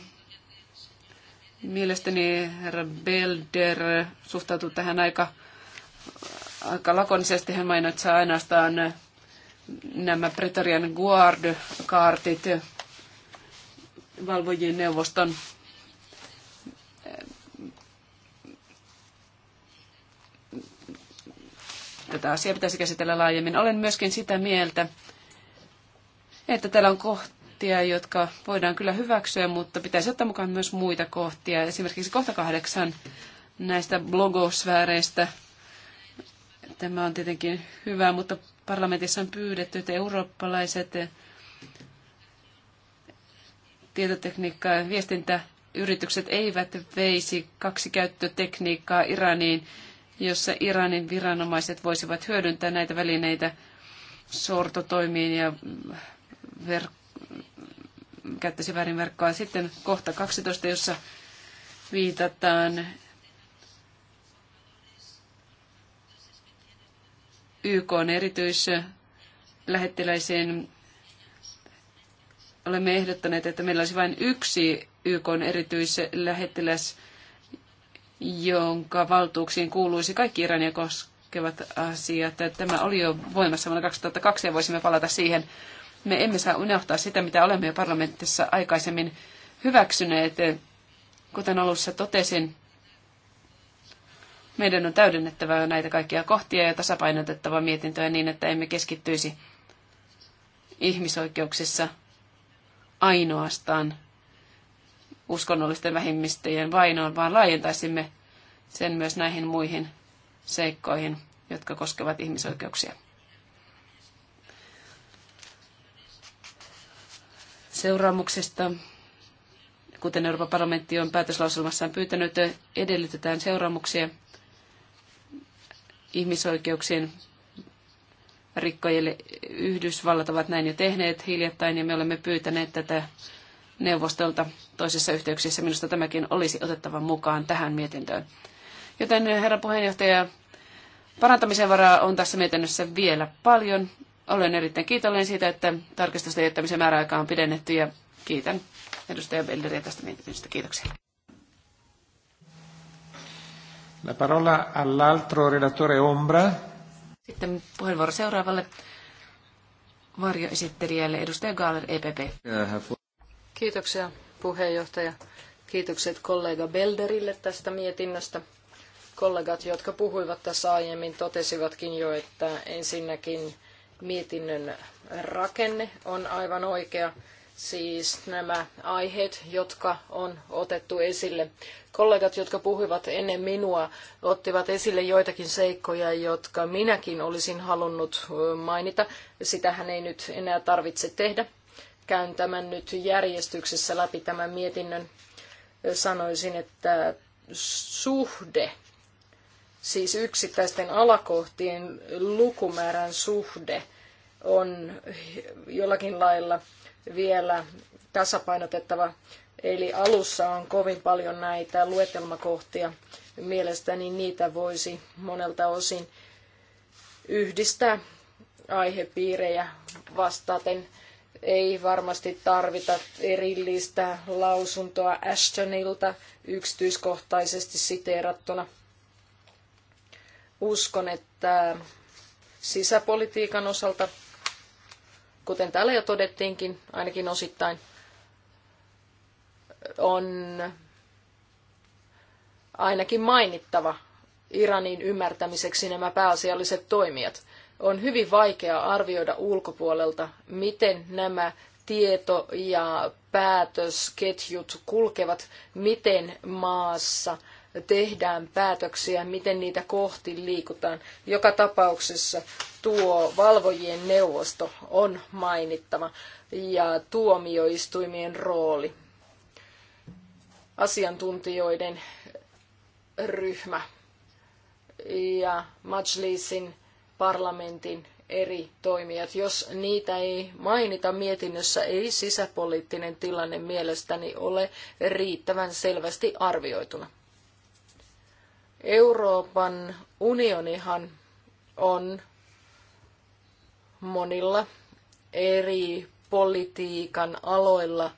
mielestäni herra Belder suhtautuu tähän aika, aika lakonisesti. Hän mainitsee ainoastaan nämä Pretorian Guard-kaartit valvojien neuvoston tätä asiaa pitäisi käsitellä laajemmin. Olen myöskin sitä mieltä, että täällä on kohtia, jotka voidaan kyllä hyväksyä, mutta pitäisi ottaa mukaan myös muita kohtia. Esimerkiksi kohta kahdeksan näistä blogosfääreistä. Tämä on tietenkin hyvä, mutta parlamentissa on pyydetty, että eurooppalaiset tietotekniikka- ja viestintäyritykset eivät veisi kaksi käyttötekniikkaa Iraniin jossa Iranin viranomaiset voisivat hyödyntää näitä välineitä sortotoimiin ja ver... käyttäisi verkkoa. Sitten kohta 12, jossa viitataan YK on erityislähettiläiseen. Olemme ehdottaneet, että meillä olisi vain yksi YK on erityislähettiläs jonka valtuuksiin kuuluisi kaikki Irania koskevat asiat. Tämä oli jo voimassa vuonna 2002 ja voisimme palata siihen. Me emme saa unohtaa sitä, mitä olemme jo parlamentissa aikaisemmin hyväksyneet. Kuten alussa totesin, meidän on täydennettävä näitä kaikkia kohtia ja tasapainotettava mietintöä niin, että emme keskittyisi ihmisoikeuksissa ainoastaan uskonnollisten vähemmistöjen vainoon, vaan laajentaisimme sen myös näihin muihin seikkoihin, jotka koskevat ihmisoikeuksia. Seuraamuksista, kuten Euroopan parlamentti on päätöslauselmassaan pyytänyt, edellytetään seuraamuksia ihmisoikeuksien rikkojille. Yhdysvallat ovat näin jo tehneet hiljattain ja me olemme pyytäneet tätä neuvostolta toisessa yhteyksissä. Minusta tämäkin olisi otettava mukaan tähän mietintöön. Joten herra puheenjohtaja, parantamisen varaa on tässä mietinnössä vielä paljon. Olen erittäin kiitollinen siitä, että tarkistusten jättämisen määräaika on pidennetty ja kiitän edustaja Belleriä tästä mietinnöstä. Kiitoksia. La parola all'altro relatore Ombra. Sitten puheenvuoro seuraavalle varjoesittelijälle, edustaja Gaaler, EPP. Kiitoksia puheenjohtaja. Kiitokset kollega Belderille tästä mietinnöstä. Kollegat, jotka puhuivat tässä aiemmin, totesivatkin jo, että ensinnäkin mietinnön rakenne on aivan oikea. Siis nämä aiheet, jotka on otettu esille. Kollegat, jotka puhuivat ennen minua, ottivat esille joitakin seikkoja, jotka minäkin olisin halunnut mainita. Sitähän ei nyt enää tarvitse tehdä käyn tämän nyt järjestyksessä läpi tämän mietinnön. Sanoisin, että suhde, siis yksittäisten alakohtien lukumäärän suhde on jollakin lailla vielä tasapainotettava. Eli alussa on kovin paljon näitä luetelmakohtia. Mielestäni niitä voisi monelta osin yhdistää aihepiirejä vastaaten ei varmasti tarvita erillistä lausuntoa Ashtonilta yksityiskohtaisesti siteerattuna. Uskon, että sisäpolitiikan osalta, kuten täällä jo todettiinkin, ainakin osittain, on ainakin mainittava Iranin ymmärtämiseksi nämä pääasialliset toimijat – on hyvin vaikea arvioida ulkopuolelta, miten nämä tieto- ja päätösketjut kulkevat, miten maassa tehdään päätöksiä, miten niitä kohti liikutaan. Joka tapauksessa tuo valvojien neuvosto on mainittava ja tuomioistuimien rooli, asiantuntijoiden ryhmä ja Majlisin parlamentin eri toimijat. Jos niitä ei mainita mietinnössä, ei sisäpoliittinen tilanne mielestäni ole riittävän selvästi arvioituna. Euroopan unionihan on monilla eri politiikan aloilla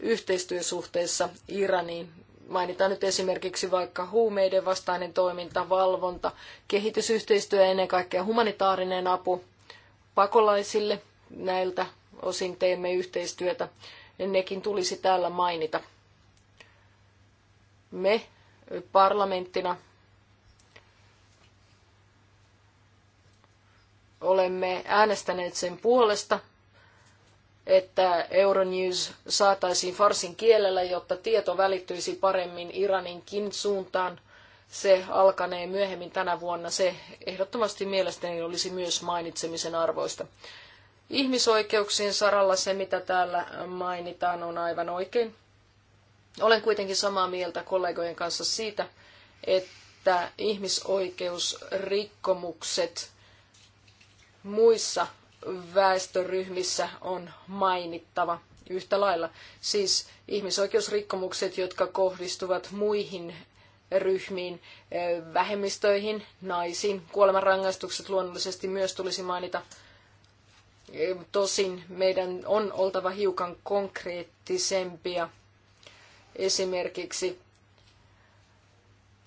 yhteistyösuhteessa Iraniin mainitaan nyt esimerkiksi vaikka huumeiden vastainen toiminta, valvonta, kehitysyhteistyö ja ennen kaikkea humanitaarinen apu pakolaisille. Näiltä osin teemme yhteistyötä. Ja nekin tulisi täällä mainita. Me parlamenttina olemme äänestäneet sen puolesta, että Euronews saataisiin farsin kielellä, jotta tieto välittyisi paremmin Iraninkin suuntaan. Se alkanee myöhemmin tänä vuonna. Se ehdottomasti mielestäni olisi myös mainitsemisen arvoista. Ihmisoikeuksien saralla se, mitä täällä mainitaan, on aivan oikein. Olen kuitenkin samaa mieltä kollegojen kanssa siitä, että ihmisoikeusrikkomukset muissa väestöryhmissä on mainittava yhtä lailla. Siis ihmisoikeusrikkomukset, jotka kohdistuvat muihin ryhmiin, eh, vähemmistöihin, naisiin. Kuolemanrangaistukset luonnollisesti myös tulisi mainita. Eh, tosin meidän on oltava hiukan konkreettisempia esimerkiksi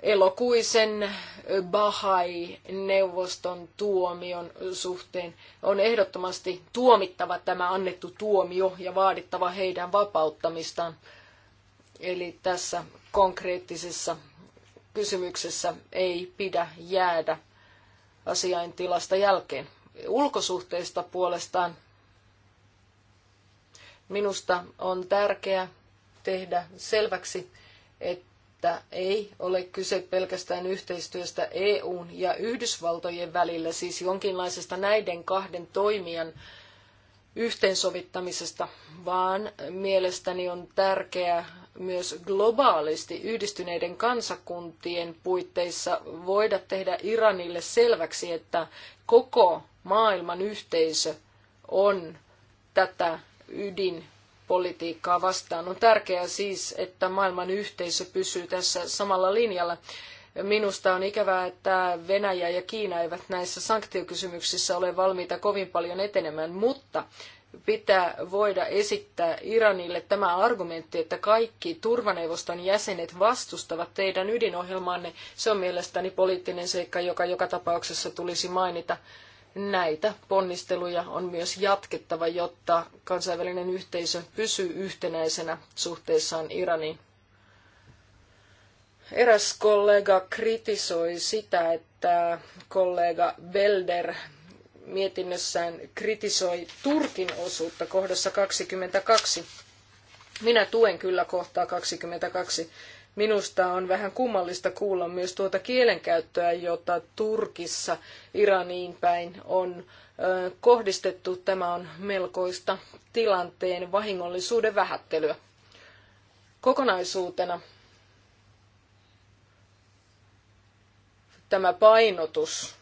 elokuisen Bahai-neuvoston tuomion suhteen on ehdottomasti tuomittava tämä annettu tuomio ja vaadittava heidän vapauttamistaan. Eli tässä konkreettisessa kysymyksessä ei pidä jäädä asiaintilasta jälkeen. Ulkosuhteista puolestaan minusta on tärkeää tehdä selväksi, että että ei ole kyse pelkästään yhteistyöstä EUn ja Yhdysvaltojen välillä, siis jonkinlaisesta näiden kahden toimijan yhteensovittamisesta, vaan mielestäni on tärkeää myös globaalisti yhdistyneiden kansakuntien puitteissa voida tehdä Iranille selväksi, että koko maailman yhteisö on tätä ydin politiikkaa vastaan. On tärkeää siis, että maailman yhteisö pysyy tässä samalla linjalla. Minusta on ikävää, että Venäjä ja Kiina eivät näissä sanktiokysymyksissä ole valmiita kovin paljon etenemään, mutta pitää voida esittää Iranille tämä argumentti, että kaikki turvaneuvoston jäsenet vastustavat teidän ydinohjelmaanne. Se on mielestäni poliittinen seikka, joka joka tapauksessa tulisi mainita näitä ponnisteluja on myös jatkettava, jotta kansainvälinen yhteisö pysyy yhtenäisenä suhteessaan Iraniin. Eräs kollega kritisoi sitä, että kollega Belder mietinnössään kritisoi Turkin osuutta kohdassa 22. Minä tuen kyllä kohtaa 22. Minusta on vähän kummallista kuulla myös tuota kielenkäyttöä, jota Turkissa Iraniin päin on kohdistettu. Tämä on melkoista tilanteen vahingollisuuden vähättelyä. Kokonaisuutena tämä painotus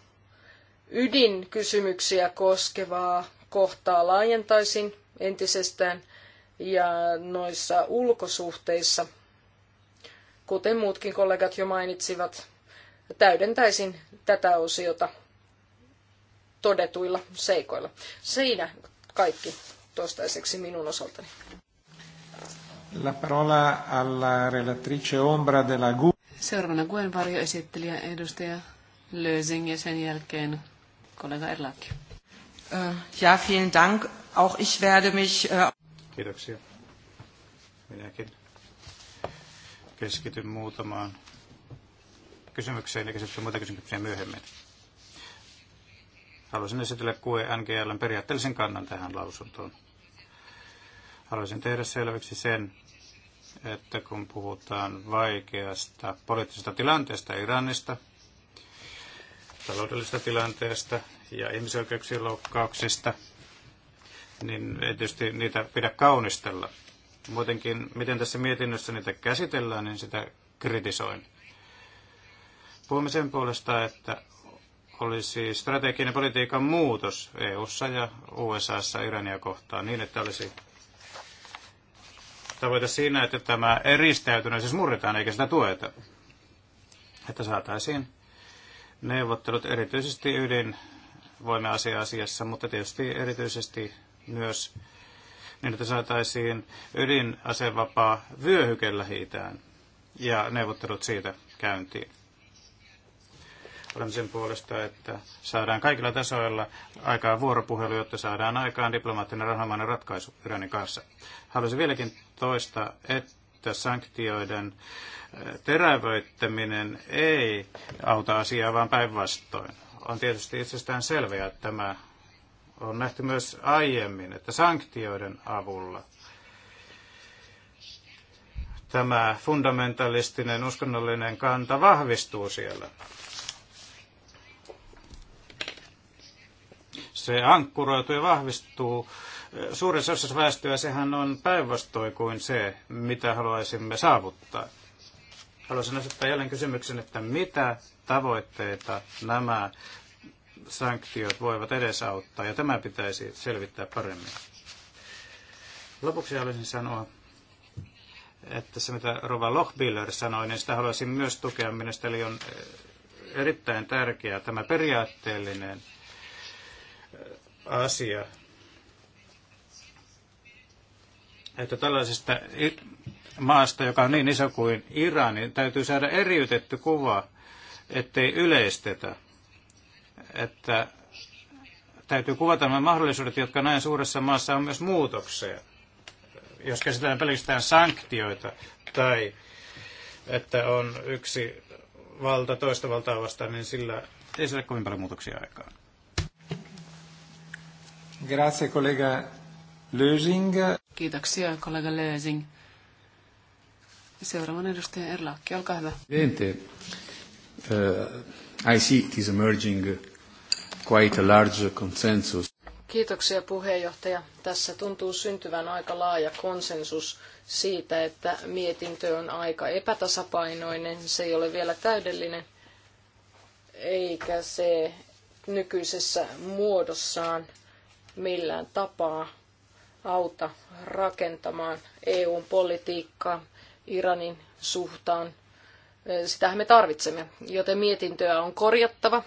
ydinkysymyksiä koskevaa kohtaa laajentaisin entisestään ja noissa ulkosuhteissa – kuten muutkin kollegat jo mainitsivat, täydentäisin tätä osiota todetuilla seikoilla. Siinä kaikki toistaiseksi minun osaltani. La parola alla relatrice Ombra della GU. Seuraavana Guen varjoesittelijä edustaja Lösing ja sen jälkeen kollega Erlaki. Äh, ja, vielen Dank. Auch ich werde mich... Äh, Kiitoksia. Minäkin keskityn muutamaan kysymykseen ja käsittelen muita kysymyksiä myöhemmin. Haluaisin esitellä QE NGLn periaatteellisen kannan tähän lausuntoon. Haluaisin tehdä selväksi sen, että kun puhutaan vaikeasta poliittisesta tilanteesta Iranista, taloudellisesta tilanteesta ja ihmisoikeuksien loukkauksista, niin ei tietysti niitä pidä kaunistella – Muutenkin, miten tässä mietinnössä niitä käsitellään, niin sitä kritisoin. Puhumme sen puolesta, että olisi strateginen politiikan muutos EU:ssa ja USAssa Irania kohtaan niin, että olisi tavoite siinä, että tämä eristäytyneisyys siis murretaan eikä sitä tueta. Että saataisiin neuvottelut erityisesti ydinvoima-asiassa, mutta tietysti erityisesti myös niin että saataisiin ydinasevapaa vyöhyke lähitään ja neuvottelut siitä käyntiin. Olemme sen puolesta, että saadaan kaikilla tasoilla aikaa vuoropuhelu, jotta saadaan aikaan diplomaattinen rahamainen ratkaisu Iranin kanssa. Haluaisin vieläkin toista, että sanktioiden eh, terävöittäminen ei auta asiaa, vaan päinvastoin. On tietysti itsestään selvää, että tämä on nähty myös aiemmin, että sanktioiden avulla tämä fundamentalistinen uskonnollinen kanta vahvistuu siellä. Se ankkuroituu ja vahvistuu suurissa osassa väestöä. Sehän on päinvastoin kuin se, mitä haluaisimme saavuttaa. Haluaisin asettaa jälleen kysymyksen, että mitä tavoitteita nämä sanktiot voivat edesauttaa, ja tämä pitäisi selvittää paremmin. Lopuksi haluaisin sanoa, että se mitä Rova Lochbiller sanoi, niin sitä haluaisin myös tukea. eli on eh, erittäin tärkeää tämä periaatteellinen eh, asia, että tällaisesta maasta, joka on niin iso kuin Iran, niin täytyy saada eriytetty kuva, ettei yleistetä että täytyy kuvata nämä mahdollisuudet, jotka näin suuressa maassa on myös muutokseen. Jos käsitellään pelkästään sanktioita tai että on yksi valta toista valtaa vastaan, niin sillä ei sillä kovin paljon muutoksia aikaan. Grazie, kollega Lösing. Kiitoksia, kollega Lösing. Seuraavan edustaja Erlaakki, olkaa hyvä. Presidente, uh, I see it is emerging quite a large consensus. Kiitoksia puheenjohtaja. Tässä tuntuu syntyvän aika laaja konsensus siitä, että mietintö on aika epätasapainoinen, se ei ole vielä täydellinen, eikä se nykyisessä muodossaan millään tapaa auta rakentamaan EUn politiikkaa Iranin suhtaan. Sitähän me tarvitsemme, joten mietintöä on korjattava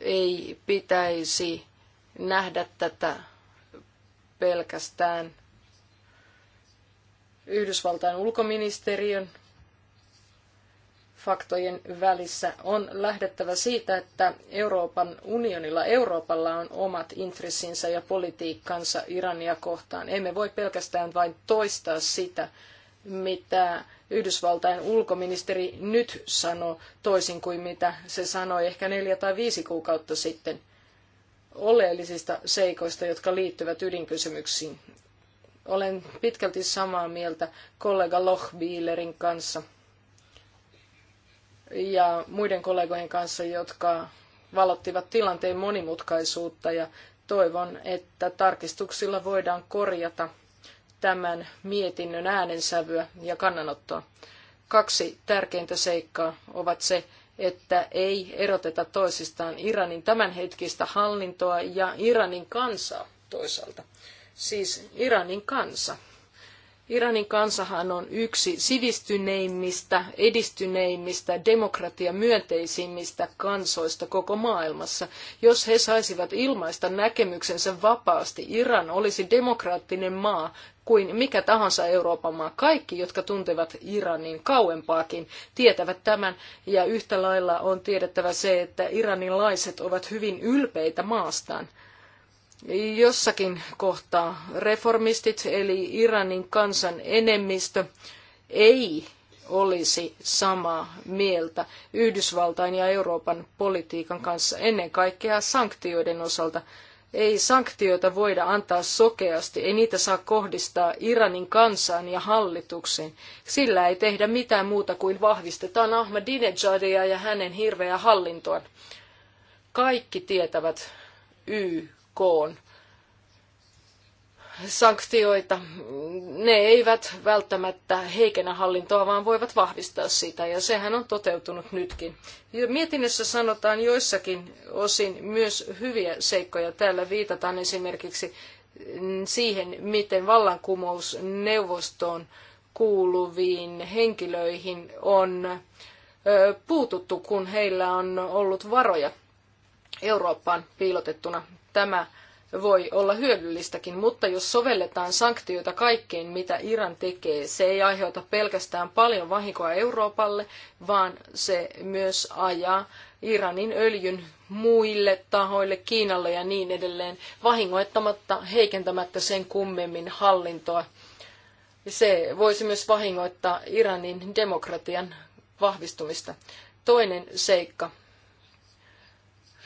ei pitäisi nähdä tätä pelkästään Yhdysvaltain ulkoministeriön faktojen välissä on lähdettävä siitä, että Euroopan unionilla, Euroopalla on omat intressinsä ja politiikkansa Irania kohtaan. Emme voi pelkästään vain toistaa sitä, mitä Yhdysvaltain ulkoministeri nyt sanoi, toisin kuin mitä se sanoi ehkä neljä tai viisi kuukautta sitten oleellisista seikoista, jotka liittyvät ydinkysymyksiin. Olen pitkälti samaa mieltä kollega Lochbielerin kanssa ja muiden kollegojen kanssa, jotka valottivat tilanteen monimutkaisuutta ja toivon, että tarkistuksilla voidaan korjata – tämän mietinnön äänensävyä ja kannanottoa. Kaksi tärkeintä seikkaa ovat se, että ei eroteta toisistaan Iranin tämänhetkistä hallintoa ja Iranin kansaa toisaalta. Siis Iranin kansa Iranin kansahan on yksi sivistyneimmistä, edistyneimmistä, demokratiamyönteisimmistä kansoista koko maailmassa. Jos he saisivat ilmaista näkemyksensä vapaasti, Iran olisi demokraattinen maa kuin mikä tahansa Euroopan maa. Kaikki, jotka tuntevat Iranin kauempaakin, tietävät tämän. Ja yhtä lailla on tiedettävä se, että iranilaiset ovat hyvin ylpeitä maastaan. Jossakin kohtaa reformistit eli Iranin kansan enemmistö ei olisi samaa mieltä Yhdysvaltain ja Euroopan politiikan kanssa ennen kaikkea sanktioiden osalta. Ei sanktioita voida antaa sokeasti, ei niitä saa kohdistaa Iranin kansaan ja hallitukseen. Sillä ei tehdä mitään muuta kuin vahvistetaan Ahmadinejadia ja hänen hirveää hallintoaan. Kaikki tietävät YK koon sanktioita. Ne eivät välttämättä heikennä hallintoa, vaan voivat vahvistaa sitä, ja sehän on toteutunut nytkin. Mietinnössä sanotaan joissakin osin myös hyviä seikkoja. Täällä viitataan esimerkiksi siihen, miten vallankumous neuvostoon kuuluviin henkilöihin on puututtu, kun heillä on ollut varoja Eurooppaan piilotettuna tämä voi olla hyödyllistäkin, mutta jos sovelletaan sanktioita kaikkeen, mitä Iran tekee, se ei aiheuta pelkästään paljon vahinkoa Euroopalle, vaan se myös ajaa Iranin öljyn muille tahoille, Kiinalle ja niin edelleen, vahingoittamatta, heikentämättä sen kummemmin hallintoa. Se voisi myös vahingoittaa Iranin demokratian vahvistumista. Toinen seikka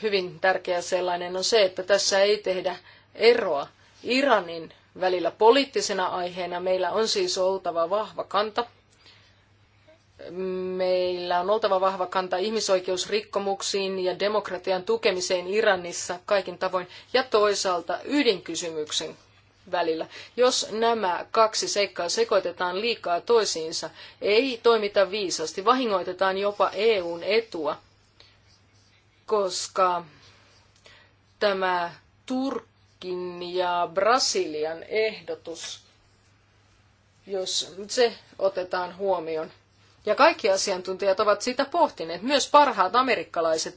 hyvin tärkeä sellainen, on se, että tässä ei tehdä eroa Iranin välillä poliittisena aiheena. Meillä on siis oltava vahva kanta. Meillä on oltava vahva kanta ihmisoikeusrikkomuksiin ja demokratian tukemiseen Iranissa kaikin tavoin ja toisaalta ydinkysymyksen välillä. Jos nämä kaksi seikkaa sekoitetaan liikaa toisiinsa, ei toimita viisasti, vahingoitetaan jopa EUn etua koska tämä Turkin ja Brasilian ehdotus, jos se otetaan huomioon, ja kaikki asiantuntijat ovat sitä pohtineet, myös parhaat amerikkalaiset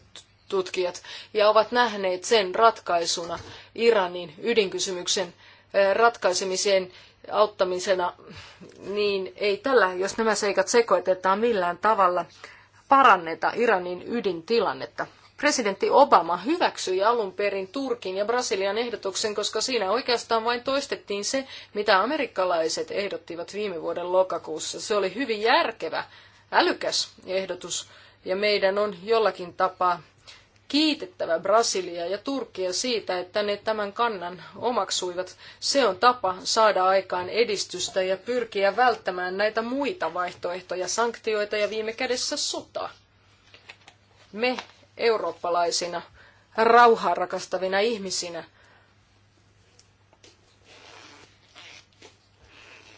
tutkijat, ja ovat nähneet sen ratkaisuna Iranin ydinkysymyksen eh, ratkaisemiseen auttamisena, niin ei tällä, jos nämä seikat sekoitetaan millään tavalla, paranneta Iranin ydintilannetta presidentti Obama hyväksyi alun perin Turkin ja Brasilian ehdotuksen, koska siinä oikeastaan vain toistettiin se, mitä amerikkalaiset ehdottivat viime vuoden lokakuussa. Se oli hyvin järkevä, älykäs ehdotus, ja meidän on jollakin tapaa kiitettävä Brasilia ja Turkia siitä, että ne tämän kannan omaksuivat. Se on tapa saada aikaan edistystä ja pyrkiä välttämään näitä muita vaihtoehtoja, sanktioita ja viime kädessä sotaa. Me eurooppalaisina, rauhaa rakastavina ihmisinä.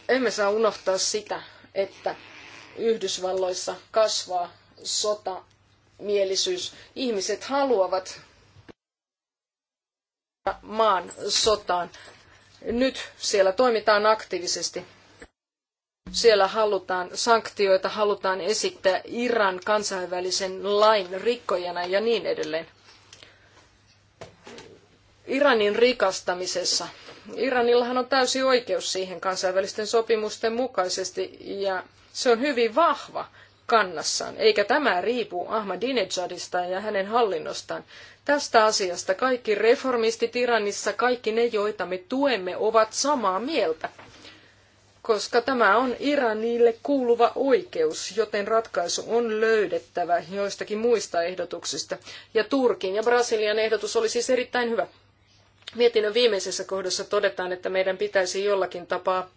Emme saa unohtaa sitä, että Yhdysvalloissa kasvaa sota, mielisyys. Ihmiset haluavat maan sotaan. Nyt siellä toimitaan aktiivisesti. Siellä halutaan sanktioita, halutaan esittää Iran kansainvälisen lain rikkojana ja niin edelleen. Iranin rikastamisessa. Iranillahan on täysi oikeus siihen kansainvälisten sopimusten mukaisesti ja se on hyvin vahva kannassaan, eikä tämä riipu Ahmadinejadista ja hänen hallinnostaan. Tästä asiasta kaikki reformistit Iranissa, kaikki ne, joita me tuemme, ovat samaa mieltä koska tämä on Iranille kuuluva oikeus, joten ratkaisu on löydettävä joistakin muista ehdotuksista. Ja Turkin ja Brasilian ehdotus oli siis erittäin hyvä. Mietinnön viimeisessä kohdassa todetaan, että meidän pitäisi jollakin tapaa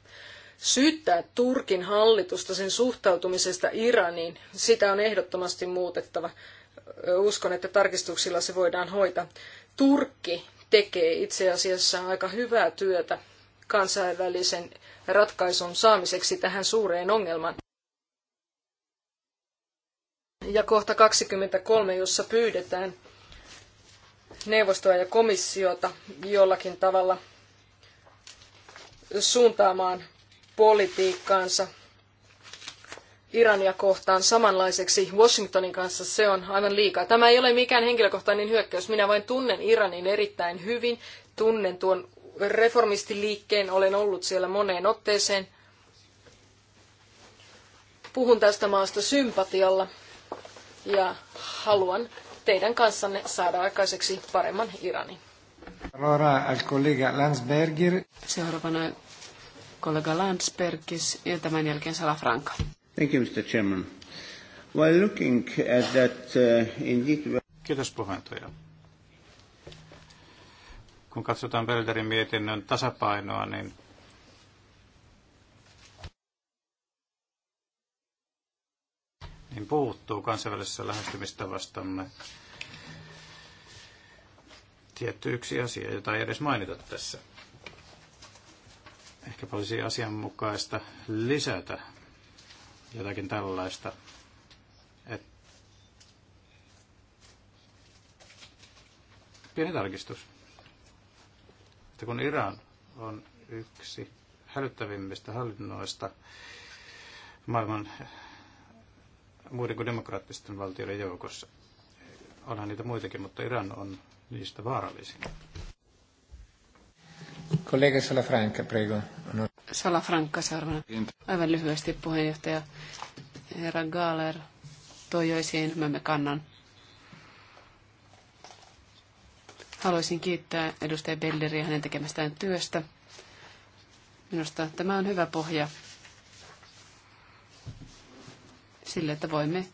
syyttää Turkin hallitusta sen suhtautumisesta Iraniin. Sitä on ehdottomasti muutettava. Uskon, että tarkistuksilla se voidaan hoitaa. Turkki tekee itse asiassa aika hyvää työtä kansainvälisen ratkaisun saamiseksi tähän suureen ongelmaan. Ja kohta 23, jossa pyydetään neuvostoa ja komissiota jollakin tavalla suuntaamaan politiikkaansa Irania kohtaan samanlaiseksi Washingtonin kanssa, se on aivan liikaa. Tämä ei ole mikään henkilökohtainen hyökkäys. Minä vain tunnen Iranin erittäin hyvin, tunnen tuon reformistiliikkeen, olen ollut siellä moneen otteeseen. Puhun tästä maasta sympatialla ja haluan teidän kanssanne saada aikaiseksi paremman Iranin. Allora al collega Landsbergir. Seuraavana kollega Landsbergis ja tämän jälkeen Salafranca. Thank you, Mr. Chairman. While looking at that, uh, indeed... Kiitos puheenjohtaja kun katsotaan Belderin mietinnön tasapainoa, niin niin puuttuu kansainvälisessä lähestymistavastamme tietty yksi asia, jota ei edes mainita tässä. Ehkä olisi asianmukaista lisätä jotakin tällaista, että pieni tarkistus että kun Iran on yksi hälyttävimmistä hallinnoista maailman muiden kuin demokraattisten valtioiden joukossa, onhan niitä muitakin, mutta Iran on niistä vaarallisin. Kollega Salafranca, prego. No. Salafranca seuraavana. Aivan lyhyesti puheenjohtaja herra Gaaler toi jo esiin ryhmämme kannan. Haluaisin kiittää edustaja Belleriä hänen tekemästään työstä. Minusta tämä on hyvä pohja sille, että voimme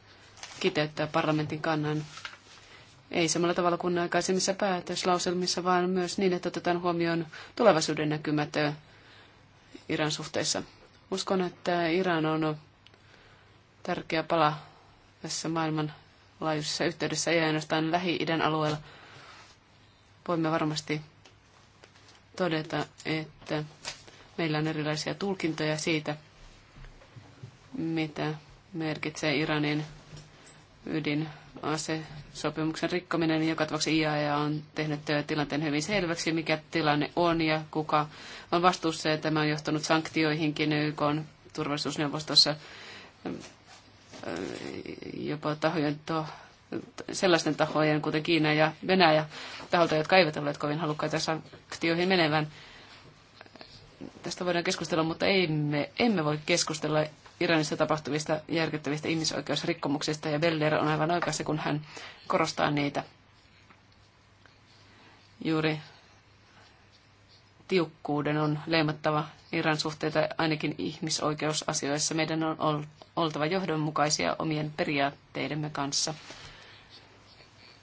kiteyttää parlamentin kannan ei samalla tavalla kuin aikaisemmissa päätöslauselmissa, vaan myös niin, että otetaan huomioon tulevaisuuden näkymät äh, Iran suhteissa. Uskon, että Iran on tärkeä pala tässä maailmanlaajuisessa yhteydessä, ei ainoastaan Lähi-idän alueella, voimme varmasti todeta, että meillä on erilaisia tulkintoja siitä, mitä merkitsee Iranin ydinasese-sopimuksen rikkominen. Joka tapauksessa IAEA e on tehnyt tilanteen hyvin selväksi, mikä tilanne on ja kuka on vastuussa. Ja tämä on johtanut sanktioihinkin YK on turvallisuusneuvostossa jopa tahojen sellaisten tahojen, kuten Kiina ja Venäjä, taholta, jotka eivät olleet kovin halukkaita sanktioihin menevän. Tästä voidaan keskustella, mutta emme, emme voi keskustella Iranissa tapahtuvista järkyttävistä ihmisoikeusrikkomuksista, ja Beller on aivan oikeassa, kun hän korostaa niitä. Juuri tiukkuuden on leimattava Iran suhteita ainakin ihmisoikeusasioissa. Meidän on oltava johdonmukaisia omien periaatteidemme kanssa.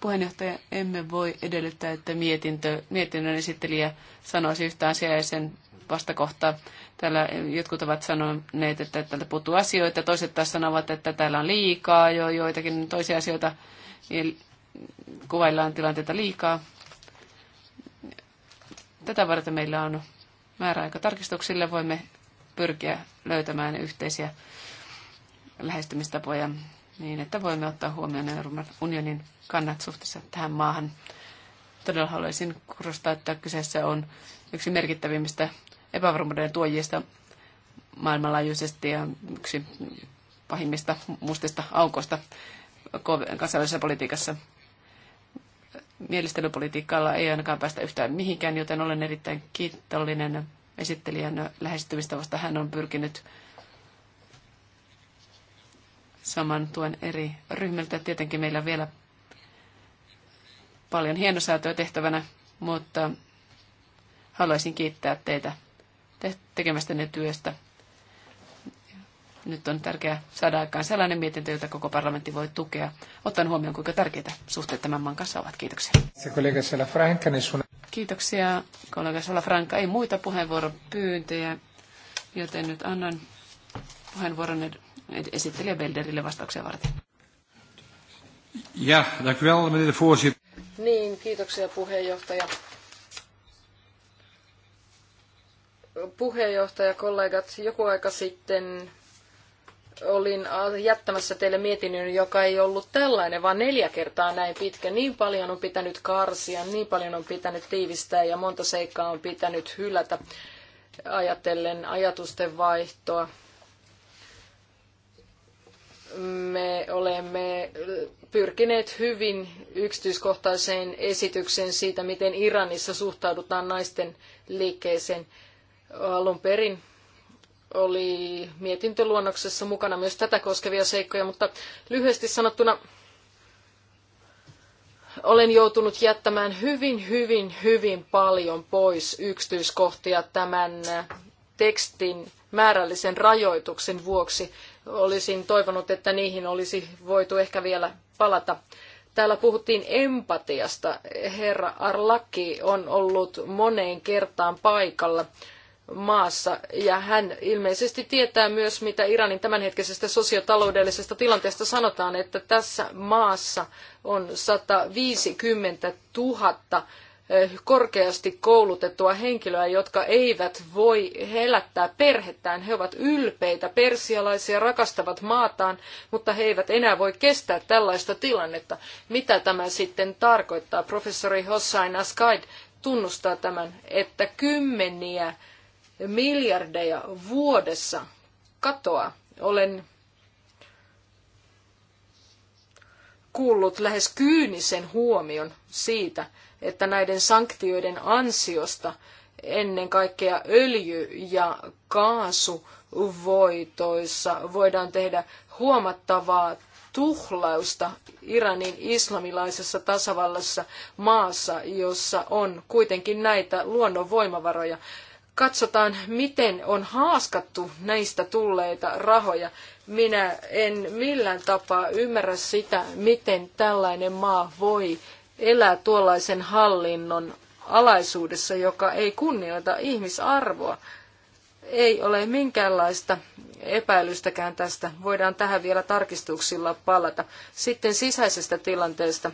Puheenjohtaja, emme voi edellyttää, että mietintö, mietinnön esittelijä sanoisi yhtä asiaa ja sen vastakohtaa. Täällä jotkut ovat sanoneet, että täältä puuttuu asioita, toiset taas sanovat, että täällä on liikaa jo joitakin toisia asioita, kuvaillaan tilanteita liikaa. Tätä varten meillä on määräaika tarkistuksille, voimme pyrkiä löytämään yhteisiä lähestymistapoja niin että voimme ottaa huomioon Euroopan unionin kannat suhteessa tähän maahan. Todella haluaisin korostaa, että kyseessä on yksi merkittävimmistä epävarmuuden tuojista maailmanlaajuisesti ja yksi pahimmista mustista aukoista kansainvälisessä politiikassa. Mielistelypolitiikalla ei ainakaan päästä yhtään mihinkään, joten olen erittäin kiitollinen esittelijän lähestymistavasta. Hän on pyrkinyt saman tuen eri ryhmiltä. Tietenkin meillä on vielä paljon hienosäätöä tehtävänä, mutta haluaisin kiittää teitä tekemästänne työstä. Nyt on tärkeää saada aikaan sellainen mietintö, jota koko parlamentti voi tukea, ottaen huomioon, kuinka tärkeitä suhteet tämän maan kanssa ovat. Kiitoksia. Niin Kiitoksia, kollega Salafranca. Ei muita puheenvuoropyyntöjä, joten nyt annan puheenvuoron esittelijä Belderille vastauksia varten. Ja, dank wel, meneer de voorzitter. Niin, kiitoksia puheenjohtaja. Puheenjohtaja, kollegat, joku aika sitten olin jättämässä teille mietinnön, joka ei ollut tällainen, vaan neljä kertaa näin pitkä. Niin paljon on pitänyt karsia, niin paljon on pitänyt tiivistää ja monta seikkaa on pitänyt hylätä ajatellen ajatusten vaihtoa me olemme pyrkineet hyvin yksityiskohtaiseen esitykseen siitä, miten Iranissa suhtaudutaan naisten liikkeeseen. Alun perin oli mietintöluonnoksessa mukana myös tätä koskevia seikkoja, mutta lyhyesti sanottuna olen joutunut jättämään hyvin, hyvin, hyvin paljon pois yksityiskohtia tämän tekstin määrällisen rajoituksen vuoksi. Olisin toivonut, että niihin olisi voitu ehkä vielä palata. Täällä puhuttiin empatiasta. Herra Arlaki on ollut moneen kertaan paikalla maassa ja hän ilmeisesti tietää myös, mitä Iranin tämänhetkisestä sosiotaloudellisesta tilanteesta sanotaan, että tässä maassa on 150 000 korkeasti koulutettua henkilöä, jotka eivät voi elättää perhettään. He ovat ylpeitä persialaisia, rakastavat maataan, mutta he eivät enää voi kestää tällaista tilannetta. Mitä tämä sitten tarkoittaa? Professori Hossain Askaid tunnustaa tämän, että kymmeniä miljardeja vuodessa katoaa. Olen kuullut lähes kyynisen huomion siitä, että näiden sanktioiden ansiosta ennen kaikkea öljy- ja kaasuvoitoissa voidaan tehdä huomattavaa tuhlausta Iranin islamilaisessa tasavallassa maassa, jossa on kuitenkin näitä luonnonvoimavaroja. Katsotaan, miten on haaskattu näistä tulleita rahoja. Minä en millään tapaa ymmärrä sitä, miten tällainen maa voi elää tuollaisen hallinnon alaisuudessa, joka ei kunnioita ihmisarvoa. Ei ole minkäänlaista epäilystäkään tästä. Voidaan tähän vielä tarkistuksilla palata. Sitten sisäisestä tilanteesta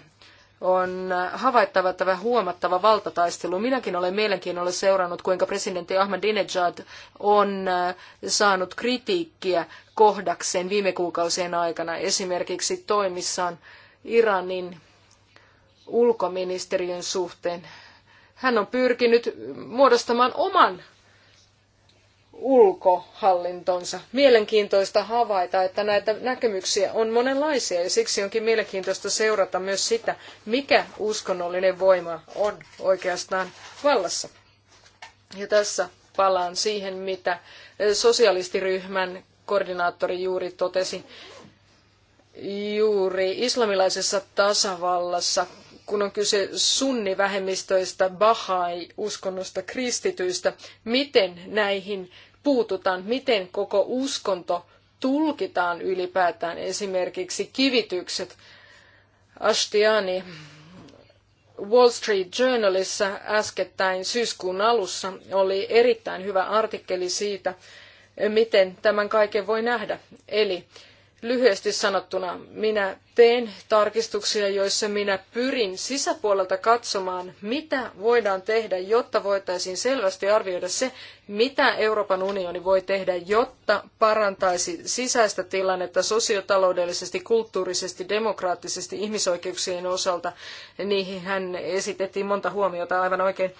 on havaittava tämä huomattava valtataistelu. Minäkin olen mielenkiinnolla seurannut, kuinka presidentti Ahmadinejad on äh, saanut kritiikkiä kohdakseen viime kuukausien aikana esimerkiksi toimissaan Iranin ulkoministeriön suhteen. Hän on pyrkinyt muodostamaan oman ulkohallintonsa. Mielenkiintoista havaita, että näitä näkemyksiä on monenlaisia ja siksi onkin mielenkiintoista seurata myös sitä, mikä uskonnollinen voima on oikeastaan vallassa. Ja tässä palaan siihen, mitä sosialistiryhmän koordinaattori juuri totesi. Juuri islamilaisessa tasavallassa kun on kyse sunnivähemmistöistä, bahai-uskonnosta, kristityistä, miten näihin puututaan, miten koko uskonto tulkitaan ylipäätään. Esimerkiksi kivitykset. Ashtiani Wall Street Journalissa äskettäin syyskuun alussa oli erittäin hyvä artikkeli siitä, miten tämän kaiken voi nähdä. Eli Lyhyesti sanottuna minä teen tarkistuksia, joissa minä pyrin sisäpuolelta katsomaan, mitä voidaan tehdä, jotta voitaisiin selvästi arvioida se, mitä Euroopan unioni voi tehdä, jotta parantaisi sisäistä tilannetta sosiotaloudellisesti, kulttuurisesti, demokraattisesti, ihmisoikeuksien osalta. Niihin hän esitettiin monta huomiota aivan oikein.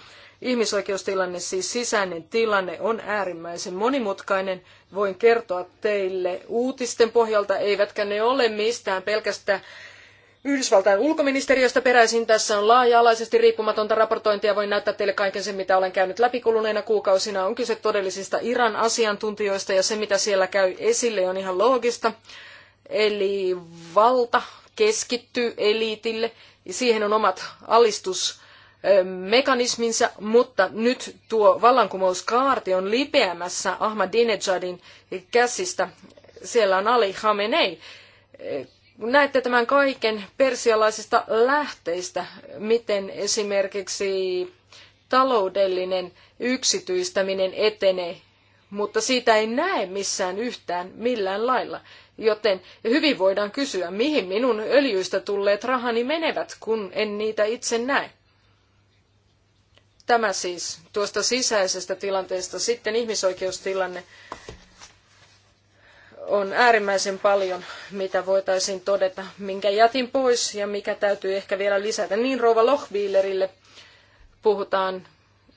Ihmisoikeustilanne, siis sisäinen tilanne, on äärimmäisen monimutkainen. Voin kertoa teille uutisten pohjalta, eivätkä ne ole mistään pelkästä Yhdysvaltain ulkoministeriöstä peräisin. Tässä on laaja-alaisesti riippumatonta raportointia. Voin näyttää teille kaiken sen, mitä olen käynyt läpi kuluneina kuukausina. On kyse todellisista Iran asiantuntijoista ja se, mitä siellä käy esille, on ihan loogista. Eli valta keskittyy eliitille ja siihen on omat alistus mekanisminsa, mutta nyt tuo vallankumouskaarti on lipeämässä Ahmadinejadin käsistä. Siellä on Ali Khamenei. Näette tämän kaiken persialaisista lähteistä, miten esimerkiksi taloudellinen yksityistäminen etenee, mutta siitä ei näe missään yhtään millään lailla. Joten hyvin voidaan kysyä, mihin minun öljyistä tulleet rahani menevät, kun en niitä itse näe. Tämä siis tuosta sisäisestä tilanteesta. Sitten ihmisoikeustilanne on äärimmäisen paljon, mitä voitaisiin todeta, minkä jätin pois ja mikä täytyy ehkä vielä lisätä. Niin Rova Lochbielerille puhutaan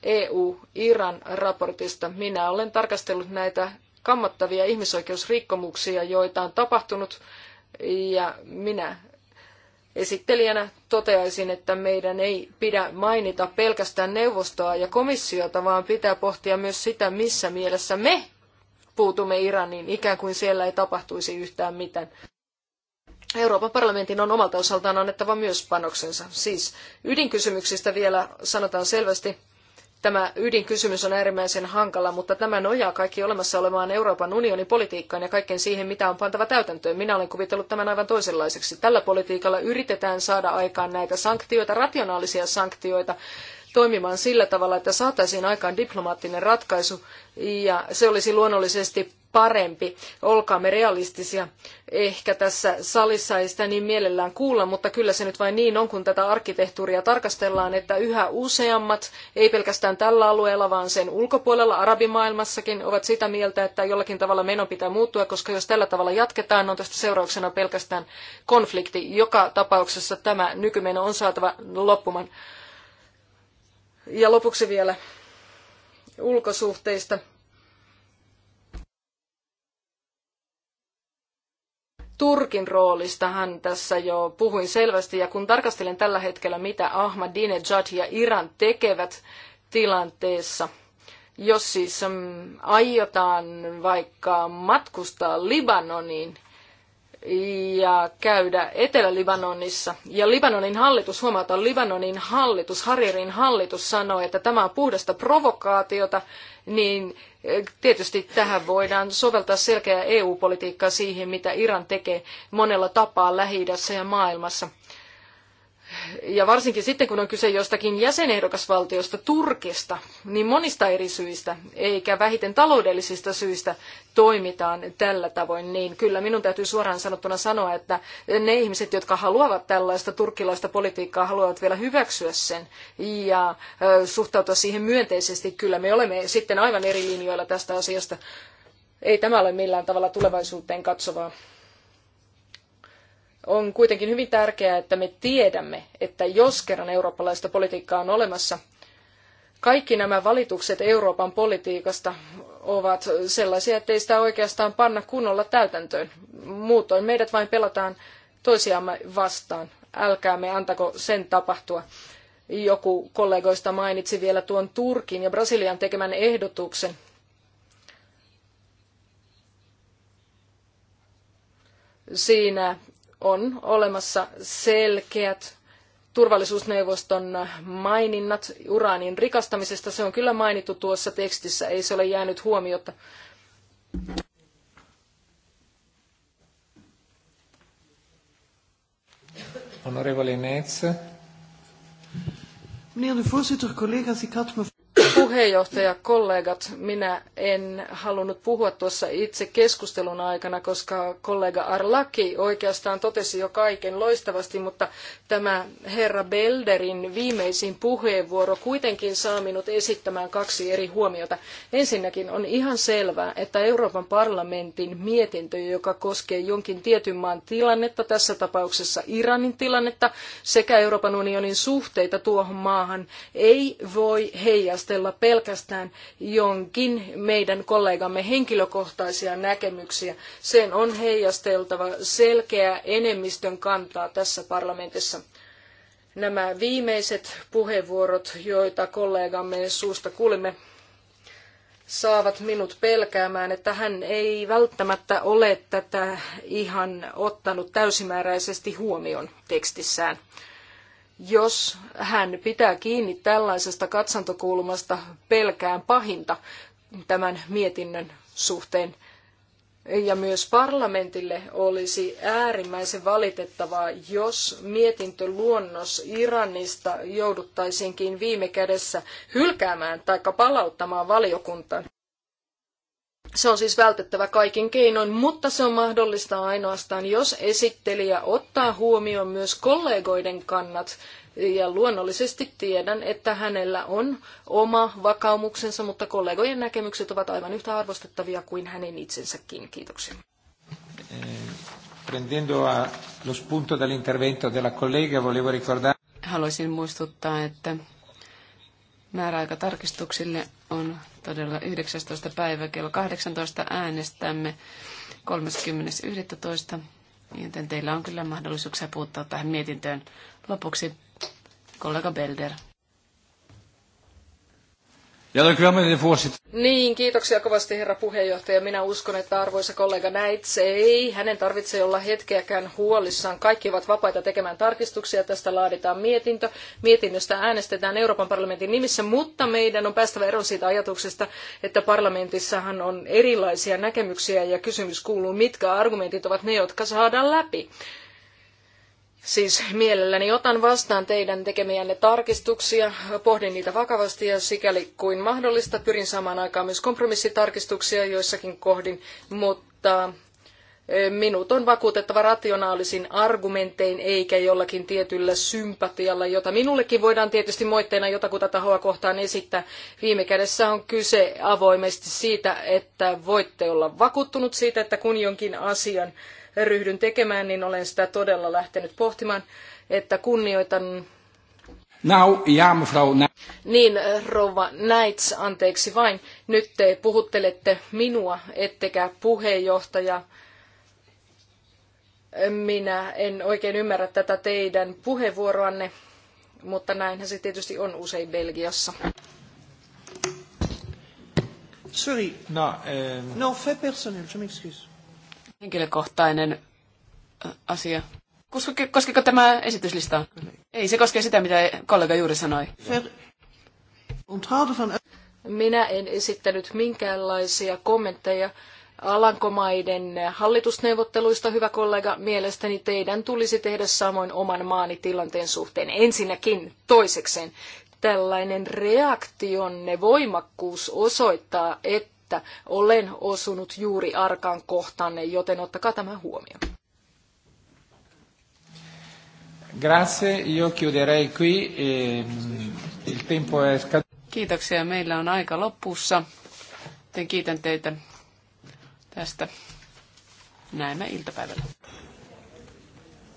EU-Iran raportista. Minä olen tarkastellut näitä kammottavia ihmisoikeusrikkomuksia, joita on tapahtunut, ja minä Esittelijänä toteaisin, että meidän ei pidä mainita pelkästään neuvostoa ja komissiota, vaan pitää pohtia myös sitä, missä mielessä me puutumme Iraniin, ikään kuin siellä ei tapahtuisi yhtään mitään. Euroopan parlamentin on omalta osaltaan annettava myös panoksensa. Siis ydinkysymyksistä vielä sanotaan selvästi, Tämä ydinkysymys on äärimmäisen hankala, mutta tämä nojaa kaikki olemassa olevaan Euroopan unionin politiikkaan ja kaikkeen siihen, mitä on pantava täytäntöön. Minä olen kuvitellut tämän aivan toisenlaiseksi. Tällä politiikalla yritetään saada aikaan näitä sanktioita, rationaalisia sanktioita, toimimaan sillä tavalla, että saataisiin aikaan diplomaattinen ratkaisu ja se olisi luonnollisesti parempi. Olkaamme realistisia. Ehkä tässä salissa ei sitä niin mielellään kuulla, mutta kyllä se nyt vain niin on, kun tätä arkkitehtuuria tarkastellaan, että yhä useammat, ei pelkästään tällä alueella, vaan sen ulkopuolella arabimaailmassakin, ovat sitä mieltä, että jollakin tavalla meno pitää muuttua, koska jos tällä tavalla jatketaan, on tästä seurauksena pelkästään konflikti. Joka tapauksessa tämä nykymeno on saatava loppumaan. Ja lopuksi vielä ulkosuhteista. Turkin roolista hän tässä jo puhuin selvästi, ja kun tarkastelen tällä hetkellä, mitä Ahmadinejad ja Iran tekevät tilanteessa, jos siis mm, aiotaan vaikka matkustaa Libanoniin, ja käydä Etelä-Libanonissa. Ja Libanonin hallitus, huomataan Libanonin hallitus, Haririn hallitus sanoi, että tämä on puhdasta provokaatiota, niin e, tietysti tähän voidaan soveltaa selkeää EU-politiikkaa siihen, mitä Iran tekee monella tapaa lähi ja maailmassa ja varsinkin sitten kun on kyse jostakin jäsenehdokasvaltiosta Turkista, niin monista eri syistä, eikä vähiten taloudellisista syistä toimitaan tällä tavoin, niin kyllä minun täytyy suoraan sanottuna sanoa, että ne ihmiset, jotka haluavat tällaista turkkilaista politiikkaa, haluavat vielä hyväksyä sen ja suhtautua siihen myönteisesti. Kyllä me olemme sitten aivan eri linjoilla tästä asiasta. Ei tämä ole millään tavalla tulevaisuuteen katsovaa on kuitenkin hyvin tärkeää, että me tiedämme, että jos kerran eurooppalaista politiikkaa on olemassa, kaikki nämä valitukset Euroopan politiikasta ovat sellaisia, ettei sitä oikeastaan panna kunnolla täytäntöön. Muutoin meidät vain pelataan toisiamme vastaan. Älkäämme antako sen tapahtua. Joku kollegoista mainitsi vielä tuon Turkin ja Brasilian tekemän ehdotuksen. Siinä on olemassa selkeät turvallisuusneuvoston maininnat uraanin rikastamisesta. Se on kyllä mainittu tuossa tekstissä, ei se ole jäänyt huomiota. Honorevole Neitz. Meneer de voorzitter, collega's, ik had me puheenjohtaja, kollegat, minä en halunnut puhua tuossa itse keskustelun aikana, koska kollega Arlaki oikeastaan totesi jo kaiken loistavasti, mutta tämä herra Belderin viimeisin puheenvuoro kuitenkin saa minut esittämään kaksi eri huomiota. Ensinnäkin on ihan selvää, että Euroopan parlamentin mietintö, joka koskee jonkin tietyn maan tilannetta, tässä tapauksessa Iranin tilannetta sekä Euroopan unionin suhteita tuohon maahan, ei voi heijastella pelkästään jonkin meidän kollegamme henkilökohtaisia näkemyksiä. Sen on heijasteltava selkeä enemmistön kantaa tässä parlamentissa. Nämä viimeiset puheenvuorot, joita kollegamme suusta kuulimme, saavat minut pelkäämään, että hän ei välttämättä ole tätä ihan ottanut täysimääräisesti huomioon tekstissään. Jos hän pitää kiinni tällaisesta katsantokulmasta, pelkään pahinta tämän mietinnön suhteen. Ja myös parlamentille olisi äärimmäisen valitettavaa, jos mietintöluonnos Iranista jouduttaisiinkin viime kädessä hylkäämään tai palauttamaan valiokuntaan. Se on siis vältettävä kaikin keinoin, mutta se on mahdollista ainoastaan, jos esittelijä ottaa huomioon myös kollegoiden kannat. Ja luonnollisesti tiedän, että hänellä on oma vakaumuksensa, mutta kollegojen näkemykset ovat aivan yhtä arvostettavia kuin hänen itsensäkin. Kiitoksia. Eh, prendendo lo spunto dall'intervento della collega, volevo ricordare... Haluaisin muistuttaa, että määräaika tarkistuksille on todella 19. päivä kello 18 äänestämme 30.11. Joten teillä on kyllä mahdollisuuksia puuttaa tähän mietintöön. Lopuksi kollega Belder. Niin, kiitoksia kovasti herra puheenjohtaja. Minä uskon, että arvoisa kollega Näitse ei. Hänen tarvitse olla hetkeäkään huolissaan. Kaikki ovat vapaita tekemään tarkistuksia. Tästä laaditaan mietintö. Mietinnöstä äänestetään Euroopan parlamentin nimissä, mutta meidän on päästävä eroon siitä ajatuksesta, että parlamentissahan on erilaisia näkemyksiä ja kysymys kuuluu, mitkä argumentit ovat ne, jotka saadaan läpi. Siis mielelläni otan vastaan teidän tekemiänne tarkistuksia, pohdin niitä vakavasti ja sikäli kuin mahdollista pyrin saamaan aikaan myös kompromissitarkistuksia joissakin kohdin, mutta minut on vakuutettava rationaalisin argumentein eikä jollakin tietyllä sympatialla, jota minullekin voidaan tietysti moitteena jotakuta tahoa kohtaan esittää. Viime kädessä on kyse avoimesti siitä, että voitte olla vakuuttunut siitä, että kun jonkin asian ryhdyn tekemään, niin olen sitä todella lähtenyt pohtimaan, että kunnioitan Now, ja, mevrouw. Niin, rouva Näits, anteeksi vain. Nyt te puhuttelette minua, ettekä puheenjohtaja. Minä en oikein ymmärrä tätä teidän puheenvuoroanne, mutta näinhän se tietysti on usein Belgiassa. Sorry. No, euh... non, fait personnel, je m'excuse henkilökohtainen asia. Koskeeko tämä esityslista, Ei, se koskee sitä, mitä kollega juuri sanoi. Minä en esittänyt minkäänlaisia kommentteja Alankomaiden hallitusneuvotteluista, hyvä kollega. Mielestäni teidän tulisi tehdä samoin oman maani tilanteen suhteen. Ensinnäkin toisekseen tällainen reaktionne voimakkuus osoittaa, että että olen osunut juuri arkaan kohtanne, joten ottakaa tämä huomioon. Grazie, io chiuderei qui. E, il tempo è Kiitoksia, meillä on aika lopussa. Joten kiitän teitä tästä. Näemme iltapäivällä.